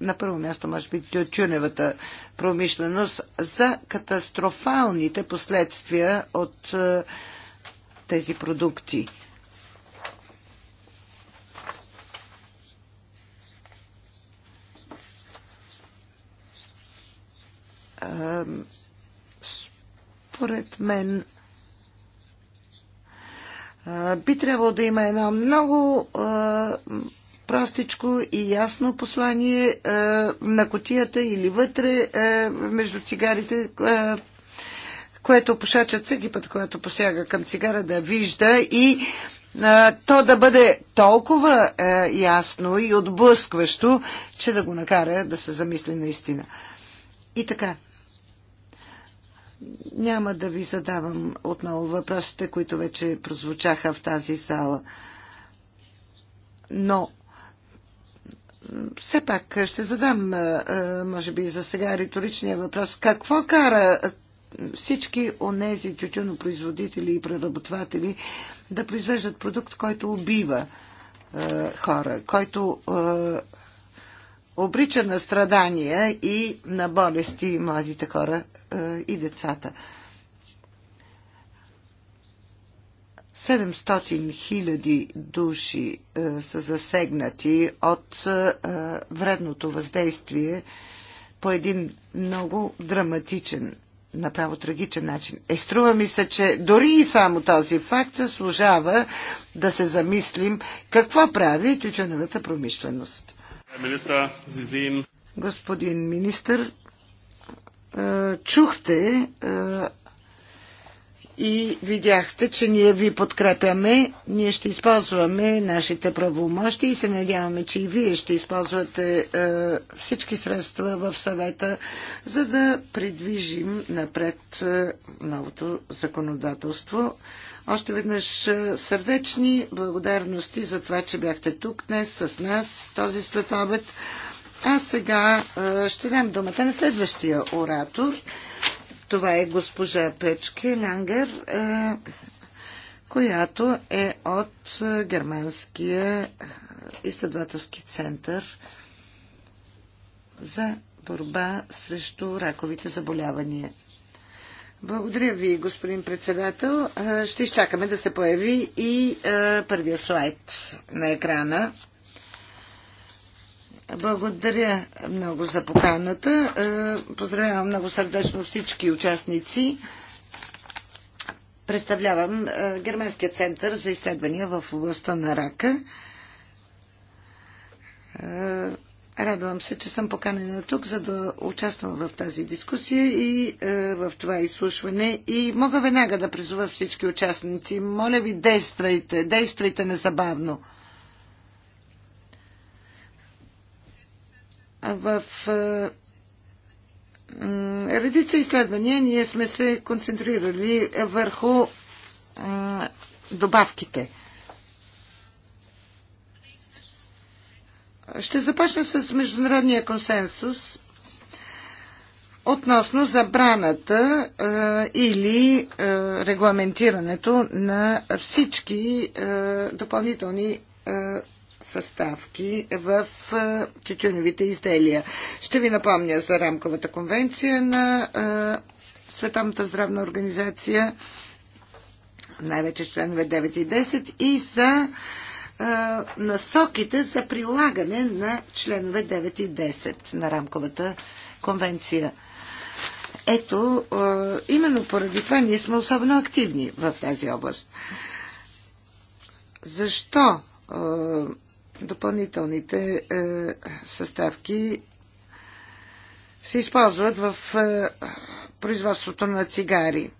на първо място може би тютюневата промишленост за катастрофалните последствия от тези продукти. Според мен би трябвало да има една много простичко и ясно послание а, е, на котията или вътре а, е, между цигарите, а, е, което пушачът всеки път, което посяга към цигара да вижда и а, то да бъде толкова а, ясно и отблъскващо, че да го накара да се замисли наистина. И така. Няма да ви задавам отново въпросите, които вече прозвучаха в тази сала. Но все пак ще задам, може би за сега, риторичния въпрос. Какво кара всички онези тютюнопроизводители и преработватели да произвеждат продукт, който убива хора, който обрича на страдания и на болести младите хора и децата? 700 хиляди души е, са засегнати от е, е, вредното въздействие по един много драматичен, направо трагичен начин. Е, струва ми се, че дори и само този факт заслужава да се замислим какво прави тютюневата промишленост. Министър, Господин министр, е, чухте е, и видяхте, че ние ви подкрепяме. Ние ще използваме нашите правомощи и се надяваме, че и вие ще използвате е, всички средства в съвета, за да придвижим напред е, новото законодателство. Още веднъж е, сърдечни благодарности за това, че бяхте тук днес с нас този следобед. А сега е, ще дам думата на следващия оратор това е госпожа Печки Лянгер, е, която е от Германския е, изследователски център за борба срещу раковите заболявания. Благодаря ви, господин председател. Е, ще изчакаме да се появи и първия слайд на екрана. Благодаря много за поканата. Е, поздравявам много сърдечно всички участници. Представлявам е, Германския център за изследвания в областта на рака. Е, радвам се, че съм поканена тук, за да участвам в тази дискусия и в това изслушване. И мога веднага да призова всички участници. Моля ви, действайте, действайте незабавно. В е, редица изследвания ние сме се концентрирали върху добавките. Ще започна с международния консенсус относно забраната е, или е, регламентирането на всички допълнителни е, съставки в е, тютюневите изделия. Ще ви напомня за рамковата конвенция на е, Световната здравна организация, най-вече членове 9 и 10, и за е, насоките за прилагане на членове 9 и 10 на рамковата конвенция. Ето, именно поради това ние сме особено активни в тази област. Защо допълнителните е, съставки се използват в е, производството на цигари.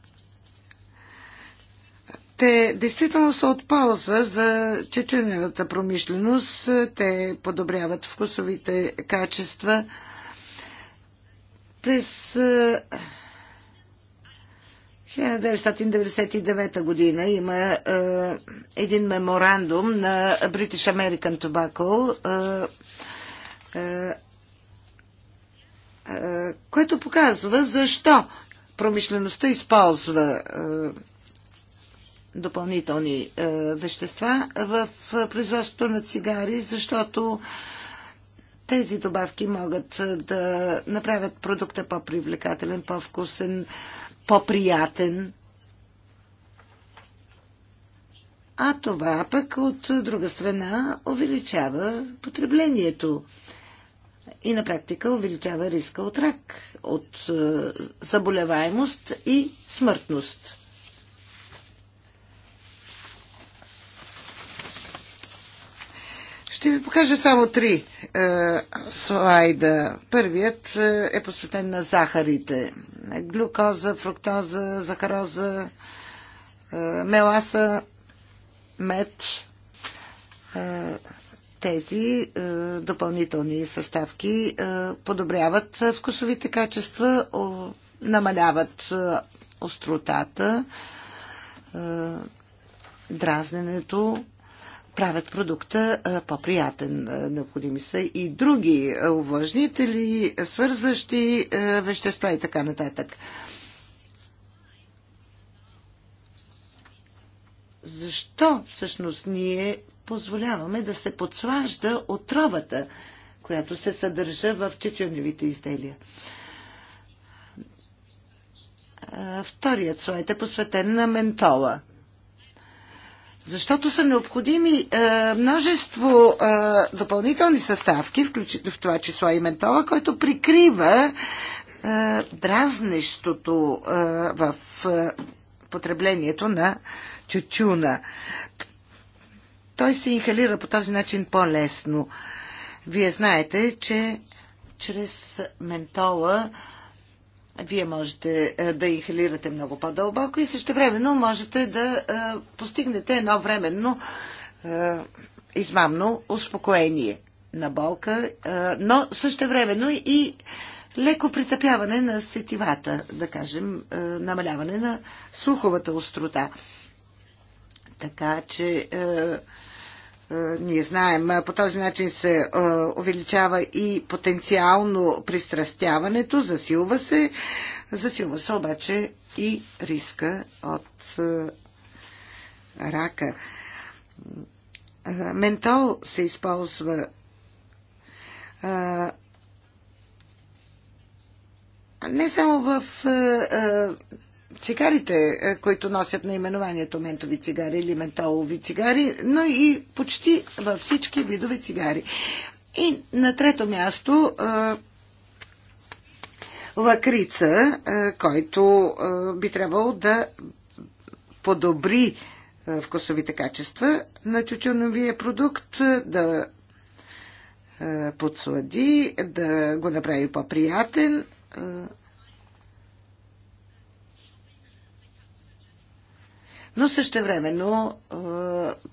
Те действително са от полза за чеченевата промишленост. Те подобряват вкусовите качества. През е, 1999 година има е, един меморандум на British American Tobacco, е, е, е, което показва защо промишлеността използва е, допълнителни е, вещества в производството на цигари, защото тези добавки могат е, да направят продукта по-привлекателен, по-вкусен. Е, по-приятен. А това пък от друга страна увеличава потреблението и на практика увеличава риска от рак, от е, заболеваемост и смъртност. Ще ви покажа само три е, слайда. Първият е, е посветен на захарите. Глюкоза, фруктоза, захароза, е, меласа, мед. Е, тези е, допълнителни съставки е, подобряват вкусовите качества, о, намаляват е, остротата, е, дразненето, правят продукта по-приятен. Необходими са и други увлажнители, свързващи вещества и така нататък. Защо всъщност ние позволяваме да се подслажда отровата, която се съдържа в тютюневите изделия? Вторият слайд е посветен на ментола – защото са необходими е, множество е, допълнителни съставки, включително в това число и ментола, който прикрива е, дразнещото е, в е, потреблението на тютюна. Той се инхалира по този начин по-лесно. Вие знаете, че чрез ментола е, вие можете е, да инхалирате много по-дълбоко и също времено можете да е, постигнете едно временно е, измамно успокоение на болка, но също времено и леко притъпяване на сетивата, да кажем, намаляване на слуховата острота. Така че е, ние знаем, по този начин се е, увеличава и потенциално пристрастяването, засилва се, засилва се обаче и риска от е, рака. Ментол се използва не само в цигарите, е, които носят наименованието ментови цигари или ментолови цигари, но и почти във всички видове цигари. И на трето място е, лакрица, е, който би трябвало да подобри вкусовите качества на тютюновия продукт, да подслади, да го направи по-приятен, но същевременно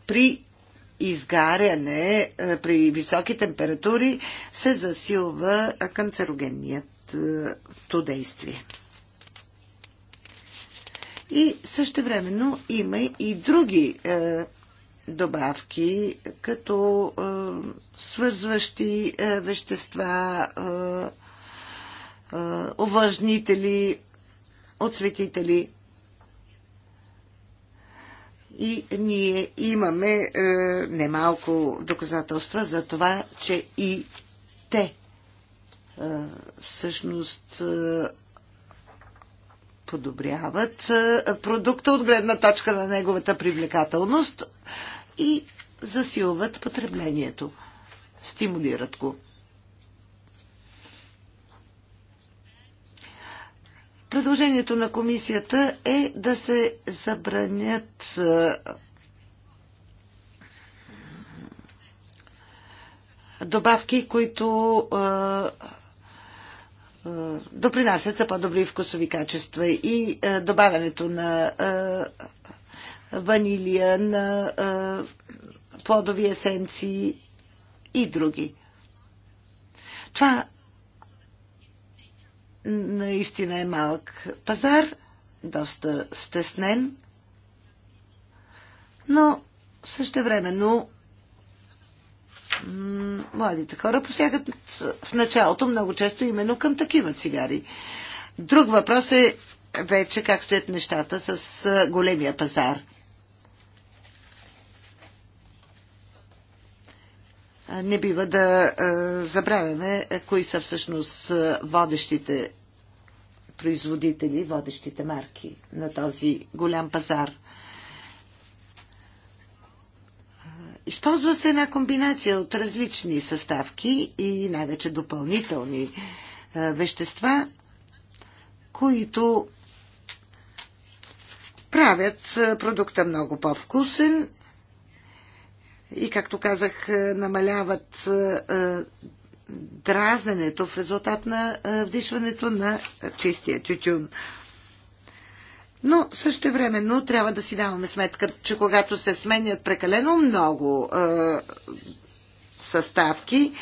при изгаряне, при високи температури се засилва канцерогенният то действие. И същевременно има и други добавки, като свързващи вещества, е, овъжнители, отсветители. И ние имаме е, немалко доказателства за това, че и те е, всъщност е, подобряват е, продукта от гледна точка на неговата привлекателност и засилват потреблението. Стимулират го. Предложението на комисията е да се забранят добавки, които допринасят за по-добри вкусови качества и добавянето на ванилия, на плодови есенции и други. Това наистина е малък пазар, доста стеснен, но също времено младите хора посягат в началото много често именно към такива цигари. Друг въпрос е вече как стоят нещата с големия пазар. не бива да забравяме кои са всъщност водещите производители, водещите марки на този голям пазар. Използва се една комбинация от различни съставки и най-вече допълнителни вещества, които правят продукта много по-вкусен и, както казах, е, намаляват е, е, дразненето в резултат на вдишването на чистия тютюн. Но също времено трябва да си даваме сметка, че когато се сменят прекалено много е, съставки,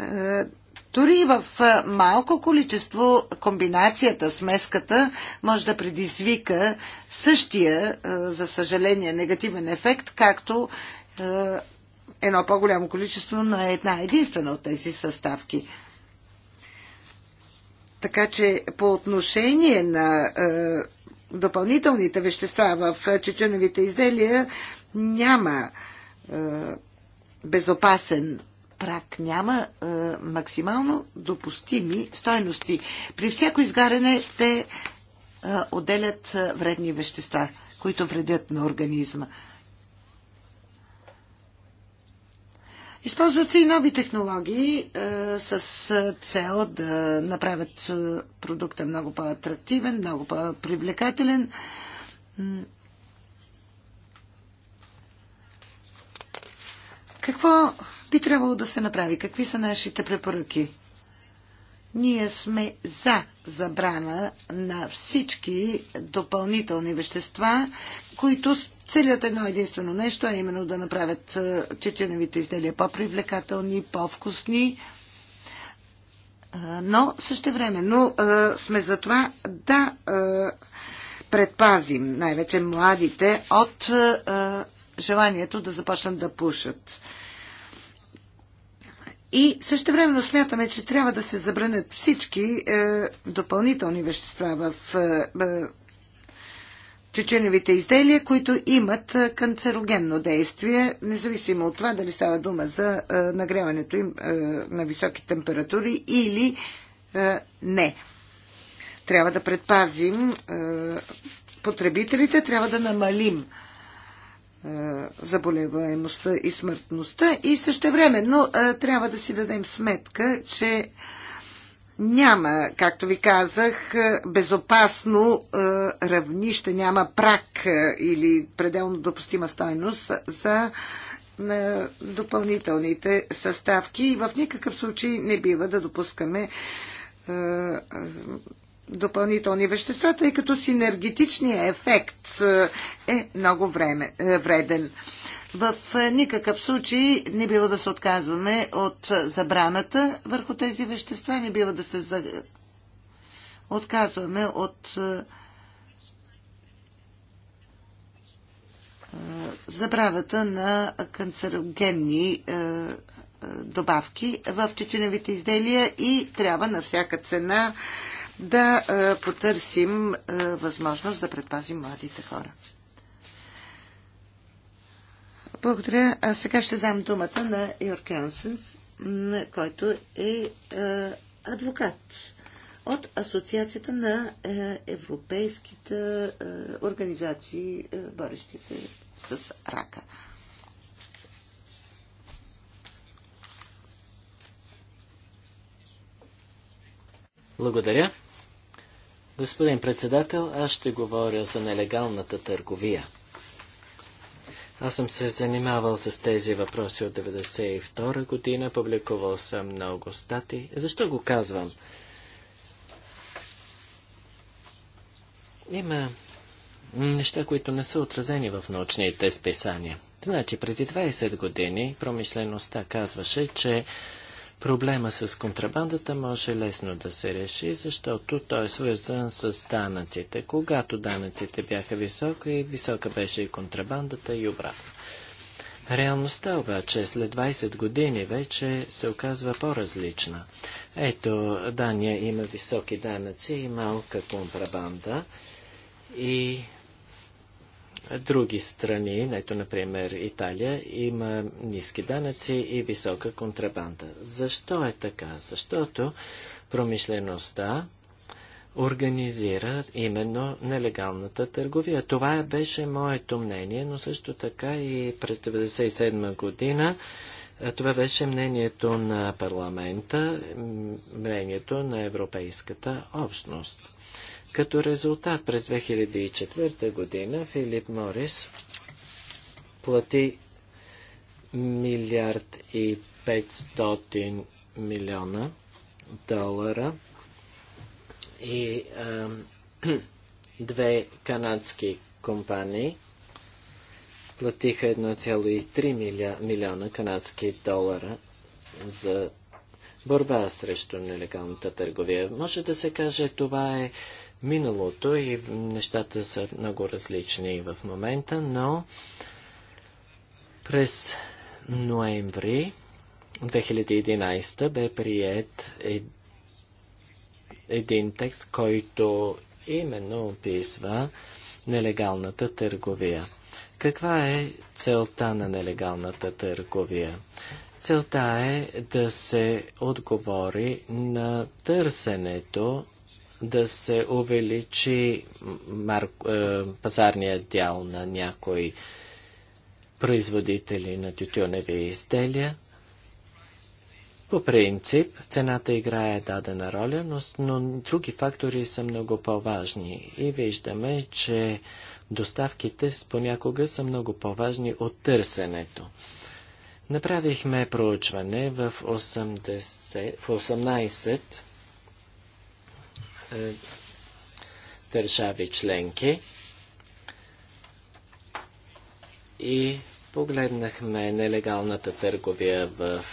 е, дори в малко количество комбинацията, смеската може да предизвика същия, за съжаление, негативен ефект, както е, едно по-голямо количество на една единствена от тези съставки. Така че по отношение на е, допълнителните вещества в тютюневите изделия няма е, безопасен прак, няма е, максимално допустими стойности. При всяко изгаряне те е, отделят е, вредни вещества, които вредят на организма. Използват се и нови технологии е, с е, цел да направят е, продукта много по-атрактивен, много по-привлекателен. Какво би трябвало да се направи? Какви са нашите препоръки? Ние сме за забрана на всички допълнителни вещества, които целият едно единствено нещо, а е именно да направят тютюневите изделия по-привлекателни, по-вкусни, но също време, но сме за това да предпазим най-вече младите от желанието да започнат да пушат. И също времено смятаме, че трябва да се забранят всички е, допълнителни вещества в е, е чеченевите изделия, които имат канцерогенно действие, независимо от това дали става дума за нагряването им на високи температури или не. Трябва да предпазим потребителите, трябва да намалим заболеваемостта и смъртността и също времено трябва да си дадем сметка, че няма, както ви казах, е, безопасно е, равнище, няма прак е, или пределно допустима стойност за на допълнителните съставки и в никакъв случай не бива да допускаме допълнителни вещества, тъй като синергетичният ефект е много време, вреден. В никакъв случай не бива да се отказваме от забраната върху тези вещества, не бива да се отказваме от е, забравата на канцерогенни е, е, добавки в тютюневите изделия и трябва на всяка цена да потърсим възможност да предпазим младите хора. Благодаря. А сега ще дам думата на Йорк Янсенс, който е, е адвокат от Асоциацията на е, европейските е, организации, борещи се с рака. Благодаря. Господин председател, аз ще говоря за нелегалната търговия. Аз съм се занимавал с тези въпроси от 1992 година, публикувал съм много стати. Защо го казвам? Има неща, които не са отразени в научните списания. Значи, преди 20 години промишлеността казваше, че Проблема с контрабандата може лесно да се реши, защото той е свързан с данъците. Когато данъците бяха високи, висока беше и контрабандата и обратно. Реалността обаче след 20 години вече се оказва по-различна. Ето, Дания има високи данъци и малка контрабанда и други страни, ето например Италия, има ниски данъци и висока контрабанда. Защо е така? Защото промишлеността организира именно нелегалната търговия. Това беше моето мнение, но също така и през 1997 година това беше мнението на парламента, мнението на Европейската общност. Като резултат през 2004 година Филип Морис плати милиард и 500 милиона долара и а, две канадски компании платиха 1,3 милиона, милиона канадски долара за борба срещу нелегалната търговия. Може да се каже, това е миналото и нещата са много различни в момента, но през ноември 2011 бе прият един текст, който именно описва нелегалната търговия. Каква е целта на нелегалната търговия? Целта е да се отговори на търсенето да се увеличи мар... Е, пазарния дял на някои производители на тютюневи изделия. По принцип, цената играе дадена роля, но, но други фактори са много по-важни. И виждаме, че доставките понякога са много по-важни от търсенето. Направихме проучване в 80, в 18 е, държави членки и погледнахме нелегалната търговия в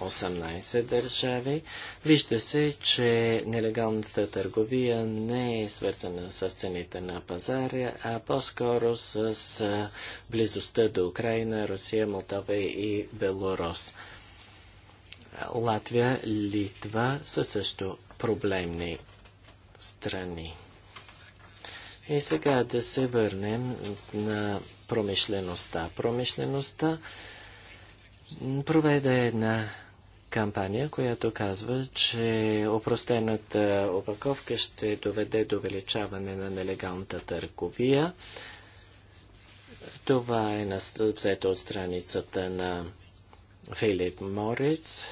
18 държави. Вижда се, че нелегалната търговия не е свързана с цените на пазаря, а по-скоро с е, близостта до Украина, Русия, Молдова и Белорус. Латвия, Литва са също проблемни страни. И сега да се върнем на промишлеността. Промишлеността проведе една кампания, която казва, че опростената опаковка ще доведе до увеличаване на нелегалната търговия. Това е взето от страницата на Филип Морец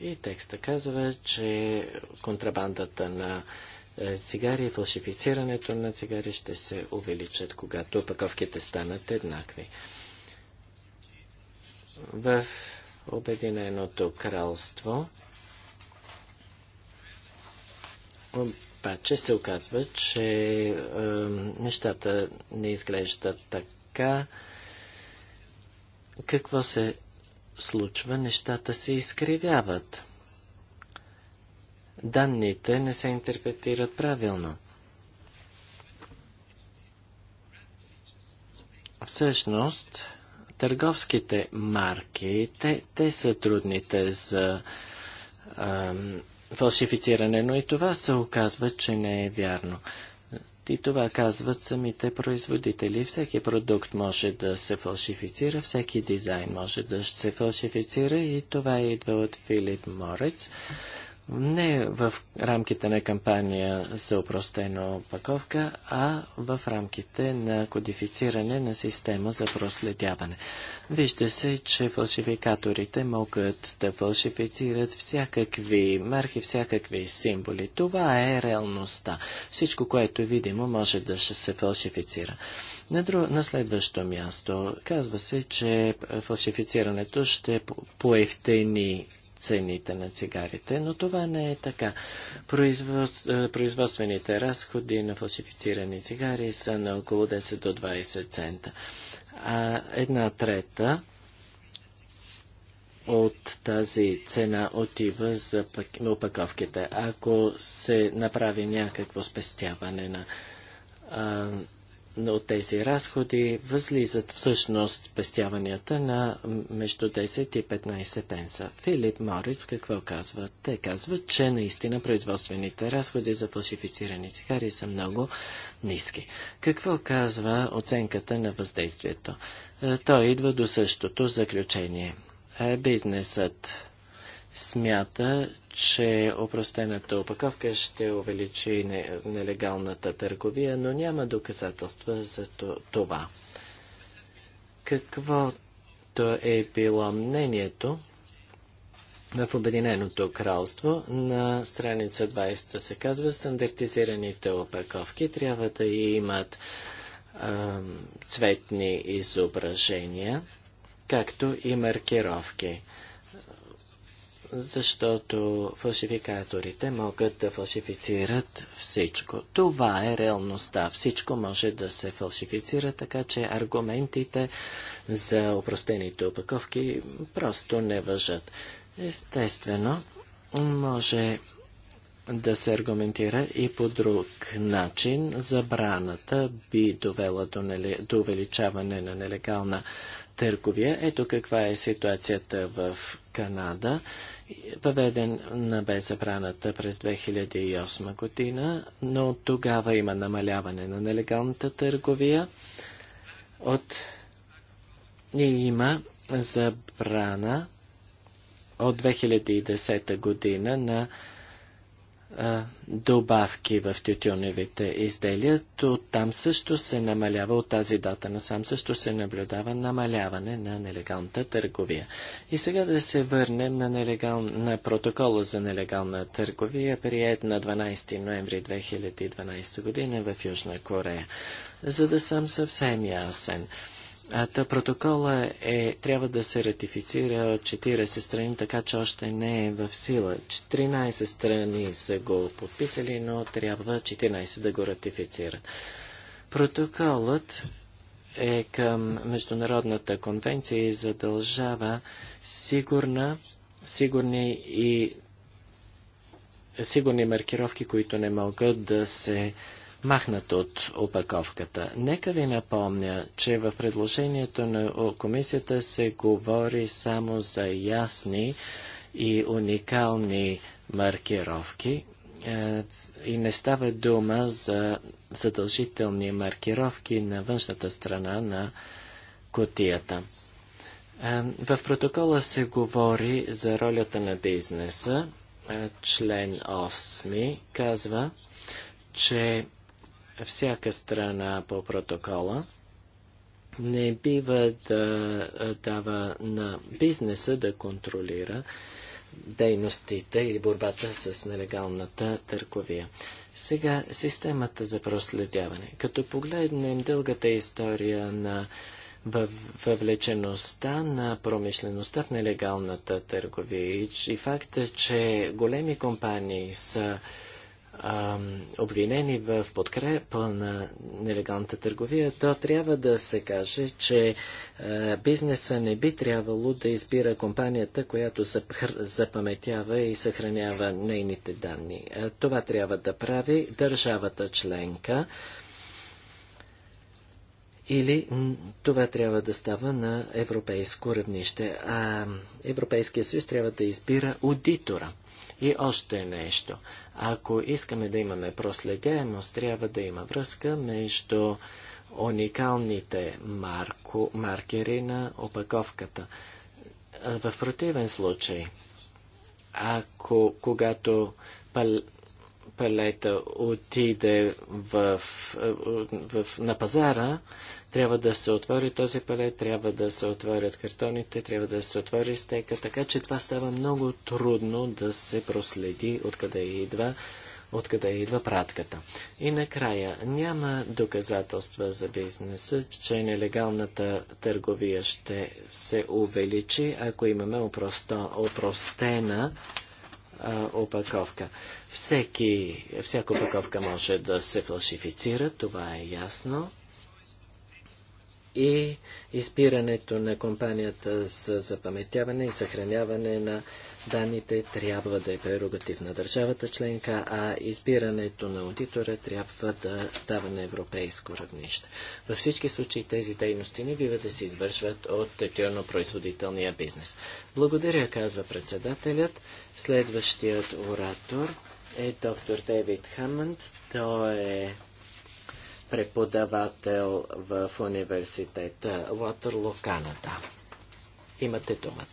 и текста казва, че контрабандата на е, цигари и фалшифицирането на цигари ще се увеличат, когато опаковките станат еднакви. В Обединеното кралство обаче се оказва, че е, нещата не изглеждат така. Какво се случва? Нещата се изкривяват данните не се интерпретират правилно. Всъщност, търговските марки, те, те са трудните за ам, фалшифициране, но и това се оказва, че не е вярно. И това казват самите производители. Всеки продукт може да се фалшифицира, всеки дизайн може да се фалшифицира и това идва от Филип Морец не в рамките на кампания за упростена опаковка, а в рамките на кодифициране на система за проследяване. Вижте се, че фалшификаторите могат да фалшифицират всякакви марки, всякакви символи. Това е реалността. Всичко, което е видимо, може да ще се фалшифицира. На, дру... на следващо място казва се, че фалшифицирането ще поевтени цените на цигарите, но това не е така. Е, производствените разходи на фалшифицирани цигари са на около 10 до 20 цента. А една трета от тази цена отива за опаковките. Ако се направи някакво спестяване на а, но тези разходи възлизат всъщност пестяванията на между 10 и 15 пенса. Филип Мориц какво казва? Те казват, че наистина производствените разходи за фалшифицирани цигари са много ниски. Какво казва оценката на въздействието? Е, той идва до същото заключение. Е, бизнесът смята, че опростената опаковка ще увеличи нелегалната търговия, но няма доказателства за това. Каквото е било мнението в Обединеното кралство, на страница 20 се казва, стандартизираните опаковки трябва да имат цветни изображения, както и маркировки защото фалшификаторите могат да фалшифицират всичко. Това е реалността. Всичко може да се фалшифицира, така че аргументите за упростените опаковки просто не въжат. Естествено, може да се аргументира и по друг начин. Забраната би довела до, нели... до увеличаване на нелегална търговия. Ето каква е ситуацията в Канада въведена бе забраната през 2008 година, но от тогава има намаляване на нелегалната търговия. От... И има забрана от 2010 година на добавки в тютюневите изделия, то там също се намалява, от тази дата насам също се наблюдава намаляване на нелегалната търговия. И сега да се върнем на, нелегал... на протокола за нелегална търговия, прият на 12 ноември 2012 година в Южна Корея. За да съм съвсем ясен та протокола е, трябва да се ратифицира от 40 страни, така че още не е в сила. 14 страни са го подписали, но трябва 14 да го ратифицират. Протоколът е към Международната конвенция и задължава сигурна, сигурни и сигурни маркировки, които не могат да се махнат от опаковката. Нека ви напомня, че в предложението на комисията се говори само за ясни и уникални маркировки е, и не става дума за задължителни маркировки на външната страна на котията. Е, в протокола се говори за ролята на бизнеса. Е, член 8 казва, че всяка страна по протокола не бива да дава на бизнеса да контролира дейностите или борбата с нелегалната търговия. Сега системата за проследяване. Като погледнем дългата история на въвлечеността на промишлеността в нелегалната търговия и факта, че големи компании са а, обвинени в подкрепа на нелегалната търговия, то трябва да се каже, че а, е, бизнеса не би трябвало да избира компанията, която запаметява и съхранява нейните данни. А, е, това трябва да прави държавата членка. Или това трябва да става на европейско равнище. А Европейския съюз трябва да избира аудитора. И още нещо. Ако искаме да имаме проследяемост, трябва да има връзка между уникалните марко, маркери на опаковката. В противен случай, ако когато пал, палета отиде в, в, в, на пазара, трябва да се отвори този палет, трябва да се отворят картоните, трябва да се отвори стека, така че това става много трудно да се проследи откъде идва откъде идва пратката. И накрая, няма доказателства за бизнеса, че нелегалната търговия ще се увеличи, ако имаме опросто, опростена а, опаковка. Всеки, всяка опаковка може да се фалшифицира, това е ясно и избирането на компанията за запаметяване и съхраняване на данните трябва да е прерогатив на държавата членка, а избирането на аудитора трябва да става на европейско равнище. Във всички случаи тези дейности не бива да се извършват от тетюрно производителния бизнес. Благодаря, казва председателят. Следващият оратор е доктор Дейвид Хамънд. Той е преподавател в университета Уотерло, Канада. Имате думата.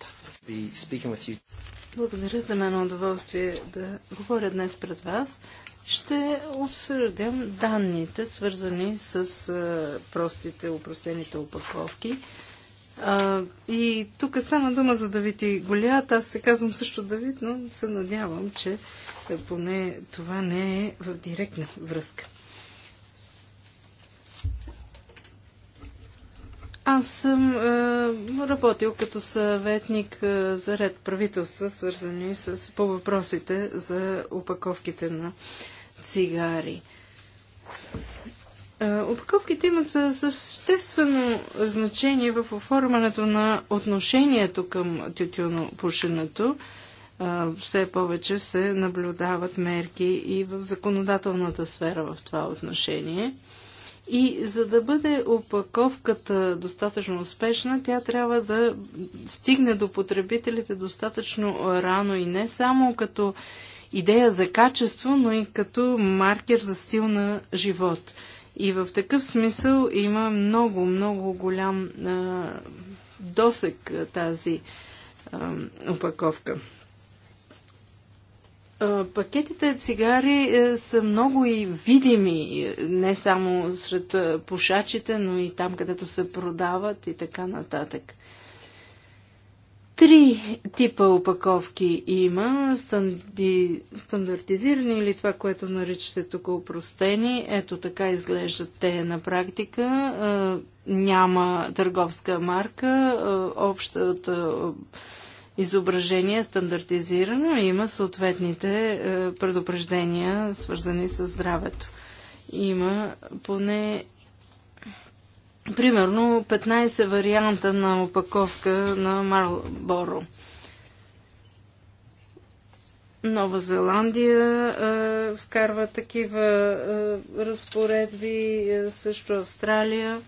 Благодаря за мен е удоволствие да говоря днес пред вас. Ще обсъждам данните, свързани с а, простите, упростените упаковки. А, и тук е само дума за Давид и Голиат. Аз се казвам също Давид, но се надявам, че поне това не е в директна връзка. Аз съм е, работил като съветник е, за ред правителства, свързани с, по въпросите за упаковките на цигари. Е, упаковките имат съществено значение в оформянето на отношението към тютюнопушенето. Е, все повече се наблюдават мерки и в законодателната сфера в това отношение – и за да бъде опаковката достатъчно успешна, тя трябва да стигне до потребителите достатъчно рано и не само като идея за качество, но и като маркер за стил на живот. И в такъв смисъл има много, много голям а, досек тази а, опаковка. Пакетите цигари е, са много и видими, е, не само сред е, пушачите, но и там, където се продават и така нататък. Три типа опаковки има, станди, стандартизирани или това, което наричате тук упростени. Ето така изглеждат те на практика. Няма търговска марка, общата изображение стандартизирано и има съответните е, предупреждения, свързани с здравето. Има поне примерно 15 варианта на опаковка на Марлборо. Нова Зеландия е, вкарва такива е, разпоредби, е, също Австралия.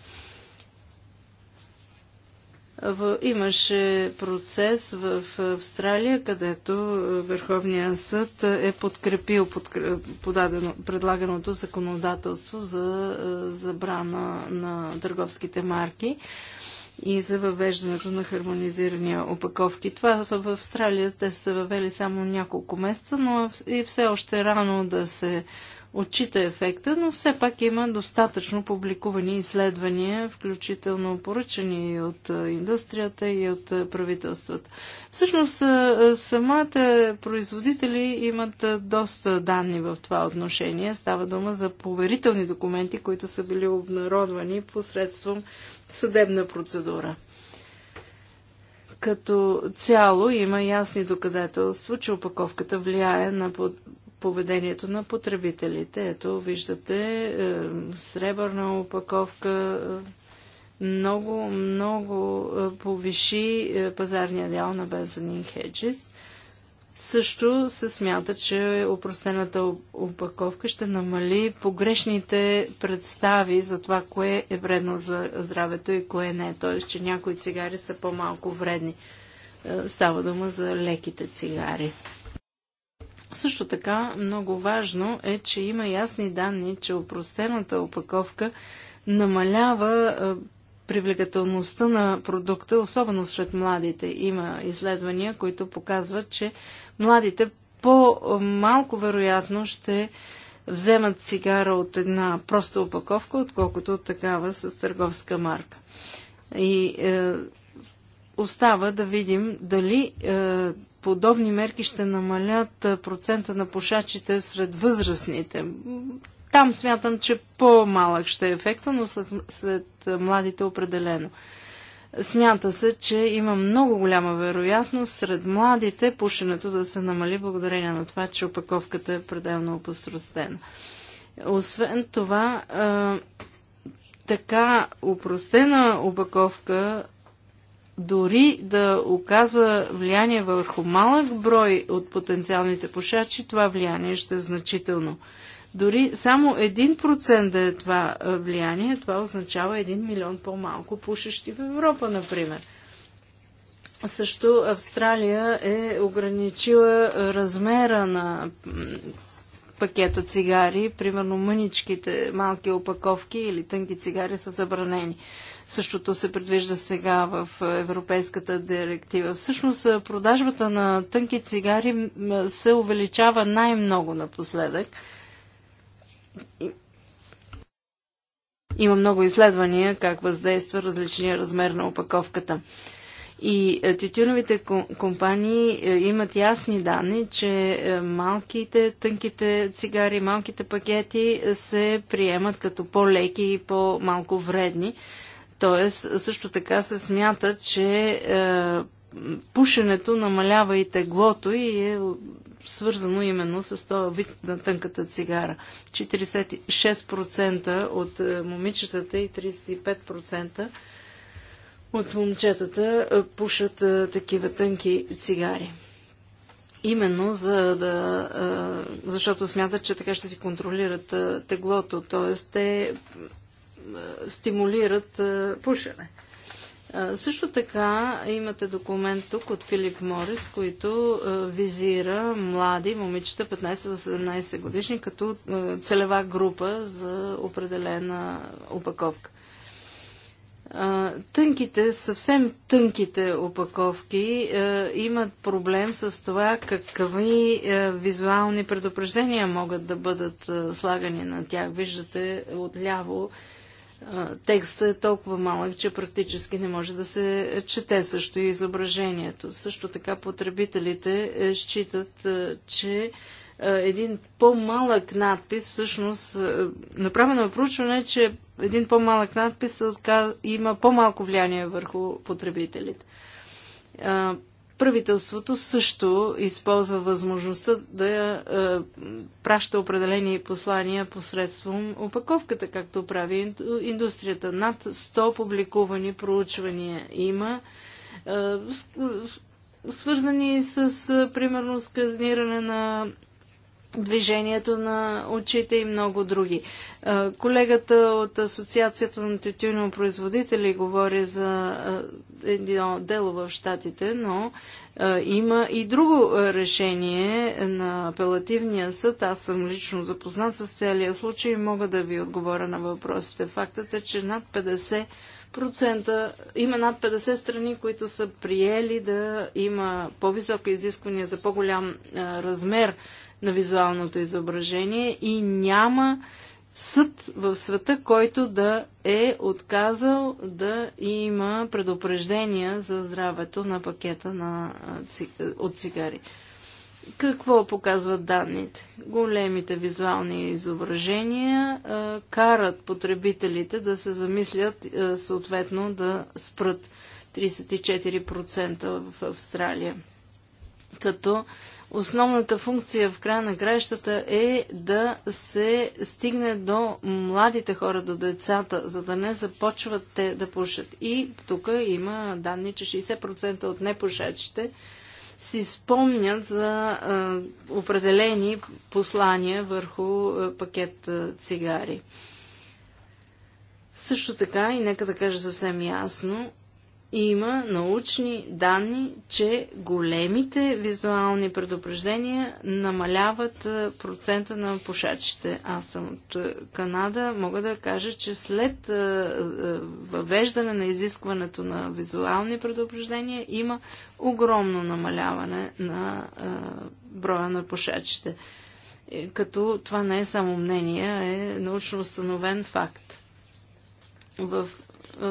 В, имаше процес в Австралия, където е, Върховния съд е подкрепил подадено, предлаганото законодателство за е, забрана на търговските марки и за въвеждането на хармонизирания опаковки. Това в Австралия те са въвели само няколко месеца, но и все още е рано да се отчита ефекта, но все пак има достатъчно публикувани изследвания, включително поръчани и от индустрията и от правителствата. Всъщност, самата производители имат доста данни в това отношение. Става дума за поверителни документи, които са били обнародвани посредством съдебна процедура като цяло има ясни доказателства, че опаковката влияе на поведението на потребителите. Ето, виждате, е, сребърна опаковка е, много, много е, повиши е, пазарния дял на Bensonin Хеджис. Също се смята, че упростената опаковка ще намали погрешните представи за това, кое е вредно за здравето и кое не. Тоест, че някои цигари са по-малко вредни. Е, става дума за леките цигари. Също така много важно е, че има ясни данни, че опростената опаковка намалява е, привлекателността на продукта, особено сред младите. Има изследвания, които показват, че младите по-малко вероятно ще вземат цигара от една проста опаковка, отколкото от такава с търговска марка. И е, остава да видим дали е, подобни мерки ще намалят процента на пушачите сред възрастните. Там смятам, че по-малък ще е ефекта, но след, след младите определено. Смята се, че има много голяма вероятност сред младите пушенето да се намали благодарение на това, че опаковката е пределно опостростена. Освен това, така упростена опаковка дори да оказва влияние върху малък брой от потенциалните пушачи, това влияние ще е значително. Дори само 1% да е това влияние, това означава 1 милион по-малко пушещи в Европа, например. Също Австралия е ограничила размера на пакета цигари, примерно мъничките малки опаковки или тънки цигари са забранени. Същото се предвижда сега в е, Европейската директива. Всъщност е, продажбата на тънки цигари е, се увеличава най-много напоследък. Има много изследвания как въздейства различния размер на опаковката. И тютюновите компании имат ясни данни, че малките, тънките цигари, малките пакети се приемат като по-леки и по-малко вредни Тоест, също така се смята, че е, пушенето намалява и теглото и е свързано именно с този вид на тънката цигара. 46% от е, момичетата и 35% от момчетата е, пушат е, такива тънки цигари. Именно за да. Е, защото смятат, че така ще си контролират е, теглото. Тоест, те е, стимулират е, пушене. Е, също така имате документ тук от Филип Морис, който визира млади момичета 15-17 годишни като целева група за определена опаковка. Тънките, съвсем тънките опаковки имат проблем с това какви визуални предупреждения могат да бъдат слагани на тях. Виждате отляво текстът е толкова малък, че практически не може да се чете също и изображението. Също така потребителите е, считат, е, че е, един по-малък надпис, всъщност, направено е проучване, че един по-малък надпис има по-малко влияние върху потребителите правителството също използва възможността да е, праща определени послания посредством опаковката, както прави индустрията. Над 100 публикувани проучвания има, е, свързани с, е, примерно, сканиране на движението на очите и много други. Колегата от Асоциацията на тютюнопроизводители говори за едно дело в Штатите, но има и друго решение на апелативния съд. Аз съм лично запознат с целия случай и мога да ви отговоря на въпросите. Фактът е, че над 50 процента, има над 50 страни, които са приели да има по-високи изисквания за по-голям размер на визуалното изображение и няма съд в света, който да е отказал да има предупреждения за здравето на пакета на, от цигари. Какво показват данните? Големите визуални изображения а, карат потребителите да се замислят а, съответно да спрат 34% в Австралия. Като Основната функция в края на краищата е да се стигне до младите хора, до децата, за да не започват те да пушат. И тук има данни, че 60% от непушачите си спомнят за а, определени послания върху а, пакет а, цигари. Също така, и нека да кажа съвсем ясно, има научни данни, че големите визуални предупреждения намаляват процента на пушачите. Аз съм от Канада. Мога да кажа, че след въвеждане на изискването на визуални предупреждения има огромно намаляване на броя на пушачите. Е, като това не е само мнение, е научно установен факт. В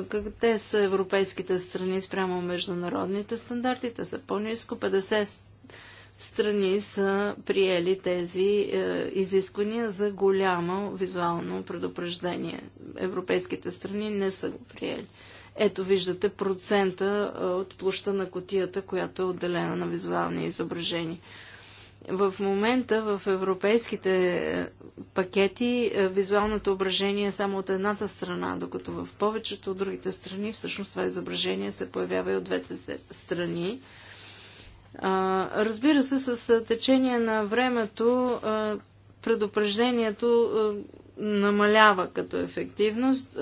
къде са европейските страни спрямо международните стандарти? Те са по-низко. 50 страни са приели тези е, изисквания за голямо визуално предупреждение. Европейските страни не са го приели. Ето виждате процента е, от площа на котията, която е отделена на визуални изображения. В момента в европейските е, пакети е, визуалното ображение е само от едната страна, докато в повечето от другите страни всъщност това изображение се появява и от двете страни. Разбира се, с е, течение на времето предупреждението намалява като ефективност.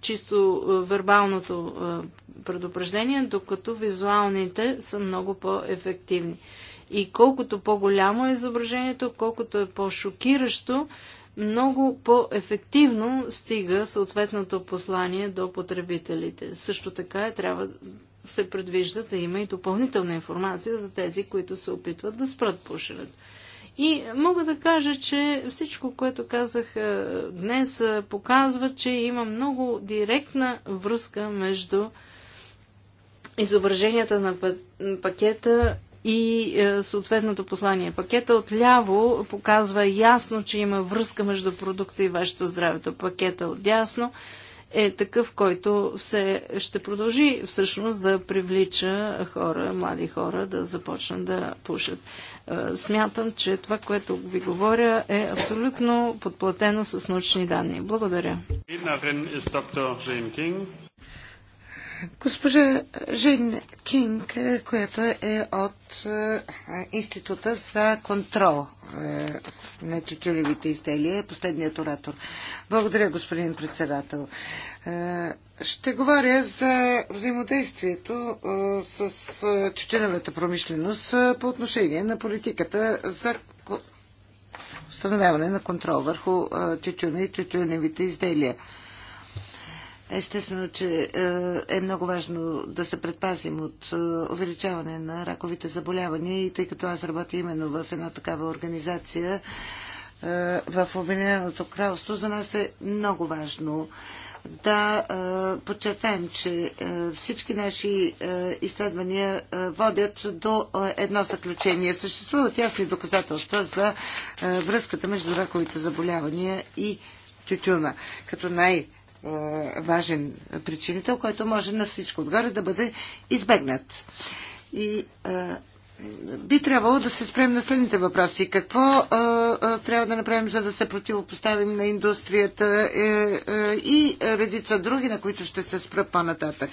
Чисто вербалното предупреждение, докато визуалните са много по-ефективни. И колкото по-голямо е изображението, колкото е по-шокиращо, много по-ефективно стига съответното послание до потребителите. Също така е, трябва се предвижда да има и допълнителна информация за тези, които се опитват да спрат пушенето. И мога да кажа, че всичко, което казах е, днес, е, показва, че има много директна връзка между изображенията на пакета и е, съответното послание. Пакета отляво показва ясно, че има връзка между продукта и вашето здравето. Пакета отдясно е такъв, който все ще продължи всъщност да привлича хора, млади хора да започнат да пушат. Е, смятам, че това, което ви говоря, е абсолютно подплатено с научни данни. Благодаря. Госпожа Жен Кинг, която е от е, Института за контрол е, на тютюлевите изделия, е последният оратор. Благодаря, господин председател. Е, ще говоря за взаимодействието с тютюневата промишленост по отношение на политиката за установяване на контрол върху тютюна и тютюневите изделия. Естествено, че е, е много важно да се предпазим от е, увеличаване на раковите заболявания и тъй като аз работя именно в една такава организация е, в Обединеното кралство, за нас е много важно да подчертаем, че всички наши изследвания водят до едно заключение. Съществуват ясни доказателства за връзката между раковите заболявания и тютюна, като най- е, важен причинител, който може на всичко отгоре да бъде избегнат. И е, би трябвало да се спрем на следните въпроси. Какво а, е, а, трябва да направим, за да се противопоставим на индустрията е, е, и редица други, на които ще се спра по-нататък?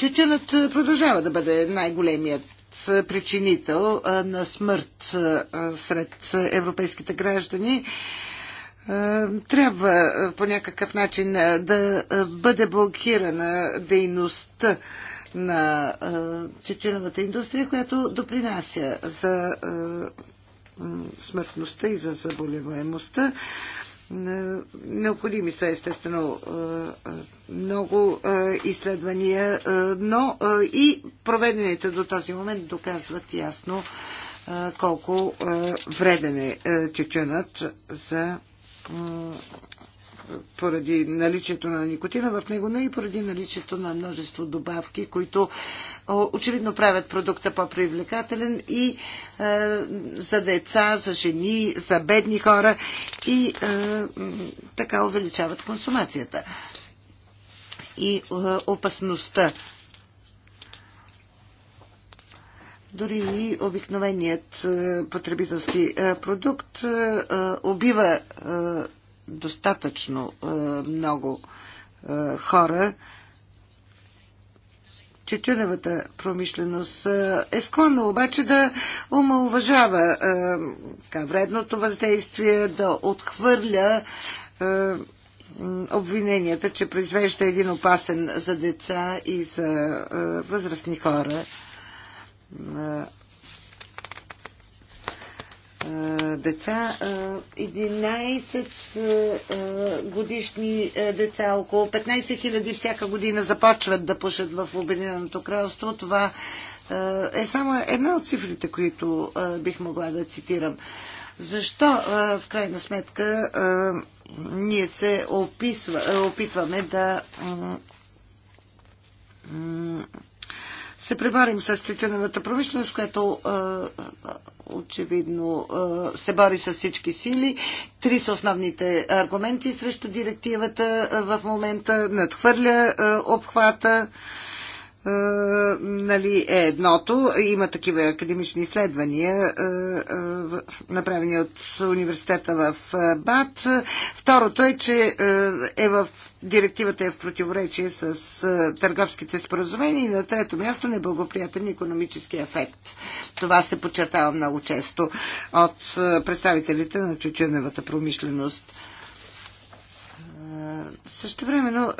Тютюнът продължава да бъде най-големият причинител на смърт сред европейските граждани. Е, трябва е, по някакъв начин е, да бъде блокирана дейността на тютюновата индустрия, която допринася за смъртността и за заболеваемостта. Необходими са, естествено, много изследвания, но и проведените до този момент доказват ясно колко вреден е тютюнът за поради наличието на никотина в него, но и поради наличието на множество добавки, които очевидно правят продукта по-привлекателен и е, за деца, за жени, за бедни хора и е, така увеличават консумацията и е, опасността Дори и обикновеният е, потребителски е, продукт е, убива достатъчно много хора. Четюневата промишленост е склонна обаче да умалуважава така, вредното въздействие, да отхвърля обвиненията, че произвежда един опасен за деца и за възрастни хора деца, 11 годишни деца, около 15 хиляди всяка година започват да пушат в Обединеното кралство. Това е само една от цифрите, които бих могла да цитирам. Защо в крайна сметка ние се описва, опитваме да се преборим с тютюневата промишленост, която очевидно се бори с всички сили. Три са основните аргументи срещу директивата в момента. Надхвърля обхвата нали, е едното. Има такива академични изследвания, направени от университета в БАТ. Второто е, че е в директивата е в противоречие с търговските споразумения и на трето място неблагоприятен економически ефект. Това се подчертава много често от представителите на тютюневата промишленост. Също времено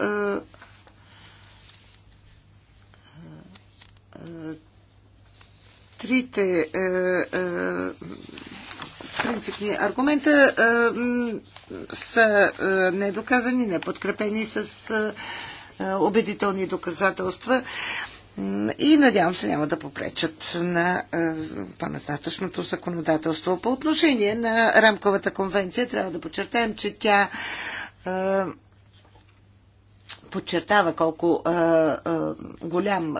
трите принципни аргумента са недоказани, неподкрепени с убедителни доказателства и надявам се няма да попречат на по-нататъчното законодателство. По отношение на рамковата конвенция трябва да подчертаем, че тя подчертава колко голям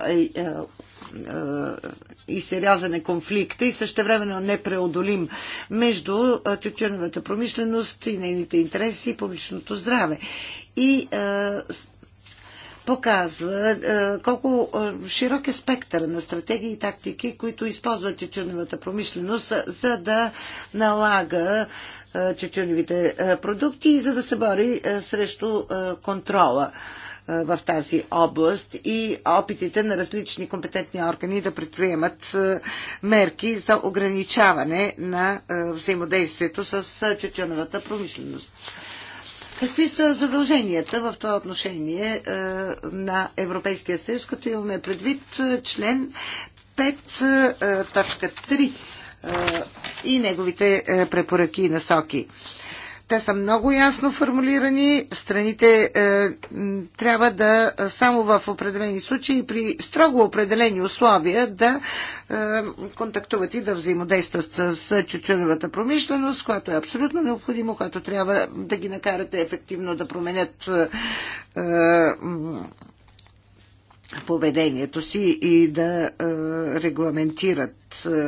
и сериозен е конфликта и същевременно непреодолим между тютюневата промишленост и нейните интереси и публичното здраве. И показва колко широк е спектър на стратегии и тактики, които използва тютюневата промишленост, за да налага тютюневите продукти и за да се бори срещу контрола в тази област и опитите на различни компетентни органи да предприемат мерки за ограничаване на взаимодействието с тютюновата промишленост. Какви са задълженията в това отношение на Европейския съюз, като имаме предвид член 5.3 и неговите препоръки и насоки? Те са много ясно формулирани. Страните е, трябва да е, само в определени случаи при строго определени условия да е, контактуват и да взаимодействат с, с тютюневата промишленост, което е абсолютно необходимо, което трябва да ги накарате ефективно да променят е, е поведението си и да е, регламентират е,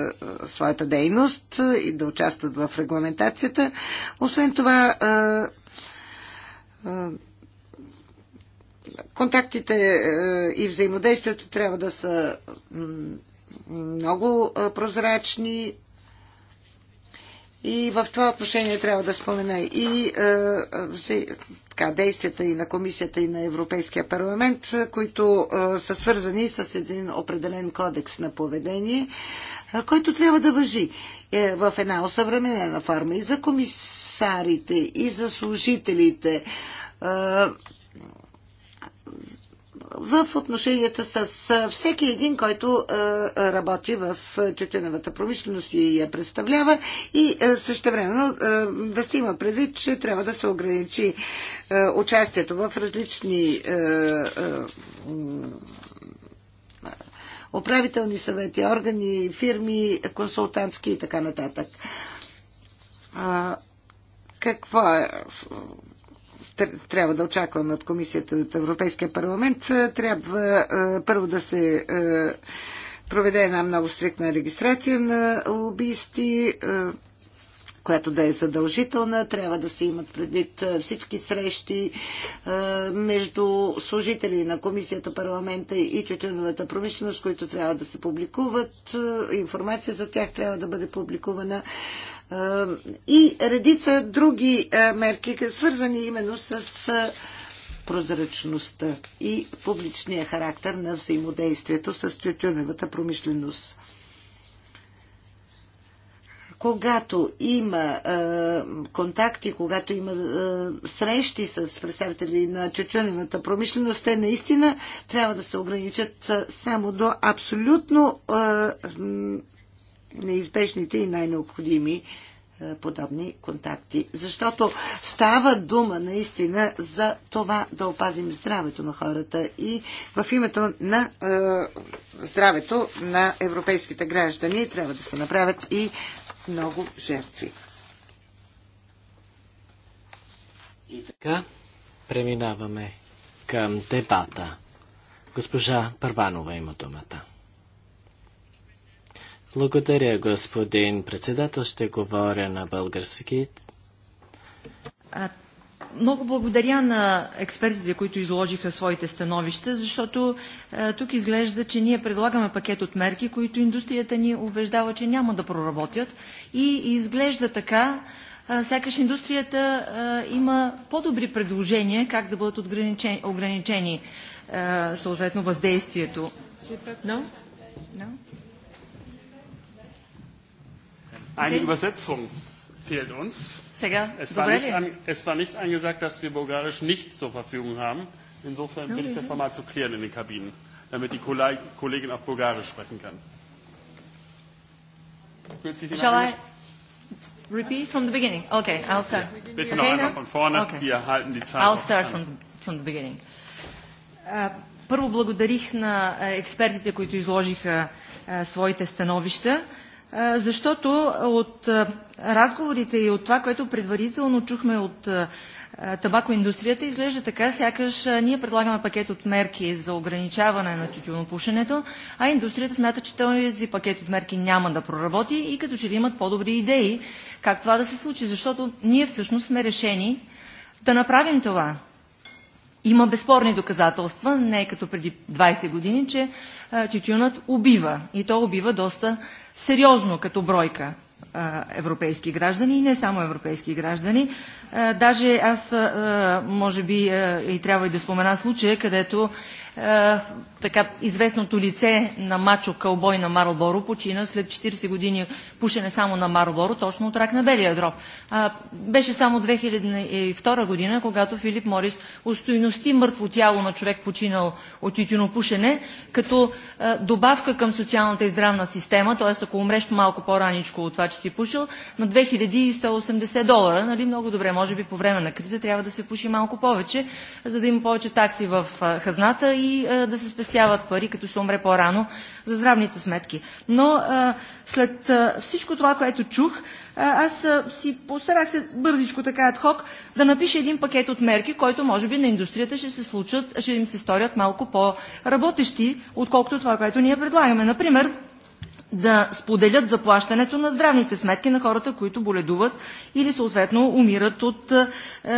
своята дейност и да участват в регламентацията. Освен това, е, контактите и взаимодействието трябва да са много прозрачни, и в това отношение трябва да спомена и е, е така, действията и на комисията и на Европейския парламент, е, които е, са свързани с един определен кодекс на поведение, е, който трябва да въжи е, в една осъвременена форма и за комисарите, и за служителите. Е, в отношенията с всеки един, който работи в тютюневата промишленост и я представлява и същевременно да се има предвид, че трябва да се ограничи участието в различни управителни съвети, органи, фирми, консултантски и така нататък. Какво е трябва да очакваме от комисията от Европейския парламент, е, трябва е, първо да се е, проведе една много стрикна регистрация на лобисти, която да е задължителна. Трябва да се имат предвид всички срещи между служители на Комисията, парламента и тютюновата промишленост, които трябва да се публикуват. Информация за тях трябва да бъде публикувана. Е, и редица други е, мерки, свързани именно с е, прозрачността и публичния характер на взаимодействието с тютюневата промишленост. Когато има е, контакти, когато има е, срещи с представители на чечуневата промишленост, те наистина трябва да се ограничат само до абсолютно е, неизбежните и най-необходими е, подобни контакти. Защото става дума наистина за това да опазим здравето на хората и в името на е, здравето на европейските граждани трябва да се направят и много жертви. И така, преминаваме към дебата. Госпожа Първанова има думата. Благодаря, господин председател. Ще говоря на български. А, много благодаря на експертите, които изложиха своите становища, защото а, тук изглежда, че ние предлагаме пакет от мерки, които индустрията ни убеждава, че няма да проработят. И изглежда така, а, сякаш индустрията а, има по-добри предложения как да бъдат ограничени, ограничени а, съответно въздействието. No? No? Eine Übersetzung fehlt uns. Es war, nicht an, es war nicht angesagt, dass wir Bulgarisch nicht zur Verfügung haben. Insofern bin ich das nochmal zu klären in den Kabinen, damit die Kollegin auf Bulgarisch sprechen kann. Shall I repeat from the beginning? Okay, I'll start. Bitte noch einmal von vorne. Okay. Wir halten die Zeit. I'll start from, from the beginning. Първо благодарих на експертите, които изложиха своите становища защото от разговорите и от това, което предварително чухме от табакоиндустрията, изглежда така, сякаш ние предлагаме пакет от мерки за ограничаване на тютюнопушенето, а индустрията смята, че този пакет от мерки няма да проработи и като че ли имат по-добри идеи как това да се случи, защото ние всъщност сме решени да направим това. Има безспорни доказателства, не като преди 20 години, че е, тютюнът убива. И то убива доста сериозно като бройка е, европейски граждани и не само европейски граждани. Е, даже аз, може би, и трябва и да спомена случая, където така известното лице на мачо кълбой на Марлборо почина след 40 години пушене само на Марлборо, точно от рак на белия дроб. А, беше само 2002 година, когато Филип Морис устойности мъртво тяло на човек починал от пушене, като а, добавка към социалната и здравна система, т.е. ако умреш малко по-раничко от това, че си пушил, на 2180 долара, нали, много добре, може би по време на криза трябва да се пуши малко повече, за да има повече такси в а, хазната и а, да се спести спестяват пари, като се умре по-рано за здравните сметки. Но а, след а, всичко това, което чух, а, аз а, си постарах се бързичко така адхок да напиша един пакет от мерки, който може би на индустрията ще се случат, ще им се сторят малко по-работещи, отколкото това, което ние предлагаме. Например, да споделят заплащането на здравните сметки на хората, които боледуват или съответно умират от е, е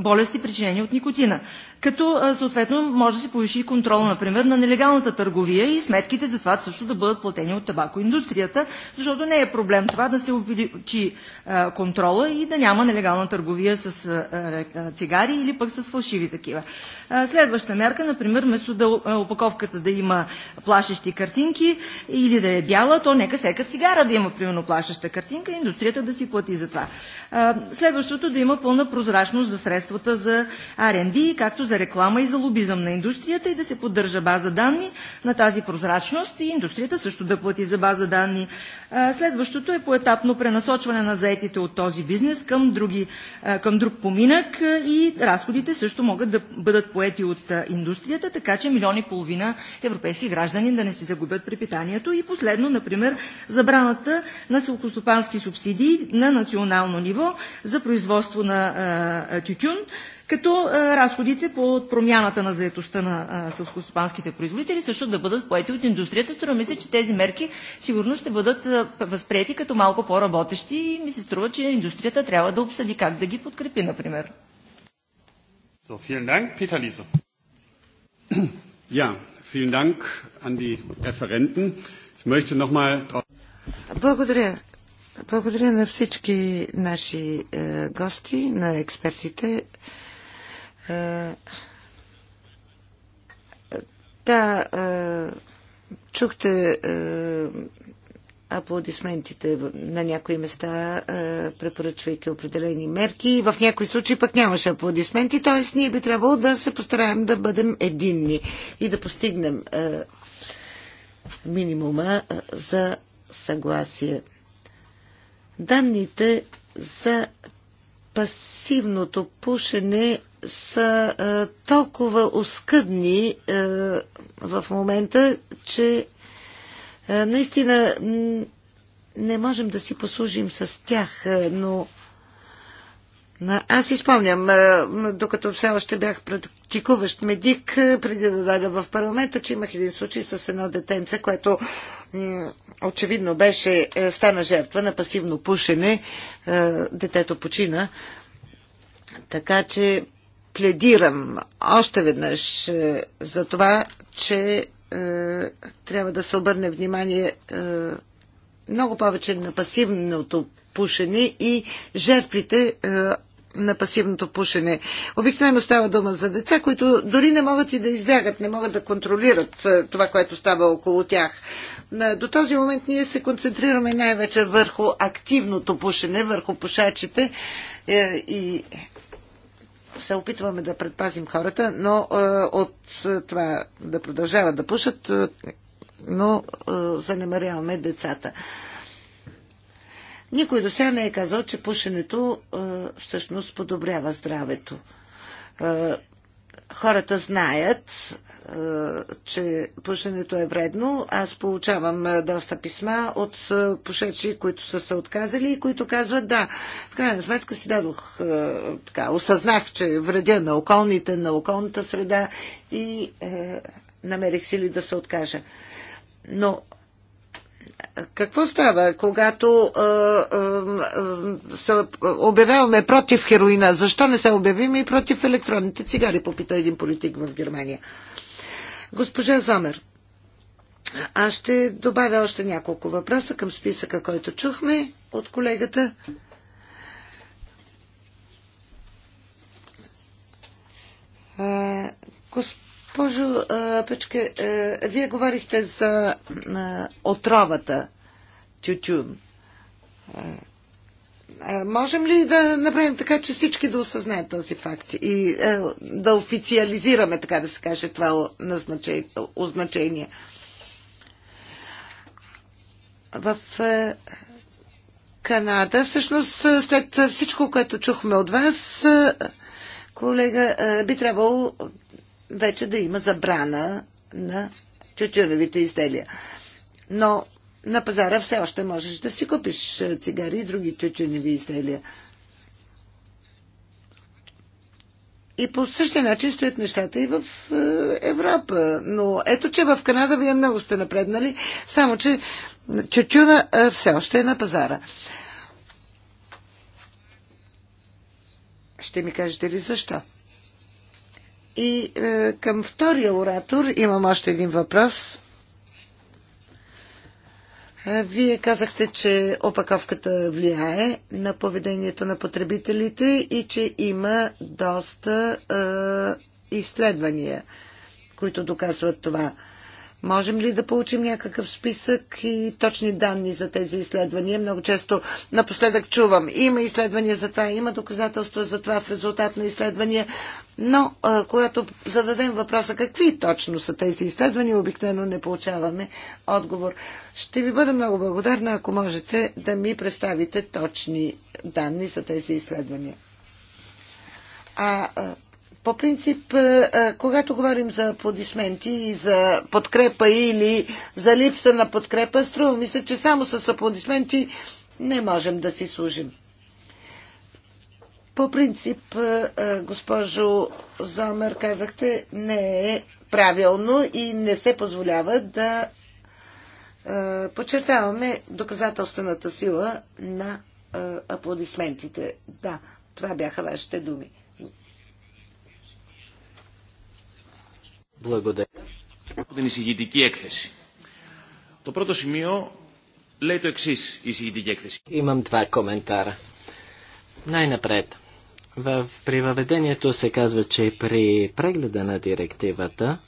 болести, причинени от никотина. Като е, съответно може да се повиши контрол, например, на нелегалната търговия и сметките за това също да бъдат платени от табакоиндустрията, защото не е проблем това да се увеличи е, контрола и да няма нелегална търговия с е, е цигари или пък с фалшиви такива. Следваща мерка, например, вместо да, опаковката да има плашещи картинки или и да е бяла, то нека всяка цигара да има примерно плашеща картинка и индустрията да си плати за това. Следващото да има пълна прозрачност за средствата за R&D, както за реклама и за лобизъм на индустрията и да се поддържа база данни на тази прозрачност и индустрията също да плати за база данни Следващото е поетапно пренасочване на заетите от този бизнес към, други, към друг поминък и разходите също могат да бъдат поети от индустрията, така че милиони и половина европейски граждани да не си загубят препитанието. И последно, например, забраната на селкостопански субсидии на национално ниво за производство на тютюн, като разходите по промяната на заетостта на сълскостопанските производители също да бъдат поети от индустрията. Струва ми се, че тези мерки сигурно ще бъдат възприяти като малко по-работещи и ми се струва, че индустрията трябва да обсъди как да ги подкрепи, например. So, vielen Dank. Peter Liese. Ja, vielen Dank an die Referenten. Ich möchte noch mal Благодаря. Благодаря на всички наши е, гости, на експертите. Е, да, е, чухте е, аплодисментите на някои места, препоръчвайки определени мерки. в някои случаи пък нямаше аплодисменти, т.е. ние би трябвало да се постараем да бъдем единни и да постигнем минимума за съгласие. Данните за пасивното пушене са а, е, толкова оскъдни а, е, в момента, че а, е, наистина не можем да си послужим с тях, а, но аз изпомням, а, докато все още бях практикуващ медик, преди да дойда в парламента, че имах един случай с едно детенце, което очевидно беше, стана жертва на пасивно пушене. Детето почина. Така че пледирам още веднъж е, за това, че е, трябва да се обърне внимание е, много повече на пасивното пушене и жертвите на пасивното пушене. Обикновено става дума за деца, които дори не могат и да избягат, не могат да контролират това, което става около тях. До този момент ние се концентрираме най-вече върху активното пушене, върху пушачите и се опитваме да предпазим хората, но е, от е, това да продължават да пушат, е, но занемаряваме децата. Никой до сега не е казал, че пушенето всъщност подобрява здравето хората знаят, че пушенето е вредно. Аз получавам доста писма от пушечи, които са се отказали и които казват да. В крайна сметка си дадох, така, осъзнах, че вредя на околните, на околната среда и е, намерих сили да се откажа. Но какво става, когато е, е, се обявяваме против хероина? Защо не се обявим и против електронните цигари, попита един политик в Германия. Госпожа Зомер, аз ще добавя още няколко въпроса към списъка, който чухме от колегата. Госпожо Печке, вие говорихте за отровата тютюн. Можем ли да направим така, че всички да осъзнаят този факт и е, да официализираме, така да се каже, това означение? В е, Канада, всъщност е, след всичко, което чухме от вас, колега, би трябвало вече да има забрана на тютюневите изделия. Но на пазара все още можеш да си купиш е, цигари и други тютюневи изделия. И по същия начин стоят нещата и в е, Европа. Но ето, че в Канада вие много сте напреднали, само че тютюна е, все още е на пазара. Ще ми кажете ли защо? И е, към втория оратор имам още един въпрос. Вие казахте, че опаковката влияе на поведението на потребителите и че има доста е, изследвания, които доказват това. Можем ли да получим някакъв списък и точни данни за тези изследвания? Много често напоследък чувам, има изследвания за това, има доказателства за това в резултат на изследвания, но а, когато зададем въпроса какви точно са тези изследвания, обикновено не получаваме отговор. Ще ви бъда много благодарна, ако можете да ми представите точни данни за тези изследвания. А, по принцип, е, е, когато говорим за аплодисменти и за подкрепа или за липса на подкрепа, струва ми се, че само с аплодисменти не можем да си служим. По принцип, е, госпожо Зомер, казахте, не е правилно и не се позволява да подчертаваме доказателствената сила на аплодисментите. Да, това бяха вашите думи. Благодаря. Από την εισηγητική έκθεση. Το πρώτο σημείο λέει το εξής η εισηγητική έκθεση. Имам два коментара. Най-напред. В, привъведението се казва, че при прегледа на директивата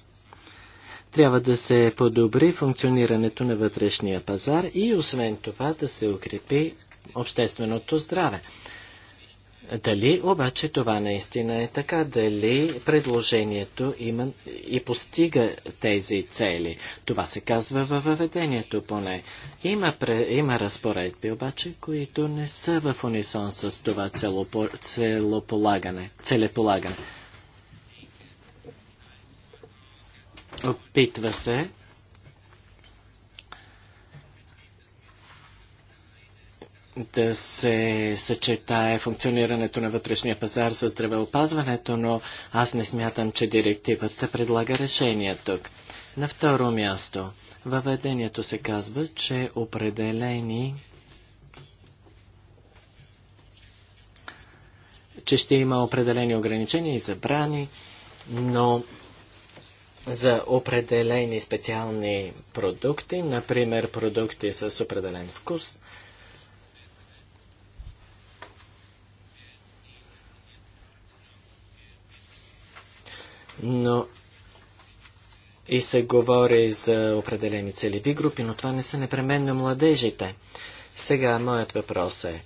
трябва да се подобри функционирането на вътрешния пазар и освен това да се укрепи общественото здраве. Дали обаче това наистина е така? Дали предложението има и постига тези цели? Това се казва във въведението поне. Има, пре, има разпоредби обаче, които не са в унисон с това целопо, целополагане, целеполагане. Опитва се да се съчетае функционирането на вътрешния пазар с здравеопазването, но аз не смятам, че директивата предлага решение тук. На второ място, въведението се казва, че определени че ще има определени ограничения и забрани, но за определени специални продукти, например продукти с определен вкус, но и се говори за определени целеви групи, но това не са непременно младежите. Сега моят въпрос е,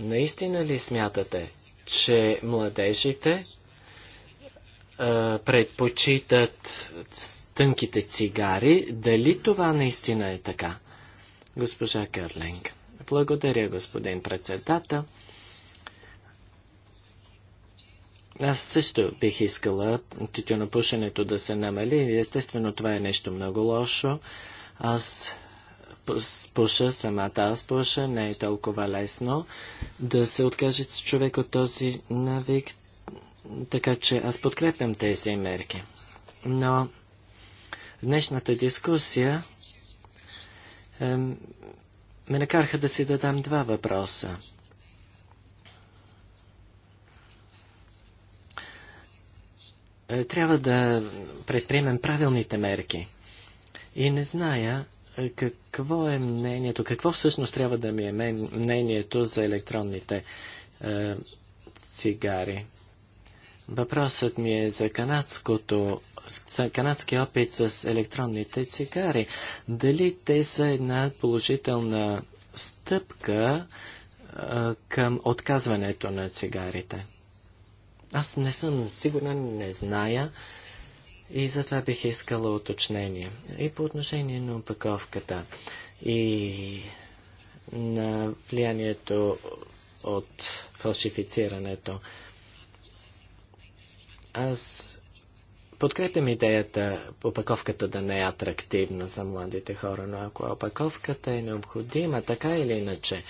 наистина ли смятате, че младежите а, предпочитат тънките цигари? Дали това наистина е така? Госпожа Кърленг. Благодаря, господин председател. Аз също бих искала тютюнопушенето да се намали. Естествено, това е нещо много лошо. Аз пуша, самата аз пуша, не е толкова лесно да се откаже човек от този навик, така че аз подкрепям тези мерки. Но днешната дискусия е, ме накараха да си дадам два въпроса. Е, трябва да предприемем правилните мерки. И не зная е, какво е мнението, какво всъщност трябва да ми е мнението за електронните е, цигари. Въпросът ми е за канадското канадски опит с електронните цигари. Дали те са една положителна стъпка е, към отказването на цигарите? Аз не съм сигурен, не зная и затова бих искала уточнение. И по отношение на опаковката и на влиянието от фалшифицирането. Аз подкрепям идеята опаковката да не е атрактивна за младите хора, но ако опаковката е необходима, така или иначе,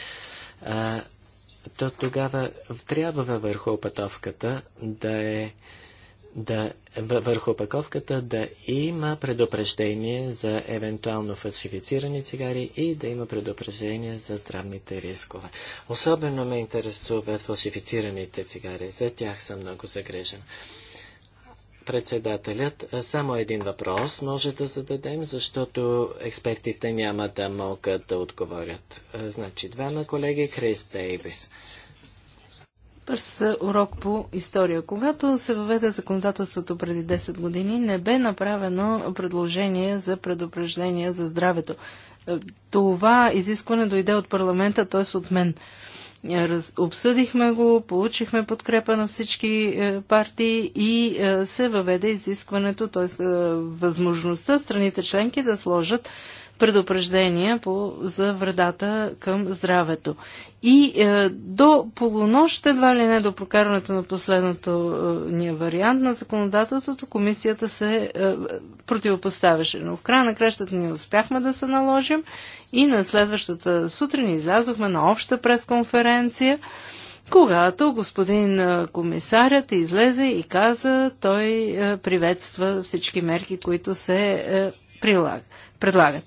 то тогава трябва върху опаковката да е да, върху опаковката да има предупреждение за евентуално фалшифицирани цигари и да има предупреждение за здравните рискове. Особено ме интересуват фалшифицираните цигари. За тях съм много загрежен. Председателят, само един въпрос може да зададем, защото експертите няма да могат да отговорят. Значи, двама колеги, Крис Дейвис. Пърс урок по история. Когато се въведе законодателството преди 10 години, не бе направено предложение за предупреждение за здравето. Е, това изискване дойде от парламента, т.е. от мен. Раз, обсъдихме го, получихме подкрепа на всички е, партии и е, се въведе изискването, т.е. Е, възможността страните членки да сложат предупреждения по, за вредата към здравето. И е, до полунощ, едва ли не до прокарването на последното е, ния вариант на законодателството, комисията се е, противопоставяше. Но в края на кращата ни успяхме да се наложим и на следващата сутрин излязохме на обща пресконференция когато господин е, комисарят излезе и каза, той е, приветства всички мерки, които се е, прилагат, предлагат.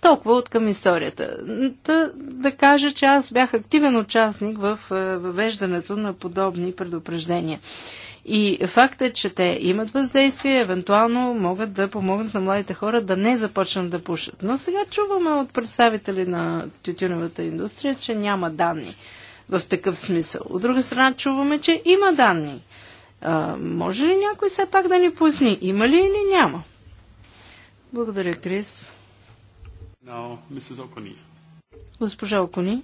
Толкова от към историята. Да, да кажа, че аз бях активен участник в е, въвеждането на подобни предупреждения. И факт е, че те имат въздействие, евентуално могат да помогнат на младите хора да не започнат да пушат. Но сега чуваме от представители на тютюневата индустрия, че няма данни в такъв смисъл. От друга страна чуваме, че има данни. А, може ли някой все пак да ни поясни? Има ли или няма? Благодаря, Крис. Now, Mrs. Окони. Госпожа Окони.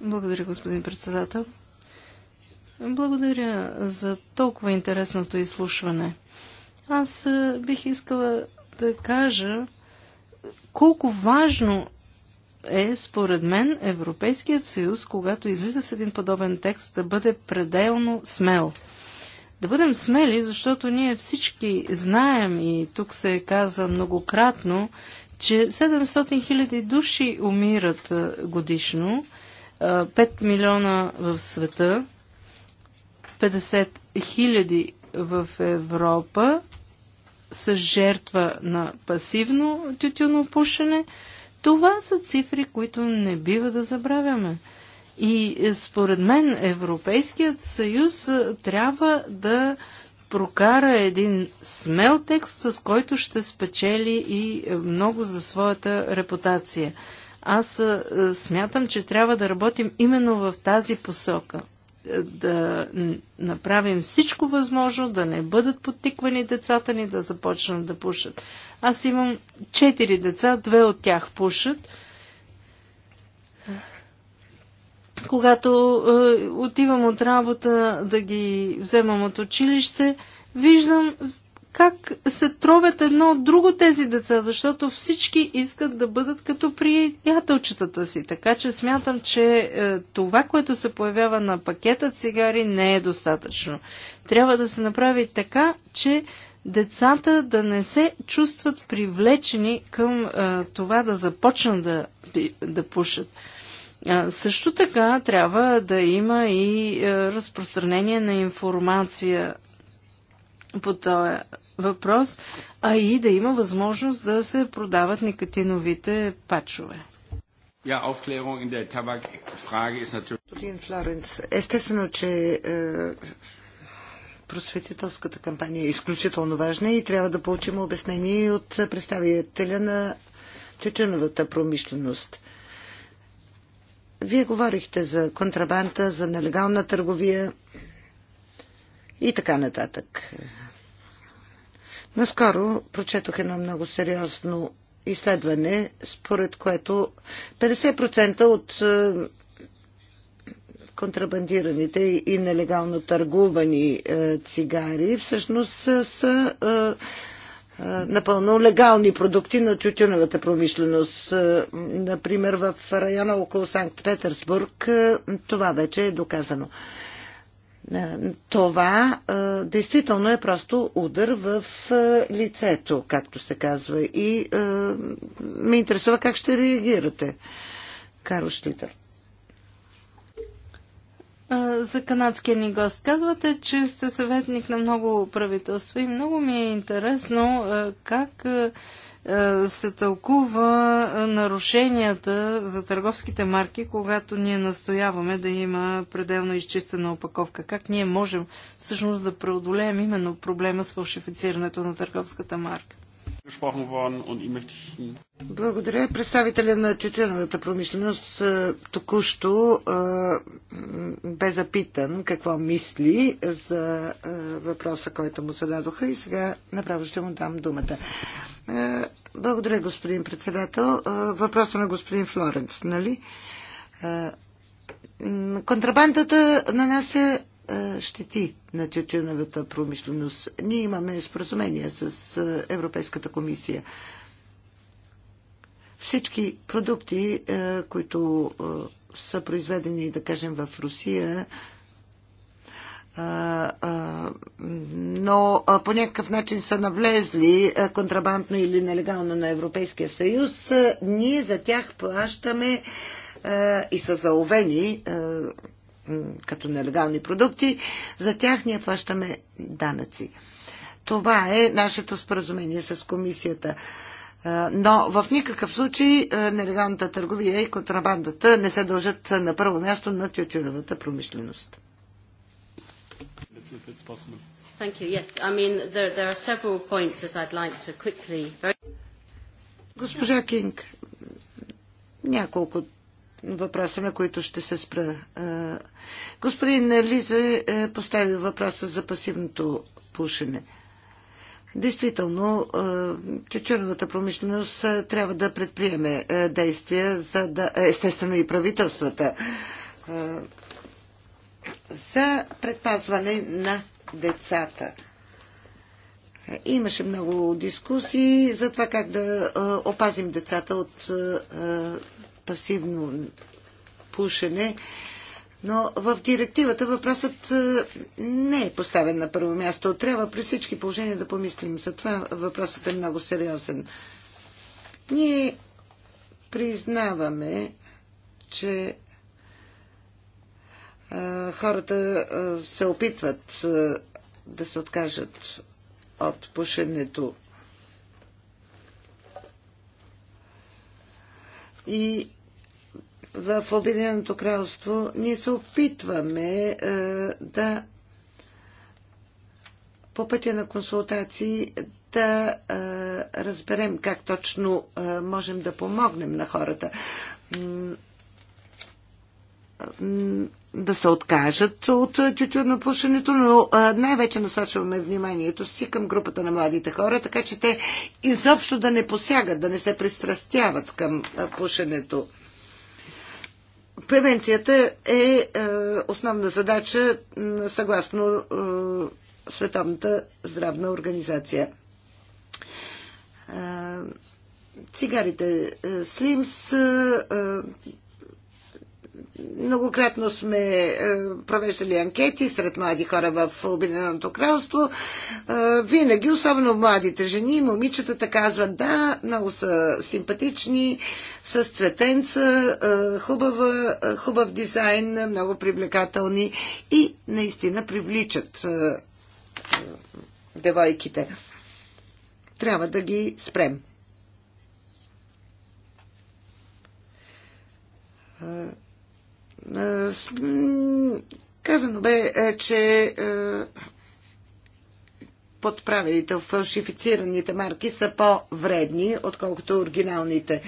Благодаря, господин председател. Благодаря за толкова интересното изслушване. Аз бих искала да кажа колко важно е, според мен, Европейският съюз, когато излиза с един подобен текст, да бъде пределно смел – да бъдем смели, защото ние всички знаем и тук се каза многократно, че 700 хиляди души умират годишно, 5 милиона в света, 50 хиляди в Европа са жертва на пасивно тютюнопушене. Това са цифри, които не бива да забравяме. И е, според мен Европейският съюз е, трябва да прокара един смел текст, с който ще спечели и е, много за своята репутация. Аз смятам, че трябва да работим именно в тази посока. Да направим всичко възможно, да не бъдат подтиквани децата ни да започнат да пушат. Аз имам четири деца, две от тях пушат когато е, отивам от работа да ги вземам от училище, виждам как се тровят едно от друго тези деца, защото всички искат да бъдат като приятелчетата си. Така че смятам, че е, това, което се появява на пакета цигари, не е достатъчно. Трябва да се направи така, че децата да не се чувстват привлечени към е, това да започнат да, да пушат. Също така трябва да има и е, разпространение на информация по този въпрос, а и да има възможност да се продават никотиновите пачове. Господин Флоренц, естествено, че е, просветителската кампания е изключително важна и трябва да получим обяснение от представителя на тютюновата промишленост. Вие говорихте за контрабанта, за нелегална търговия и така нататък. Наскоро прочетох едно много сериозно изследване, според което 50% от е, контрабандираните и нелегално търгувани е, цигари всъщност са е, е, напълно легални продукти на тютюневата промишленост. Е, например, в района около Санкт Петерсбург е, това вече е доказано. Това действително е просто удар в лицето, както се казва. И ме интересува как ще реагирате, Каро Штитър. За канадския ни гост казвате, че сте съветник на много правителства и много ми е интересно как се тълкува нарушенията за търговските марки, когато ние настояваме да има пределно изчистена опаковка. Как ние можем всъщност да преодолеем именно проблема с фалшифицирането на търговската марка? Благодаря. Представителя на четвърната промишленост е, току-що е, бе запитан какво мисли за е, въпроса, който му зададоха и сега направо ще му дам думата. Благодаря, господин председател. Въпроса на господин Флоренц, нали? Контрабандата на нас е щети на тютюневата промишленост. Ние имаме споразумение с Европейската комисия. Всички продукти, които са произведени, да кажем, в Русия, но по някакъв начин са навлезли контрабандно или нелегално на Европейския съюз, ние за тях плащаме и са заловени като нелегални продукти, за тях ние плащаме данъци. Това е нашето споразумение с комисията. Но в никакъв случай нелегалната търговия и контрабандата не се дължат на първо място на тютюновата промишленост. Госпожа Кинг, няколко въпроса, на които ще се спра. Господин Лиза е, постави въпроса за пасивното пушене. Действително, е, тютюновата промишленост е, трябва да предприеме действия, за да, естествено и правителствата, за предпазване на децата. Имаше много дискусии за това как да опазим децата от пасивно пушене. Но в директивата въпросът е, не е поставен на първо място. Трябва при всички положения да помислим. за това въпросът е много сериозен. Ние признаваме, че е, хората е, се опитват да се откажат от пушенето. И в Обединеното кралство ние се опитваме е, да по пътя на консултации да е, разберем как точно е, можем да помогнем на хората да се откажат от тютюнопушенето, но е, най-вече насочваме вниманието си към групата на младите хора, така че те изобщо да не посягат, да не се пристрастяват към е, пушенето. Превенцията е, е основна задача съгласно е, Световната здравна организация. Е, цигарите Слимс Многократно сме е, провеждали анкети сред млади хора в Обединеното кралство. Е, винаги, особено младите жени и момичетата казват да, много са симпатични, с цветенца, е, хубава, хубав дизайн, много привлекателни и наистина привличат девойките. Трябва да ги спрем. Е, казано бе, е, че е, подправените, фалшифицираните марки са по-вредни, отколкото оригиналните.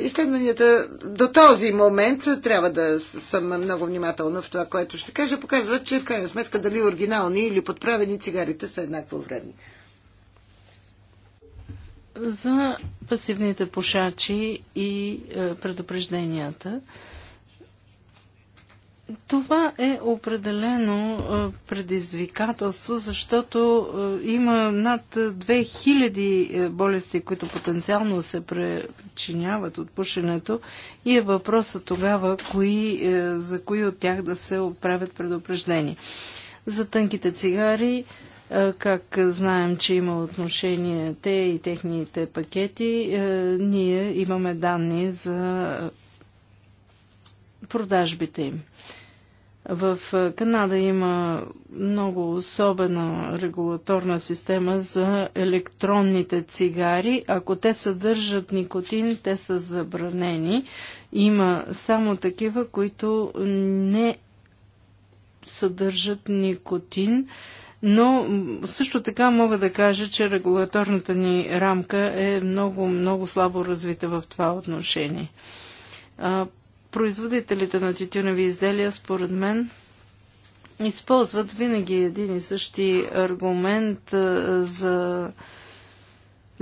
Изследванията до този момент, трябва да съм много внимателна в това, което ще кажа, показват, че в крайна сметка дали оригинални или подправени цигарите са еднакво вредни за пасивните пушачи и е, предупрежденията. Това е определено е, предизвикателство, защото е, има над 2000 болести, които потенциално се причиняват от пушенето и е въпросът тогава кои, за кои от тях да се отправят предупреждения. За тънките цигари е, как знаем, че има отношение те и техните пакети, е, ние имаме данни за продажбите им. В Канада има много особена регулаторна система за електронните цигари. Ако те съдържат никотин, те са забранени. Има само такива, които не съдържат никотин но също така мога да кажа, че регулаторната ни рамка е много, много слабо развита в това отношение. производителите на тютюневи изделия, според мен, използват винаги един и същи аргумент за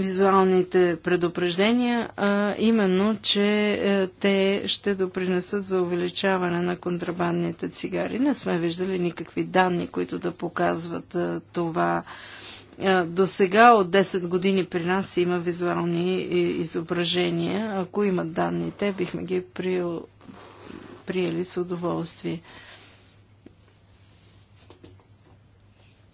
визуалните предупреждения, а именно, че е, те ще допринесат за увеличаване на контрабандните цигари. Не сме виждали никакви данни, които да показват е, това. Е, до сега от 10 години при нас има визуални изображения. Ако имат данни, те бихме ги приели с удоволствие.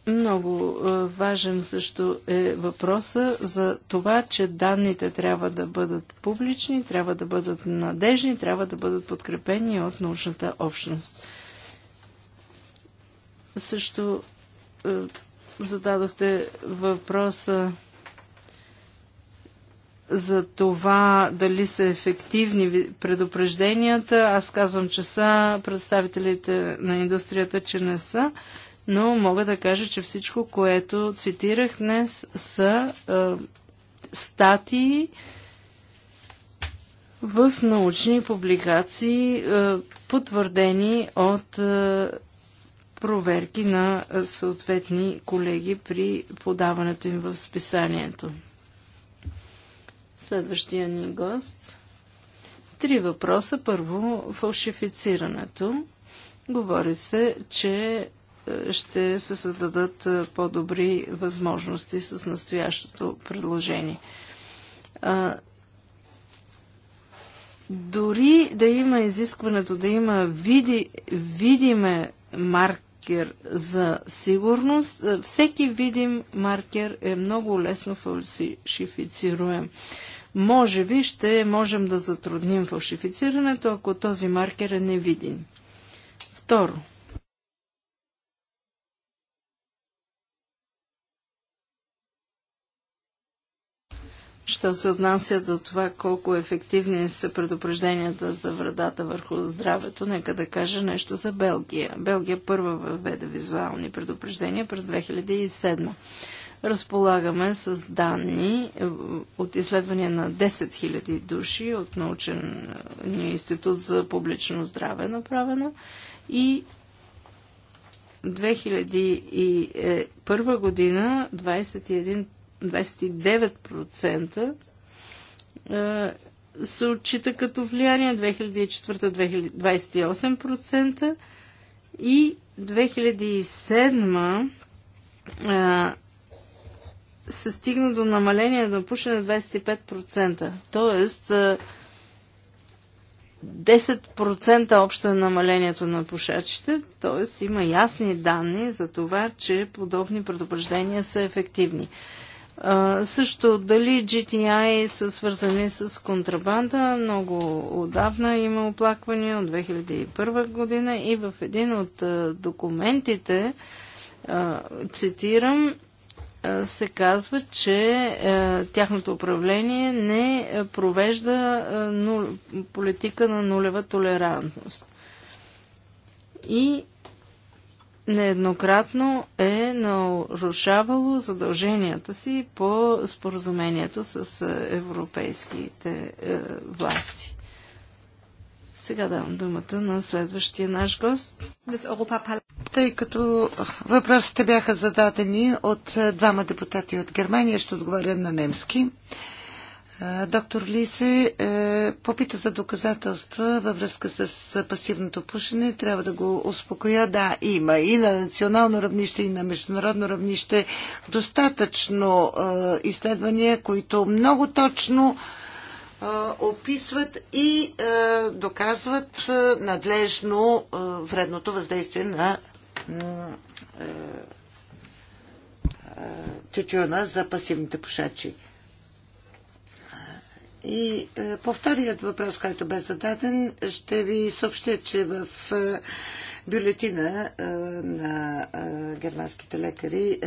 Много е, важен също е въпроса за това, че данните трябва да бъдат публични, трябва да бъдат надежни, трябва да бъдат подкрепени от научната общност. Също е, зададохте въпроса за това дали са ефективни предупрежденията. Аз казвам, че са представителите на индустрията, че не са но мога да кажа, че всичко, което цитирах днес, са е, статии в научни публикации, е, потвърдени от е, проверки на съответни колеги при подаването им в списанието. Следващия ни гост. Три въпроса. Първо, фалшифицирането. Говори се, че ще се създадат по-добри възможности с настоящото предложение. Дори да има изискването да има види, видиме маркер за сигурност, всеки видим маркер е много лесно фалшифицируем. Може би ще можем да затрудним фалшифицирането, ако този маркер е невидим. Второ – що се отнася до това колко ефективни са предупрежденията за вредата върху здравето, нека да кажа нещо за Белгия. Белгия първа въведе визуални предупреждения през 2007. Разполагаме с данни от изследвания на 10 000 души от научен институт за публично здраве направено и 2001 е, година 21 29% се отчита като влияние, 2004 28% и 2007 се стигна до намаление на пушене 25%. Тоест 10% общо е намалението на пушачите, т.е. има ясни данни за това, че подобни предупреждения са ефективни също дали GTI са свързани с контрабанда, много отдавна има оплаквания от 2001 година и в един от документите, цитирам, се казва, че тяхното управление не провежда политика на нулева толерантност. И нееднократно е нарушавало задълженията си по споразумението с е, европейските е, власти. Сега давам думата на следващия наш гост. Тъй като въпросите бяха зададени от е, двама депутати от Германия, ще отговоря на немски. Доктор Лисе, е, попита за доказателства във връзка с пасивното пушене. Трябва да го успокоя. Да, има и на национално равнище, и на международно равнище достатъчно е, изследвания, които много точно е, описват и доказват надлежно вредното въздействие на тютюна за пасивните пушачи. И е, по вторият въпрос, който бе зададен, ще ви съобщя, че в е, бюлетина е, на германските лекари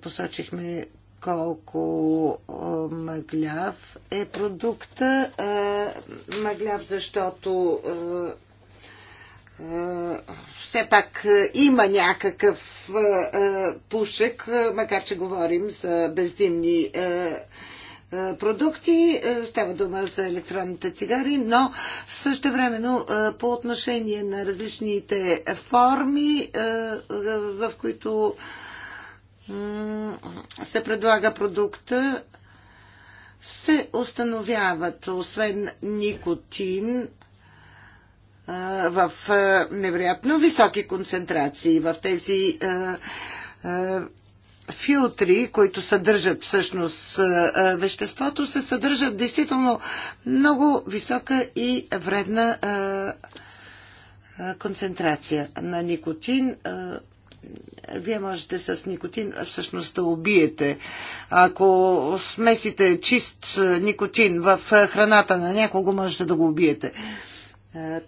посочихме колко мъгляв е продукта. Мъгляв, защото все пак има някакъв пушек, макар че говорим за бездимни е, продукти. Е, става дума за електронните цигари, но също времено е, по отношение на различните форми, в които се предлага продукта, се установяват, освен никотин, в невероятно високи концентрации в тези филтри, които съдържат всъщност веществото, се съдържат действително много висока и вредна концентрация на никотин. Вие можете с никотин всъщност да убиете. Ако смесите чист никотин в храната на някого, можете да го убиете.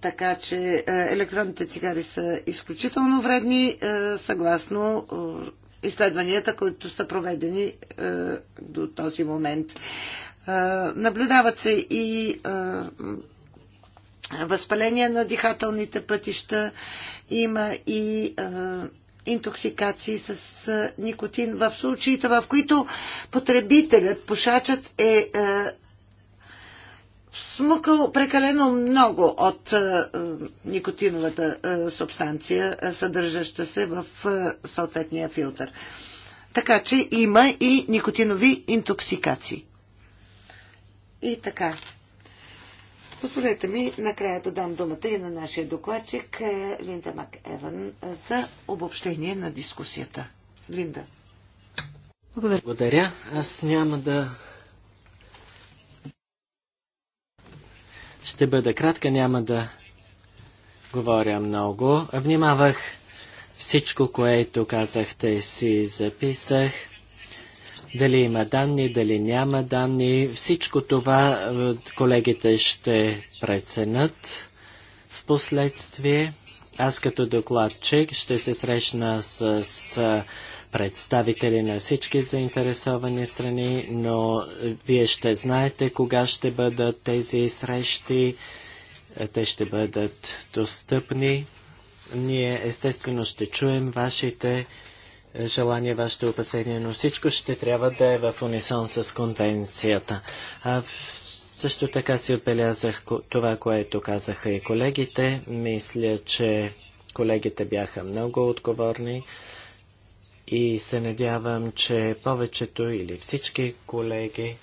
Така че електронните цигари са изключително вредни, съгласно изследванията, които са проведени е, до този момент. Е, наблюдават се и е, възпаление на дихателните пътища, има и интоксикации с никотин в случаите, в които потребителят, пушачът е, е смукал прекалено много от а, е, е, никотиновата а, е, субстанция, а, съдържаща се в а, съответния филтър. Така че има и никотинови интоксикации. И така. Позволете ми накрая да дам думата и на нашия докладчик Линда МакЕван за обобщение на дискусията. Линда. Благодаря. Благодаря. Аз няма да Ще бъда кратка, няма да говоря много. Внимавах всичко, което казахте, си записах. Дали има данни, дали няма данни, всичко това е, колегите ще преценят в последствие. Аз като докладчик ще се срещна с, с представители на всички заинтересовани страни, но е, вие ще знаете кога ще бъдат тези срещи. Е, те ще бъдат достъпни. Ние естествено ще чуем вашите е, желания, вашите опасения, но всичко ще трябва да е в унисон с конвенцията. А също така си отбелязах това, което казаха и колегите. Мисля, че колегите бяха много отговорни и се надявам, че повечето или всички колеги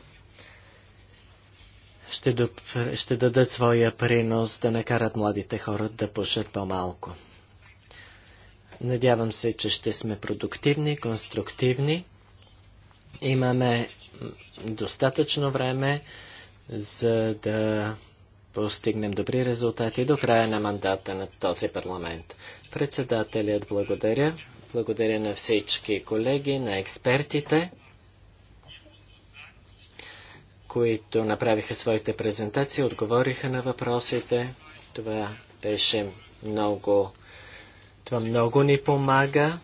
ще, доп... ще дадат своя принос да накарат младите хора да пушат по-малко. Надявам се, че ще сме продуктивни, конструктивни. Имаме достатъчно време, за да постигнем добри резултати до края на мандата на този парламент. Председателят благодаря. Благодаря на всички колеги, на експертите, които направиха своите презентации, отговориха на въпросите. Това беше много. Това много ни помага.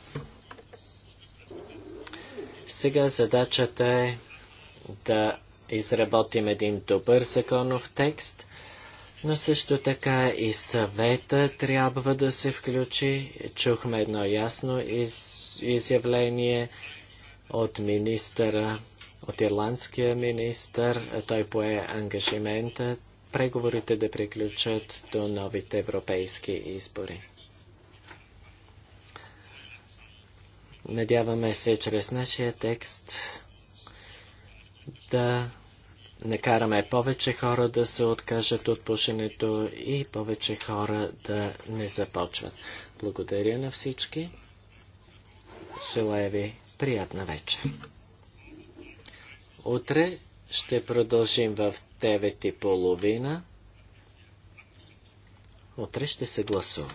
Сега задачата е да изработим един добър законов текст, но също така и съвета трябва да се включи. Чухме едно ясно из, изявление от министъра, от ирландския министър. Той пое ангажимента преговорите да приключат до новите европейски избори. Надяваме се чрез нашия текст да не караме повече хора да се откажат от пушенето и повече хора да не започват. Благодаря на всички. Желая ви приятна вечер. Утре ще продължим в 9.30. Утре ще се гласува.